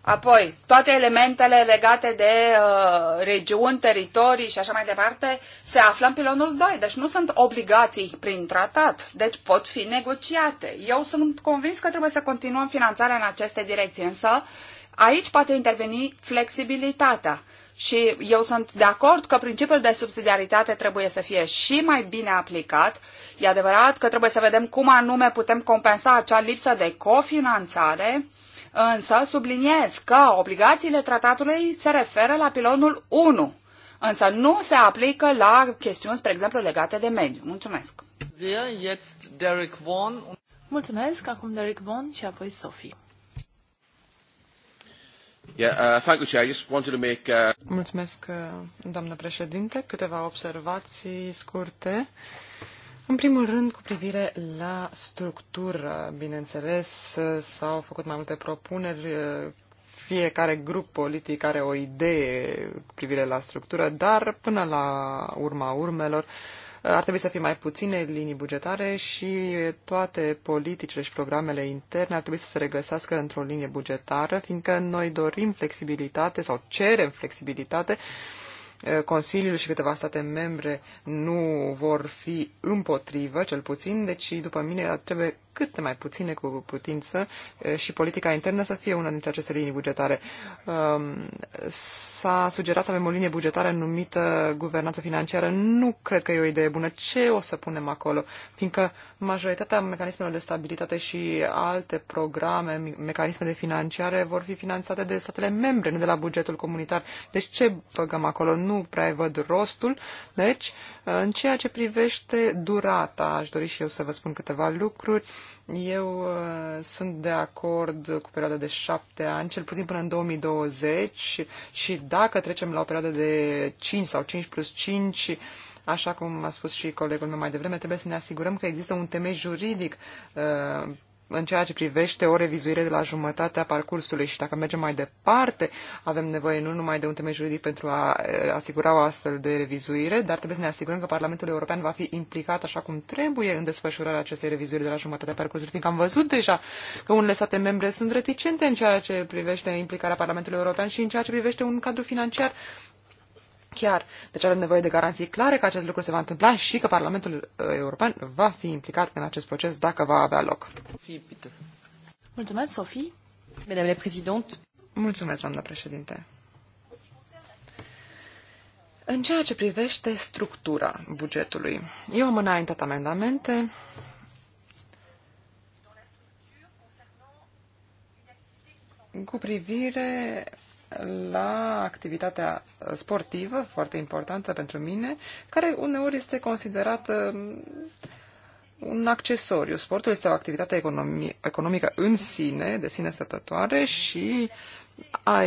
Apoi, toate elementele legate de uh, regiuni, teritorii și așa mai departe se află în pilonul 2, deci nu sunt obligații prin tratat, deci pot fi negociate. Eu sunt convins că trebuie să continuăm finanțarea în aceste direcții, însă Aici poate interveni flexibilitatea. Și eu sunt de acord că principiul de subsidiaritate trebuie să fie și mai bine aplicat. E adevărat că trebuie să vedem cum anume putem compensa acea lipsă de cofinanțare, însă subliniez că obligațiile tratatului se referă la pilonul 1, însă nu se aplică la chestiuni, spre exemplu, legate de mediu. Mulțumesc! Mulțumesc! Acum Derek Vaughan și apoi Sophie. Mulțumesc, doamnă președinte. Câteva observații scurte. În primul rând, cu privire la structură, bineînțeles, s-au făcut mai multe propuneri fiecare grup politic are o idee cu privire la structură, dar până la urma urmelor ar trebui să fie mai puține linii bugetare și toate politicile și programele interne ar trebui să se regăsească într-o linie bugetară, fiindcă noi dorim flexibilitate sau cerem flexibilitate eh, Consiliul și câteva state membre nu vor fi împotrivă, cel puțin, deci după mine trebuie cât mai puține cu putință și politica internă să fie una dintre aceste linii bugetare. Um, s-a sugerat să avem o linie bugetară numită guvernanță financiară. Nu cred că e o idee bună. Ce o să punem acolo? Fiindcă majoritatea mecanismelor de stabilitate și alte programe, mecanisme de financiare vor fi finanțate de statele membre, nu de la bugetul comunitar. Deci ce băgăm acolo? Nu prea văd rostul. Deci, în ceea ce privește durata, aș dori și eu să vă spun câteva lucruri. Eu uh, sunt de acord cu perioada de șapte ani, cel puțin până în 2020 și dacă trecem la o perioadă de 5 sau 5 plus 5, așa cum a spus și colegul meu mai devreme, trebuie să ne asigurăm că există un temei juridic uh, în ceea ce privește o revizuire de la jumătatea parcursului și dacă mergem mai departe, avem nevoie nu numai de un temei juridic pentru a eh, asigura o astfel de revizuire, dar trebuie să ne asigurăm că Parlamentul European va fi implicat așa cum trebuie în desfășurarea acestei revizuiri de la jumătatea parcursului, fiindcă am văzut deja că unele state membre sunt reticente în ceea ce privește implicarea Parlamentului European și în ceea ce privește un cadru financiar chiar. Deci avem nevoie de garanții clare că acest lucru se va întâmpla și că Parlamentul uh, European va fi implicat în acest proces dacă va avea loc. Mulțumesc, Sofie. Madame la Mulțumesc, doamnă președinte. În ceea ce privește structura bugetului, eu am înaintat amendamente cu privire la activitatea sportivă, foarte importantă pentru mine, care uneori este considerată mm, un accesoriu. Sportul este o activitate economi- economică în sine, de sine stătătoare și uh,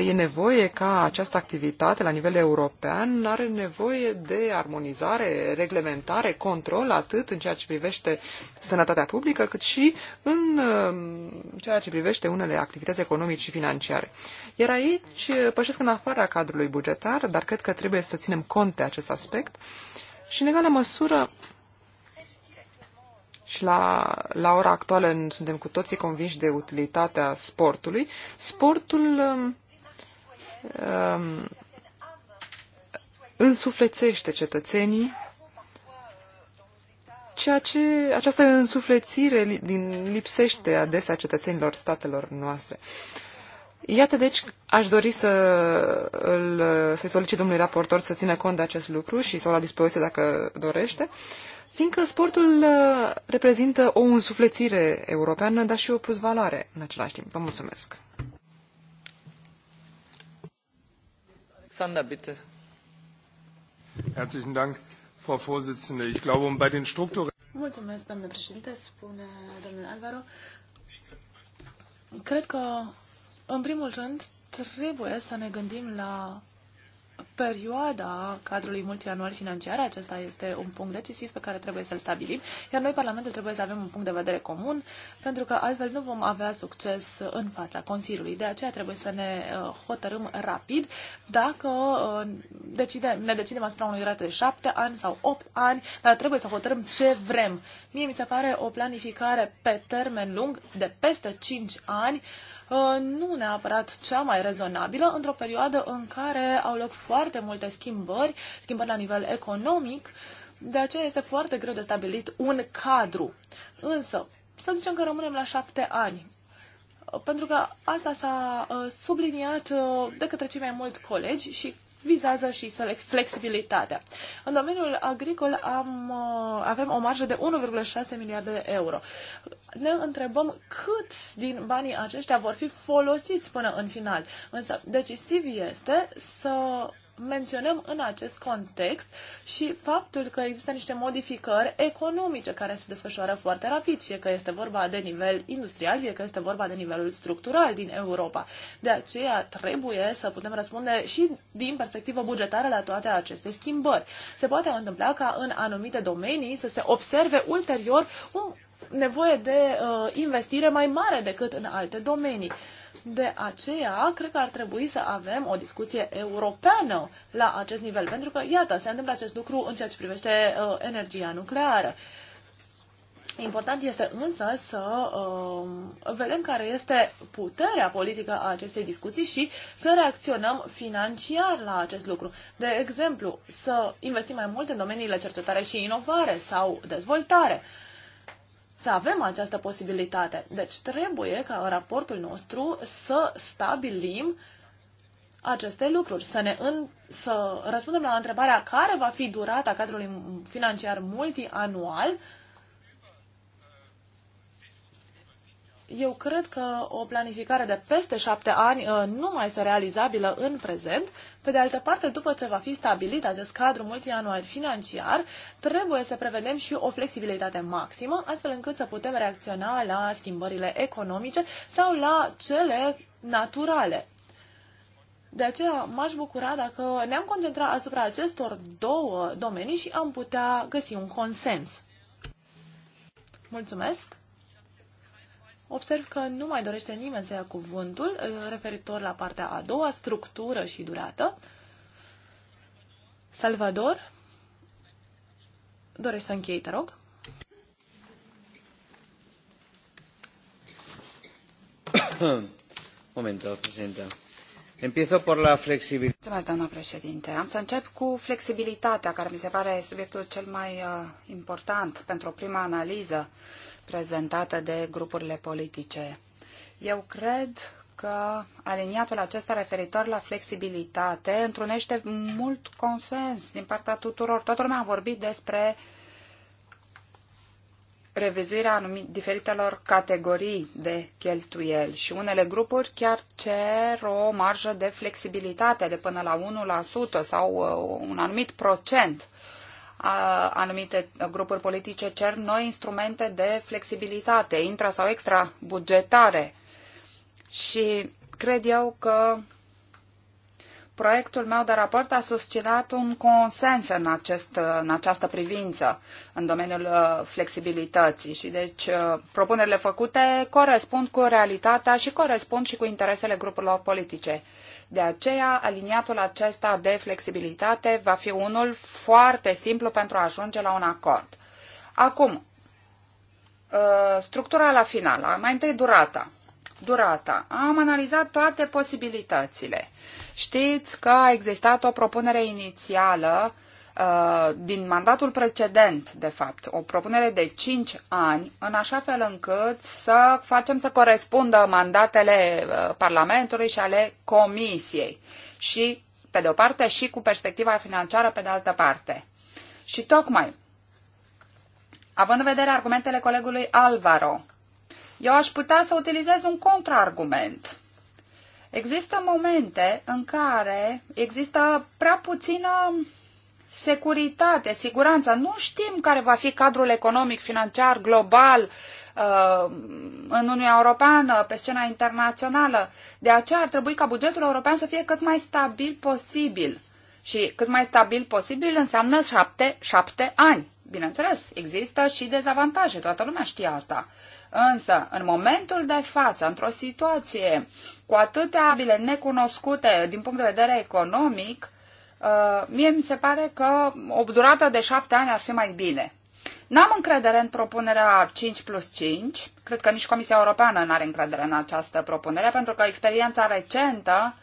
e nevoie ca această activitate la nivel european are nevoie de armonizare, reglementare, control, atât în ceea ce privește sănătatea publică, cât și în um, ceea ce privește unele activități economice și financiare. Iar aici uh, pășesc în afara cadrului bugetar, dar cred că trebuie să ținem cont de acest aspect și, în egală măsură, și la, la ora actuală suntem cu toții convinși de utilitatea sportului, sportul um, um însuflețește cetățenii, ceea ce această însuflețire din, lipsește adesea cetățenilor statelor noastre. Iată, deci, aș dori să îl, să solicit domnului raportor să țină cont de acest lucru și să o la dispoziție dacă dorește. Uh, fiindcă sportul uh, reprezintă o însuflețire europeană, dar și o plusvaloare în același timp. Vă mulțumesc! Sander, bitte. Herzlichen Dank, Frau Vorsitzende. Ich glaube, um bei den Strukturen. Mulțumesc, doamnă președinte, spune domnul Alvaro. Cred că, în primul rând, trebuie să ne gândim la perioada cadrului multianual financiar, acesta este un punct decisiv pe care trebuie să-l stabilim, iar noi, Parlamentul, trebuie să avem un punct de vedere comun, pentru că altfel nu vom avea succes în fața Consiliului. De aceea trebuie să ne uh, hotărâm rapid dacă uh, decide, ne decidem asupra unui rate de șapte ani sau opt ani, dar trebuie să hotărâm ce vrem. Mie mi se pare o planificare pe termen lung de peste cinci ani, Uh, nu neapărat cea mai rezonabilă într-o perioadă în care au loc foarte multe schimbări, schimbări la nivel economic, de aceea este foarte greu de stabilit un cadru. Însă, să zicem că rămânem la șapte ani, pentru că asta s-a uh, subliniat uh, de către cei mai mulți colegi și vizează și flexibilitatea. În domeniul agricol am, uh, avem o marjă de 1,6 miliarde de euro. Ne întrebăm cât din banii aceștia vor fi folosiți până în final. Însă decisiv este să menționăm în acest context și faptul că există niște modificări economice care se desfășoară foarte rapid, fie că este vorba de nivel industrial, fie că este vorba de nivelul structural din Europa. De aceea trebuie să putem răspunde și din perspectivă bugetară la toate aceste schimbări. Se poate întâmpla ca în anumite domenii să se observe ulterior un nevoie de uh, investire mai mare decât în alte domenii. Uh, de aceea, cred că ar trebui să avem o discuție europeană la acest nivel, pentru că, iată, se întâmplă acest lucru în ceea ce privește uh, energia nucleară. Important este însă să uh, vedem care este puterea politică a acestei discuții și să reacționăm financiar la acest lucru. De exemplu, să investim mai mult în domeniile cercetare și inovare sau dezvoltare. Uh, să avem această posibilitate. Deci trebuie ca în raportul nostru să stabilim aceste lucruri, să ne în, să răspundem la întrebarea care va fi durata cadrului financiar multianual eu cred că o planificare de peste șapte ani uh, nu mai este realizabilă în prezent. Pe de altă parte, după ce va fi stabilit acest cadru multianual financiar, trebuie să prevedem și o flexibilitate maximă, astfel încât să putem reacționa la schimbările economice sau la cele naturale. De aceea m-aș bucura dacă ne-am concentrat asupra acestor două domenii și am putea găsi un consens. Mulțumesc! observ că nu mai dorește nimeni să ia cuvântul uh, referitor la partea a doua, structură și durată. Salvador, dorești să închei, te rog? (coughs) Momentul, președinte. Empiezo por la flexibilitate. Mulțumesc, doamna președinte. Am să încep cu flexibilitatea, care mi se pare subiectul cel mai uh, important pentru o prima analiză prezentate de grupurile politice. Eu cred că aliniatul acesta referitor la flexibilitate întrunește mult consens din partea tuturor. Toată lumea a vorbit despre revizuirea anumit, diferitelor categorii de cheltuieli și unele grupuri chiar cer o marjă de flexibilitate de până la 1% sau uh, un anumit procent anumite grupuri politice cer noi instrumente de flexibilitate, intra sau extra bugetare. Și cred eu că proiectul meu de raport a susținut un consens în, acest, în această privință, în domeniul uh, flexibilității. Și deci uh, propunerile făcute corespund cu realitatea și corespund și cu interesele grupurilor politice. De aceea, aliniatul acesta de flexibilitate va fi unul foarte simplu pentru a ajunge la un acord. Acum, ă, structura la final, mai întâi durata durata. Am analizat toate posibilitățile. Știți că a existat o propunere inițială Uh, din mandatul precedent, de fapt, o propunere de 5 ani, în așa fel încât să facem să corespundă mandatele uh, Parlamentului și ale Comisiei. Și, pe de o parte, și cu perspectiva financiară, pe de altă parte. Și tocmai, având în vedere argumentele colegului Alvaro, eu aș putea să utilizez un contraargument. Există momente în care există prea puțină securitate, siguranță. Nu știm care va fi cadrul economic, financiar, global uh, în Uniunea Europeană, pe scena internațională. De aceea ar trebui ca bugetul european să fie cât mai stabil posibil. Și cât mai stabil posibil înseamnă șapte, șapte ani. Bineînțeles, există și dezavantaje, toată lumea știe asta. Însă, în momentul de față, într-o situație cu atâtea abile necunoscute din punct de vedere economic, Uh, mie mi se pare că o durată de șapte ani ar fi mai bine. N-am încredere în propunerea 5 plus 5. Cred că nici Comisia Europeană nu are încredere în această propunere, pentru că experiența recentă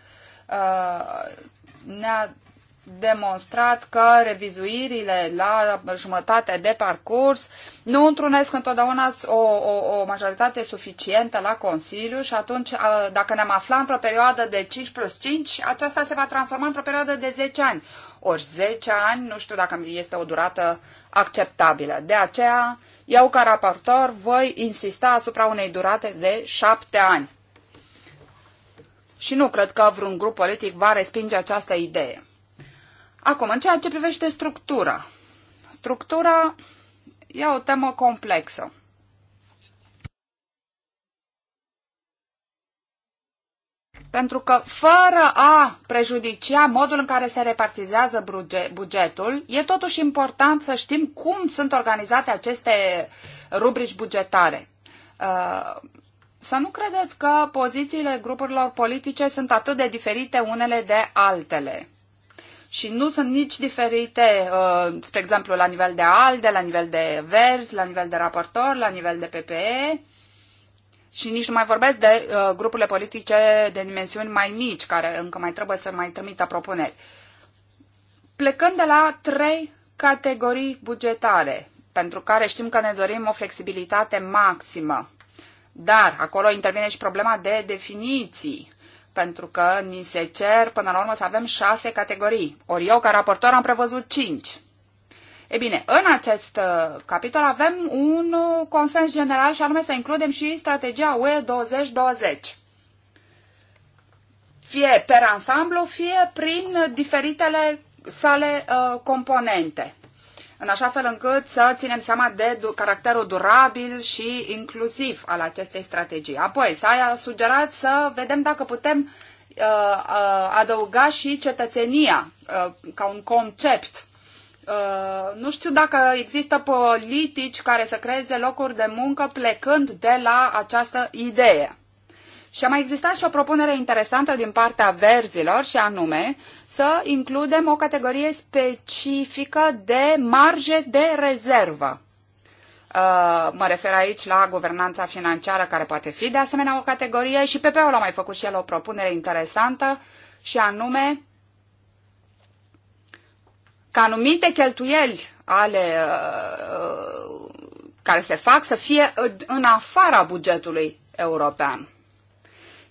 uh, ne-a demonstrat că revizuirile la jumătate de parcurs nu întrunesc întotdeauna o, o, o majoritate suficientă la Consiliu și atunci, dacă ne-am aflat într-o perioadă de 5 plus 5, aceasta se va transforma într-o perioadă de 10 ani. Ori 10 ani, nu știu dacă este o durată acceptabilă. De aceea, eu ca raportor voi insista asupra unei durate de 7 ani. Și nu cred că vreun grup politic va respinge această idee. Acum, în ceea ce privește structura. Structura e o temă complexă. Pentru că fără a prejudicia modul în care se repartizează bugetul, e totuși important să știm cum sunt organizate aceste rubrici bugetare. Uh, să nu credeți că pozițiile grupurilor politice sunt atât de diferite unele de altele și nu sunt nici diferite, uh, spre exemplu, la nivel de ALDE, la nivel de VERS, la nivel de raportor, la nivel de PPE și nici nu mai vorbesc de uh, grupurile politice de dimensiuni mai mici, care încă mai trebuie să mai trimită propuneri. Plecând de la trei categorii bugetare, pentru care știm că ne dorim o flexibilitate maximă, dar acolo intervine și problema de definiții pentru că ni se cer până la urmă să avem șase categorii. Ori eu, ca raportor, am prevăzut cinci. E bine, în acest uh, capitol avem un uh, consens general și anume să includem și strategia UE 2020. Fie per ansamblu, fie prin diferitele sale uh, componente în așa fel încât să ținem seama de caracterul durabil și inclusiv al acestei strategii. Apoi, s-a sugerat să vedem dacă putem uh, uh, adăuga și cetățenia uh, ca un concept. nu știu dacă există politici care să creeze locuri de muncă plecând de la această idee. Și a mai existat și o propunere interesantă din partea verzilor și anume să includem o categorie specifică de marge de rezervă. Uh, mă refer aici la guvernanța financiară, care poate fi de asemenea o categorie și PP-ul a mai făcut și el o propunere interesantă și anume ca anumite cheltuieli ale uh, uh care se fac să fie în afara bugetului european.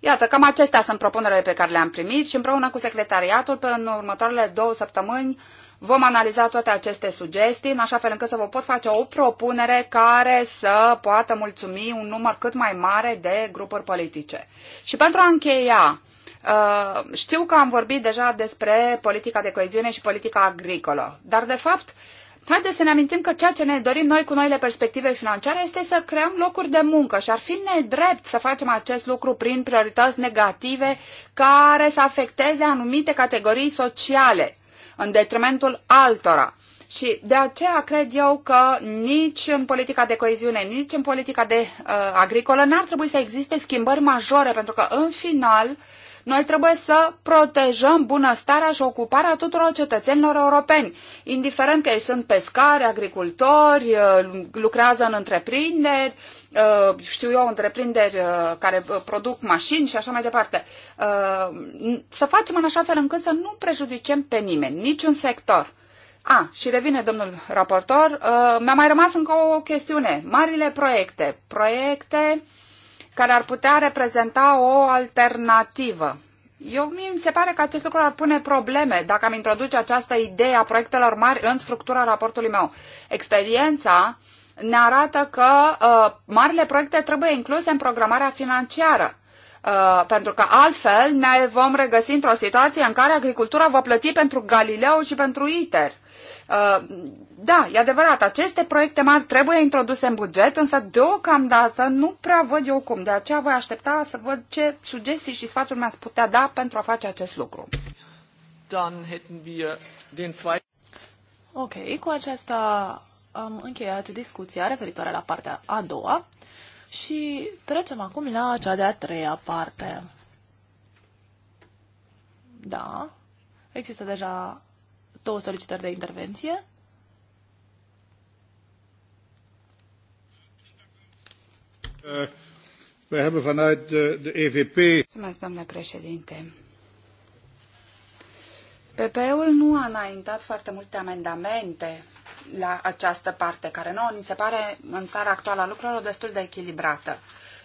Iată, cam acestea sunt propunerile pe care le-am primit și împreună cu secretariatul, pe în următoarele două săptămâni, vom analiza toate aceste sugestii, în așa fel încât să vă pot face o propunere care să poată mulțumi un număr cât mai mare de grupuri politice. Și pentru a încheia, uh, știu că am vorbit deja despre politica de coeziune și politica agricolă, dar de fapt Haideți să ne amintim că ceea ce ne dorim noi cu noile perspective financiare este să creăm locuri de muncă și ar fi nedrept să facem acest lucru prin priorități negative care să afecteze anumite categorii sociale în detrimentul altora. Și de aceea cred eu că nici în politica de coeziune, nici în politica de uh, agricolă n-ar trebui să existe schimbări majore, pentru că în final uh, noi trebuie să protejăm bunăstarea și ocuparea tuturor cetățenilor europeni, indiferent că ei sunt pescari, agricultori, uh, lucrează în întreprinderi, uh, știu eu, întreprinderi uh, care produc mașini și așa mai departe. Să facem în așa fel încât să nu prejudicem pe nimeni, niciun sector. A, și revine domnul raportor. Mi-a mai rămas încă o chestiune. Marile proiecte. Proiecte uh, care ar putea reprezenta o alternativă. Eu mi se pare că acest lucru ar pune probleme dacă am introduce această idee a proiectelor mari în structura raportului meu. Experiența ne arată că uh, marile proiecte trebuie incluse în programarea financiară Uh, pentru că altfel ne vom regăsi într-o situație în care agricultura va plăti pentru Galileo și pentru ITER. Uh, da, e adevărat, aceste proiecte mari trebuie introduse în buget, însă deocamdată nu prea văd eu cum. De aceea voi aștepta să văd ce sugestii și sfaturi mi-ați putea da pentru a face acest lucru. Ok, cu aceasta am încheiat discuția referitoare la partea a doua și trecem acum la cea de-a treia parte. Da, există deja două solicitări de intervenție. Uh, we hebben vanuit de, de EVP... Mulțumesc, domnule președinte. pp ul nu a înaintat foarte multe amendamente la această parte, care nouă ni se pare în starea actuală a lucrurilor destul de echilibrată.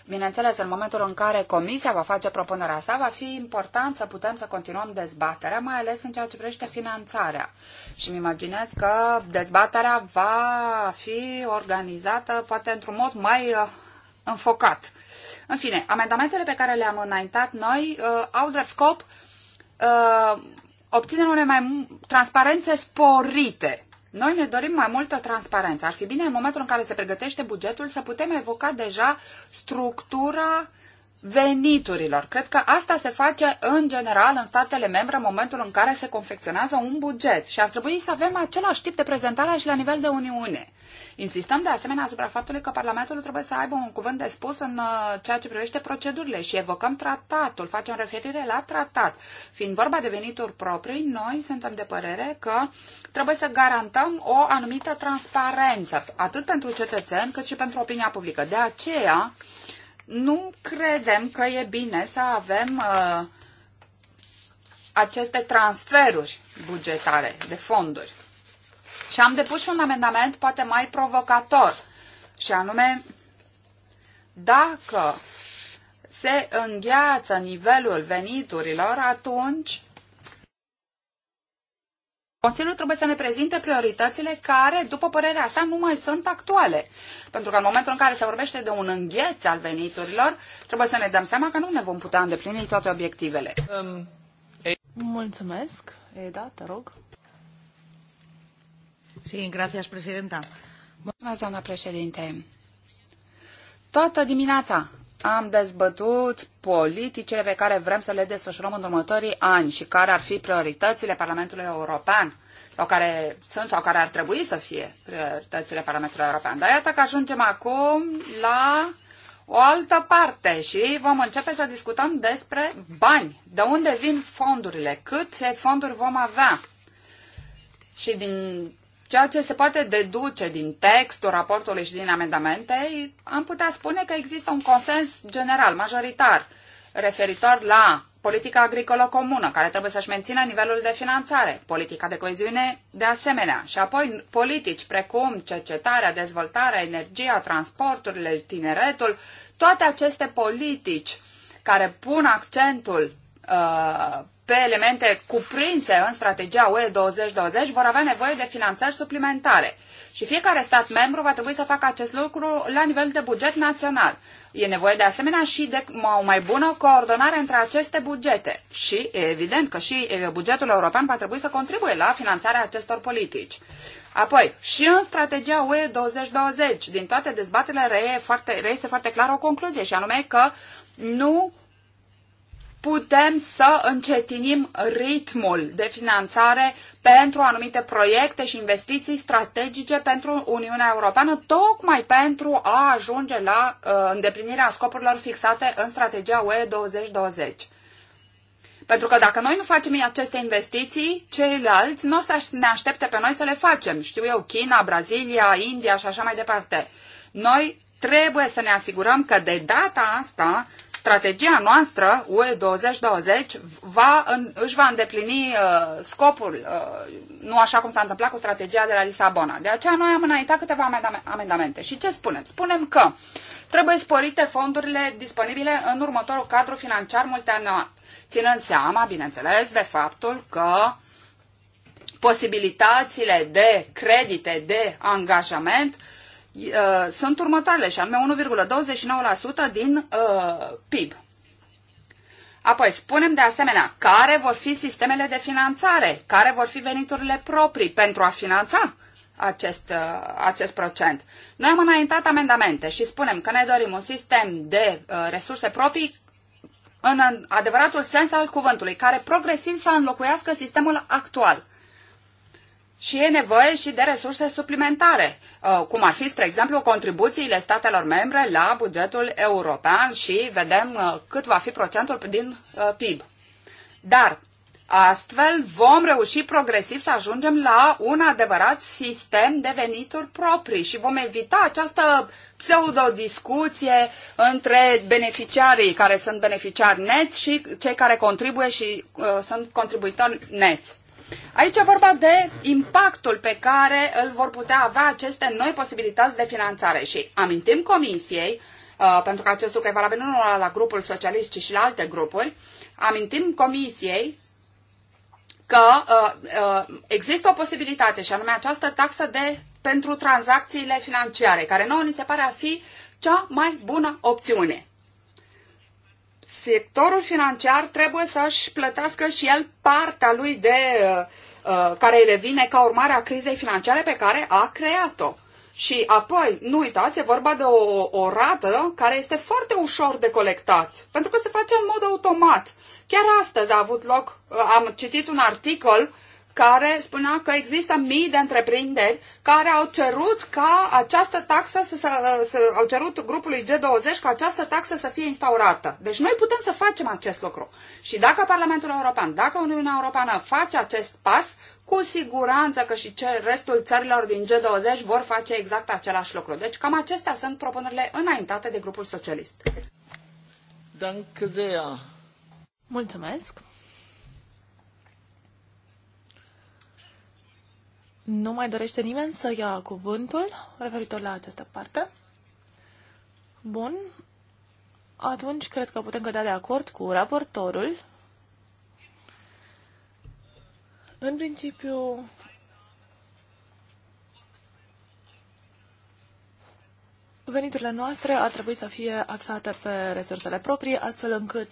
Bineînțeles, în momentul în care comisia va face propunerea sa, va fi important să putem să continuăm dezbaterea, mai ales în ceea ce privește finanțarea. Și îmi imaginez că dezbaterea va fi organizată poate într-un mod mai uh, înfocat. În fine, amendamentele pe care le-am înaintat noi uh, au drept scop uh, obținerea unei mai transparențe sporite noi ne dorim mai multă transparență. Ar fi bine în momentul în care se pregătește bugetul să putem evoca deja structura veniturilor. Cred că asta se face în general în statele membre în momentul în care se confecționează un buget și ar trebui să avem același tip de prezentare și la nivel de Uniune. Insistăm de asemenea asupra faptului că Parlamentul trebuie să aibă un cuvânt de spus în uh, ceea ce privește procedurile și evocăm tratatul, facem referire la tratat. Fiind vorba de venituri proprii, noi suntem de părere că trebuie să garantăm o anumită transparență, atât pentru cetățeni cât și pentru opinia publică. De aceea, nu credem că e bine să avem uh, aceste transferuri bugetare de fonduri. Și am depus și un amendament poate mai provocator, și anume, dacă se îngheață nivelul veniturilor, atunci Consiliul trebuie să ne prezinte prioritățile care, după părerea sa, nu mai sunt actuale. Pentru că în momentul în care se vorbește de un îngheț al veniturilor, trebuie să ne dăm seama că nu ne vom putea îndeplini toate obiectivele. Um, e... Mulțumesc. Eda, te rog. Sí, gracias, presidenta. Mulțumesc, doamna președinte. Toată dimineața am dezbătut politicile pe care vrem să le desfășurăm în următorii ani și care ar fi prioritățile Parlamentului European sau care sunt sau care ar trebui să fie prioritățile Parlamentului European. Dar iată că ajungem acum la o altă parte și vom începe să discutăm despre bani. De unde vin fondurile? Câte fonduri vom avea? Și din Ceea ce se poate deduce din textul raportului și din amendamente, am putea spune că există un consens general, majoritar, referitor la politica agricolă comună, care trebuie să-și mențină nivelul de finanțare, politica de coeziune de asemenea, și apoi politici precum cercetarea, dezvoltarea, energia, transporturile, tineretul, toate aceste politici care pun accentul uh, pe elemente cuprinse în strategia UE 2020 vor avea nevoie de finanțări suplimentare. Și fiecare stat membru va trebui să facă acest lucru la nivel de buget național. E nevoie de asemenea și de o mai bună coordonare între aceste bugete. Și e evident că și bugetul european va trebui să contribuie la finanțarea acestor politici. Apoi, și în strategia UE 2020, din toate dezbaterile reiese foarte, foarte clar o concluzie, și anume că nu putem să încetinim ritmul de finanțare pentru anumite proiecte și investiții strategice pentru Uniunea Europeană, tocmai pentru a ajunge la uh, îndeplinirea scopurilor fixate în strategia UE 2020. Pentru că dacă noi nu facem aceste investiții, ceilalți nu o să ne aștepte pe noi să le facem. Știu eu, China, Brazilia, India și așa mai departe. Noi trebuie să ne asigurăm că de data asta strategia noastră, UE 2020, va, în, își va îndeplini uh, scopul, uh, nu așa cum s-a întâmplat cu strategia de la Lisabona. De aceea noi am înaintat câteva amendamente. Și ce spunem? Spunem că trebuie sporite fondurile disponibile în următorul cadru financiar multianual, ținând seama, bineînțeles, de faptul că posibilitățile de credite, de angajament uh, Uh, sunt următoarele, și anume 1,29% din uh, PIB. Apoi, spunem de asemenea care vor fi sistemele de finanțare, care vor fi veniturile proprii pentru a finanța acest, uh, acest procent. Noi am înaintat amendamente și spunem că ne dorim un sistem de uh, resurse proprii în adevăratul sens al cuvântului, care progresiv să înlocuiască sistemul actual și e nevoie și de resurse suplimentare, uh, cum ar fi, spre exemplu, contribuțiile statelor membre la bugetul european și vedem uh, cât va fi procentul din uh, PIB. Dar astfel vom reuși progresiv să ajungem la un adevărat sistem de venituri proprii și vom evita această pseudo-discuție între beneficiarii care sunt beneficiari neți și cei care contribuie și uh, sunt contribuitori neți. Aici e vorba de impactul pe care îl vor putea avea aceste noi posibilități de finanțare și amintim Comisiei, uh, pentru că acest lucru e valabil nu numai la grupul socialist, ci și la alte grupuri, amintim Comisiei că uh, uh, există o posibilitate și anume această taxă de pentru tranzacțiile financiare, care nouă ni se pare a fi cea mai bună opțiune sectorul financiar trebuie să-și plătească și el partea lui de uh, uh, care îi revine ca urmare a crizei financiare pe care a creat-o. Și apoi, nu uitați, e vorba de o, o rată care este foarte ușor de colectat, pentru că se face în mod automat. Chiar astăzi a avut loc, uh, am citit un articol uh, care spunea că există mii de întreprinderi care au cerut ca această taxă să, să, să au cerut grupului G20 ca această taxă să fie instaurată. Deci noi putem să facem acest lucru. Și dacă Parlamentul European, dacă Uniunea Europeană face acest pas, cu siguranță că și ce restul țărilor din G20 vor face exact același lucru. Deci cam acestea sunt propunerile înaintate de grupul socialist. Mulțumesc. Nu mai dorește nimeni să ia cuvântul referitor la această parte? Bun. Atunci cred că putem cădea de acord cu raportorul. În principiu, veniturile noastre ar trebui să fie axate pe resursele proprii, astfel încât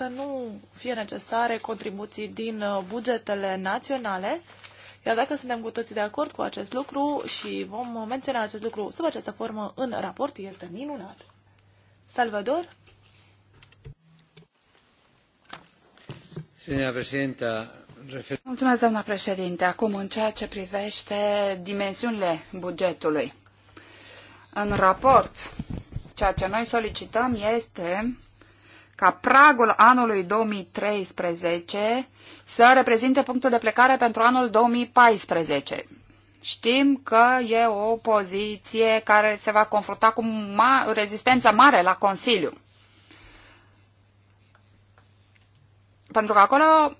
să nu fie necesare contribuții din uh, bugetele naționale, iar dacă suntem cu toții de acord cu acest lucru și vom menționa acest lucru sub această formă în raport, este minunat. Salvador? Mulțumesc, doamna președinte. Acum, în ceea ce privește dimensiunile bugetului. În raport, ceea ce noi solicităm este ca pragul anului 2013 să reprezinte punctul de plecare pentru anul 2014. Știm că e o poziție care se va confrunta cu ma- rezistență mare la Consiliu. Pentru că acolo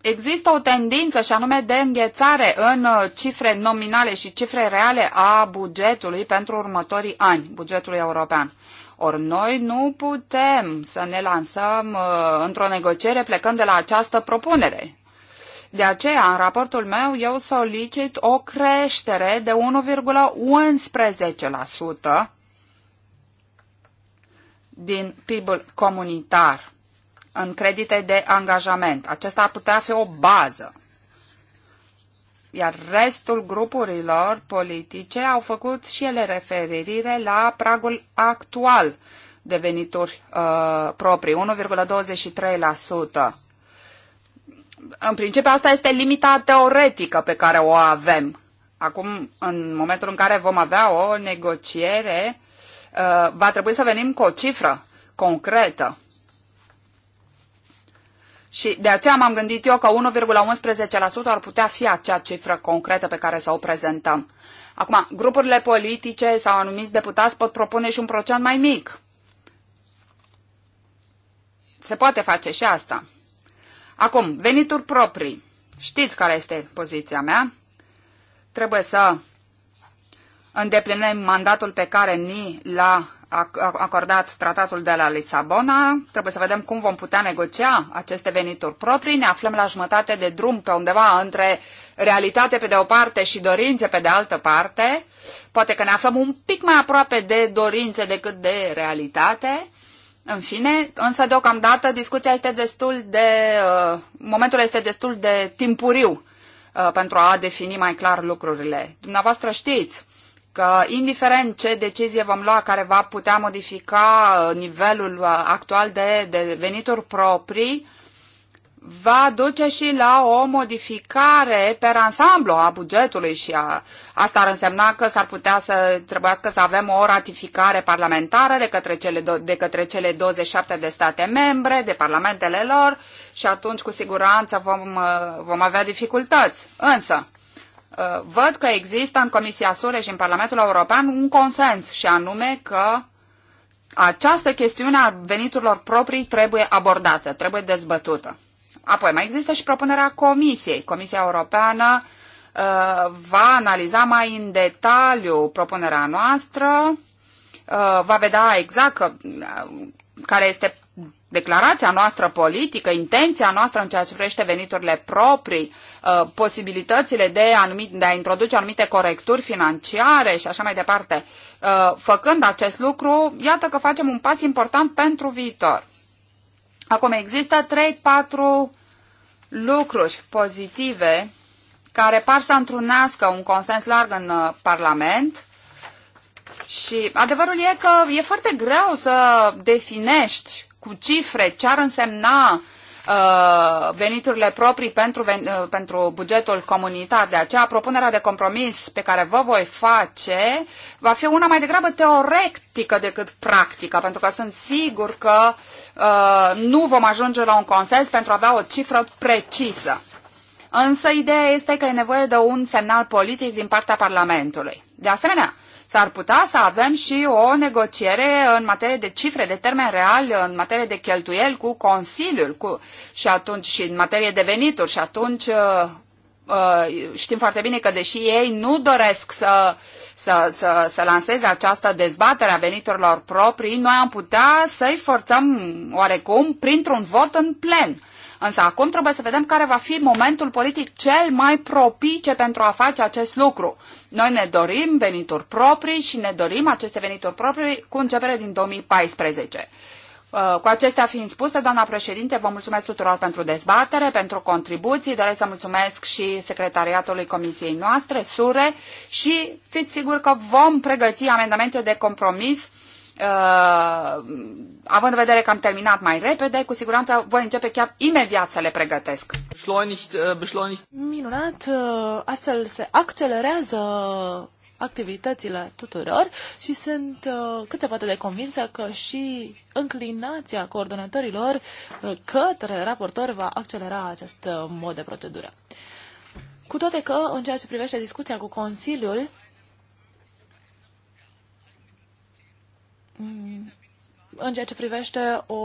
există o tendință și anume de înghețare în cifre nominale și cifre reale a bugetului pentru următorii ani, bugetului european. Ori noi nu putem să ne lansăm uh, într-o negociere plecând de la această propunere. De aceea, în raportul meu, eu solicit o creștere de 1,11% din PIB-ul comunitar în credite de angajament. Acesta ar putea fi o bază iar restul grupurilor politice au făcut și ele referire la pragul actual de venituri uh, proprii, 1,23%. În principiu, asta este limita teoretică pe care o avem. Acum, în momentul în care vom avea o negociere, uh, va trebui să venim cu o cifră concretă. Și de aceea m-am gândit eu că 1,11% ar putea fi acea cifră concretă pe care să o prezentăm. Acum, grupurile politice sau anumiți deputați pot propune și un procent mai mic. Se poate face și asta. Acum, venituri proprii. Știți care este poziția mea? Trebuie să îndeplinim mandatul pe care ni l-a acordat tratatul de la Lisabona. Trebuie să vedem cum vom putea negocia aceste venituri proprii. Ne aflăm la jumătate de drum pe undeva între realitate pe de o parte și dorințe pe de altă parte. Poate că ne aflăm un pic mai aproape de dorințe decât de realitate. În fine, însă deocamdată discuția este destul de, uh, momentul este destul de timpuriu uh, pentru a defini mai clar lucrurile. Dumneavoastră știți că indiferent ce decizie vom lua care va putea modifica uh, nivelul uh, actual de, de venituri proprii, va duce și la o modificare per ansamblu a bugetului și a, asta ar însemna că s-ar putea să trebuiască să avem o ratificare parlamentară de către, cele do, de către cele 27 de state membre, de parlamentele lor și atunci cu siguranță vom, uh, vom avea dificultăți. Însă, Uh, văd că există în Comisia Sure și în Parlamentul European un consens și anume că această chestiune a veniturilor proprii trebuie abordată, trebuie dezbătută. Apoi mai există și propunerea Comisiei. Comisia Europeană uh, va analiza mai în detaliu propunerea noastră, uh, va vedea exact că, care este declarația noastră politică, intenția noastră în ceea ce privește veniturile proprii, uh, posibilitățile de, anumit, de a introduce anumite corecturi financiare și așa mai departe. Uh, făcând acest lucru, iată că facem un pas important pentru viitor. Acum există 3-4 lucruri pozitive care par să întrunească un consens larg în uh, Parlament și adevărul e că e foarte greu să definești cu cifre ce ar însemna uh, veniturile proprii pentru, ven, uh, pentru bugetul comunitar. De aceea, propunerea de compromis pe care vă voi face va fi una mai degrabă teoretică decât practică, pentru că sunt sigur că uh, nu vom ajunge la un consens pentru a avea o cifră precisă. Însă ideea este că e nevoie de un semnal politic din partea Parlamentului. De asemenea, s-ar putea să avem și o negociere în materie de cifre, de termen real, în materie de cheltuieli cu Consiliul cu, și atunci și în materie de venituri și atunci uh, uh, știm foarte bine că deși ei nu doresc să, să, să, să lanseze această dezbatere a veniturilor proprii, noi am putea să-i forțăm oarecum printr-un vot în plen. Însă acum trebuie să vedem care va fi momentul politic cel mai propice pentru a face acest lucru. Noi ne dorim venituri proprii și ne dorim aceste venituri proprii cu începere din 2014. Uh, cu acestea fiind spuse, doamna președinte, vă mulțumesc tuturor pentru dezbatere, pentru contribuții, doresc să mulțumesc și secretariatului comisiei noastre, SURE, și fiți siguri că vom pregăti amendamente de compromis uh, având în vedere că am terminat mai repede, cu siguranță voi începe chiar imediat să le pregătesc. Beschleunigt, uh, beschleunigt. Minunat, uh, astfel se accelerează activitățile tuturor și sunt uh, cât se poate de convinsă că și înclinația coordonatorilor uh, către raportor va accelera acest uh, mod de procedură. Cu toate că, în ceea ce privește discuția cu Consiliul, Mm. în ceea ce privește o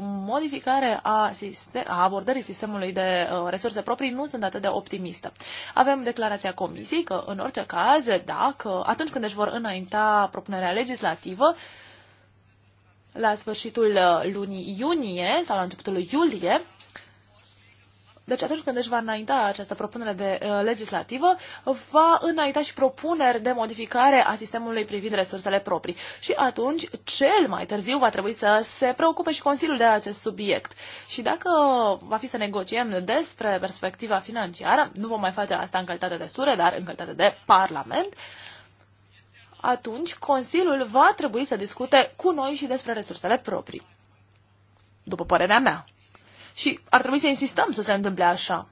modificare a, sistem, a abordării sistemului de uh, resurse proprii, nu sunt atât de optimistă. Avem declarația Comisiei că, în orice caz, dacă, atunci când își vor înainta propunerea legislativă, la sfârșitul uh, lunii iunie sau la începutul iulie, deci atunci când își va înainta această propunere de uh, legislativă, va înainta și propuneri de modificare a sistemului privind resursele proprii. Și atunci, cel mai târziu, va trebui să se preocupe și Consiliul de acest subiect. Și dacă va fi să negociem despre perspectiva financiară, nu vom mai face asta în calitate de sură, dar în calitate de Parlament, atunci Consiliul va trebui să discute cu noi și despre resursele proprii. După părerea mea. Și ar trebui să insistăm să se întâmple așa.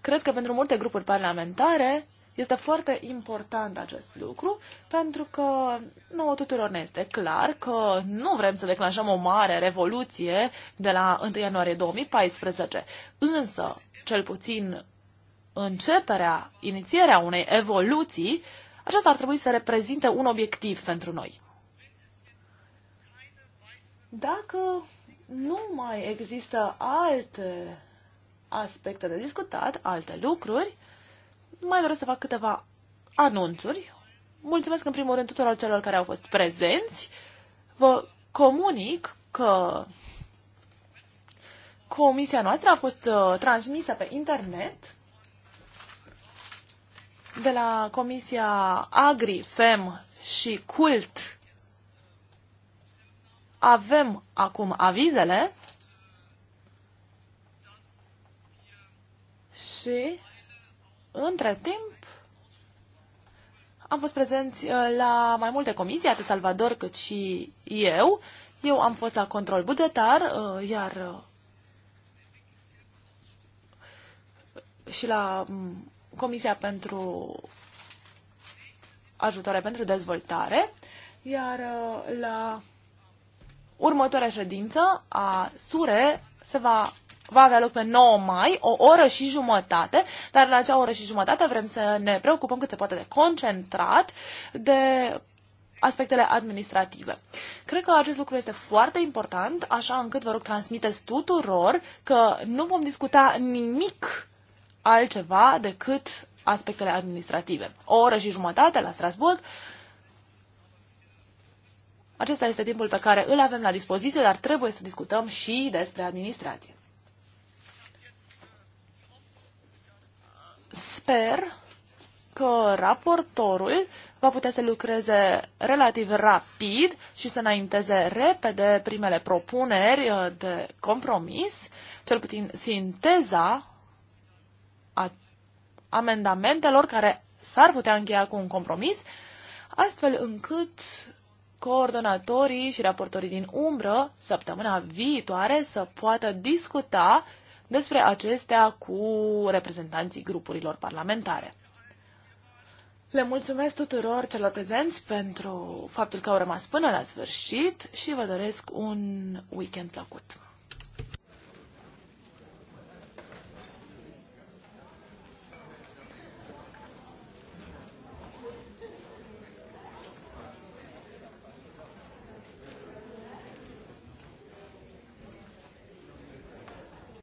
Cred că pentru multe grupuri parlamentare este foarte important acest lucru, pentru că nouă tuturor ne este clar că nu vrem să declanșăm o mare revoluție de la 1 ianuarie 2014. Însă, cel puțin începerea, inițierea unei evoluții, aceasta ar trebui să reprezinte un obiectiv pentru noi. Dacă nu mai există alte aspecte de discutat, alte lucruri, mai doresc să fac câteva anunțuri. Mulțumesc în primul rând tuturor celor care au fost prezenți. Vă comunic că comisia noastră a fost uh, transmisă pe internet de la comisia Agri, FEM și CULT avem acum avizele și între timp am fost prezenți uh, la mai multe comisii, atât Salvador cât și eu. Eu am fost la control bugetar, uh, iar uh, și la mm, Comisia pentru ajutoare pentru dezvoltare, iar la Următoarea ședință a SURE se va, va avea loc pe 9 mai, o oră și jumătate, dar în acea oră și jumătate vrem să ne preocupăm cât se poate de concentrat de aspectele administrative. Cred că acest lucru este foarte important, așa încât vă rog transmiteți tuturor că nu vom discuta nimic altceva decât aspectele administrative. O oră și jumătate la Strasburg, acesta este timpul pe care îl avem la dispoziție, dar trebuie să discutăm și despre administrație. Sper că raportorul va putea să lucreze relativ rapid și să înainteze repede primele propuneri uh, de compromis, cel puțin sinteza a amendamentelor care s-ar putea încheia cu un compromis, astfel încât coordonatorii și raportorii din umbră săptămâna viitoare să poată discuta despre acestea cu reprezentanții grupurilor parlamentare. Le mulțumesc tuturor celor prezenți pentru faptul că au rămas până la sfârșit și vă doresc un weekend plăcut.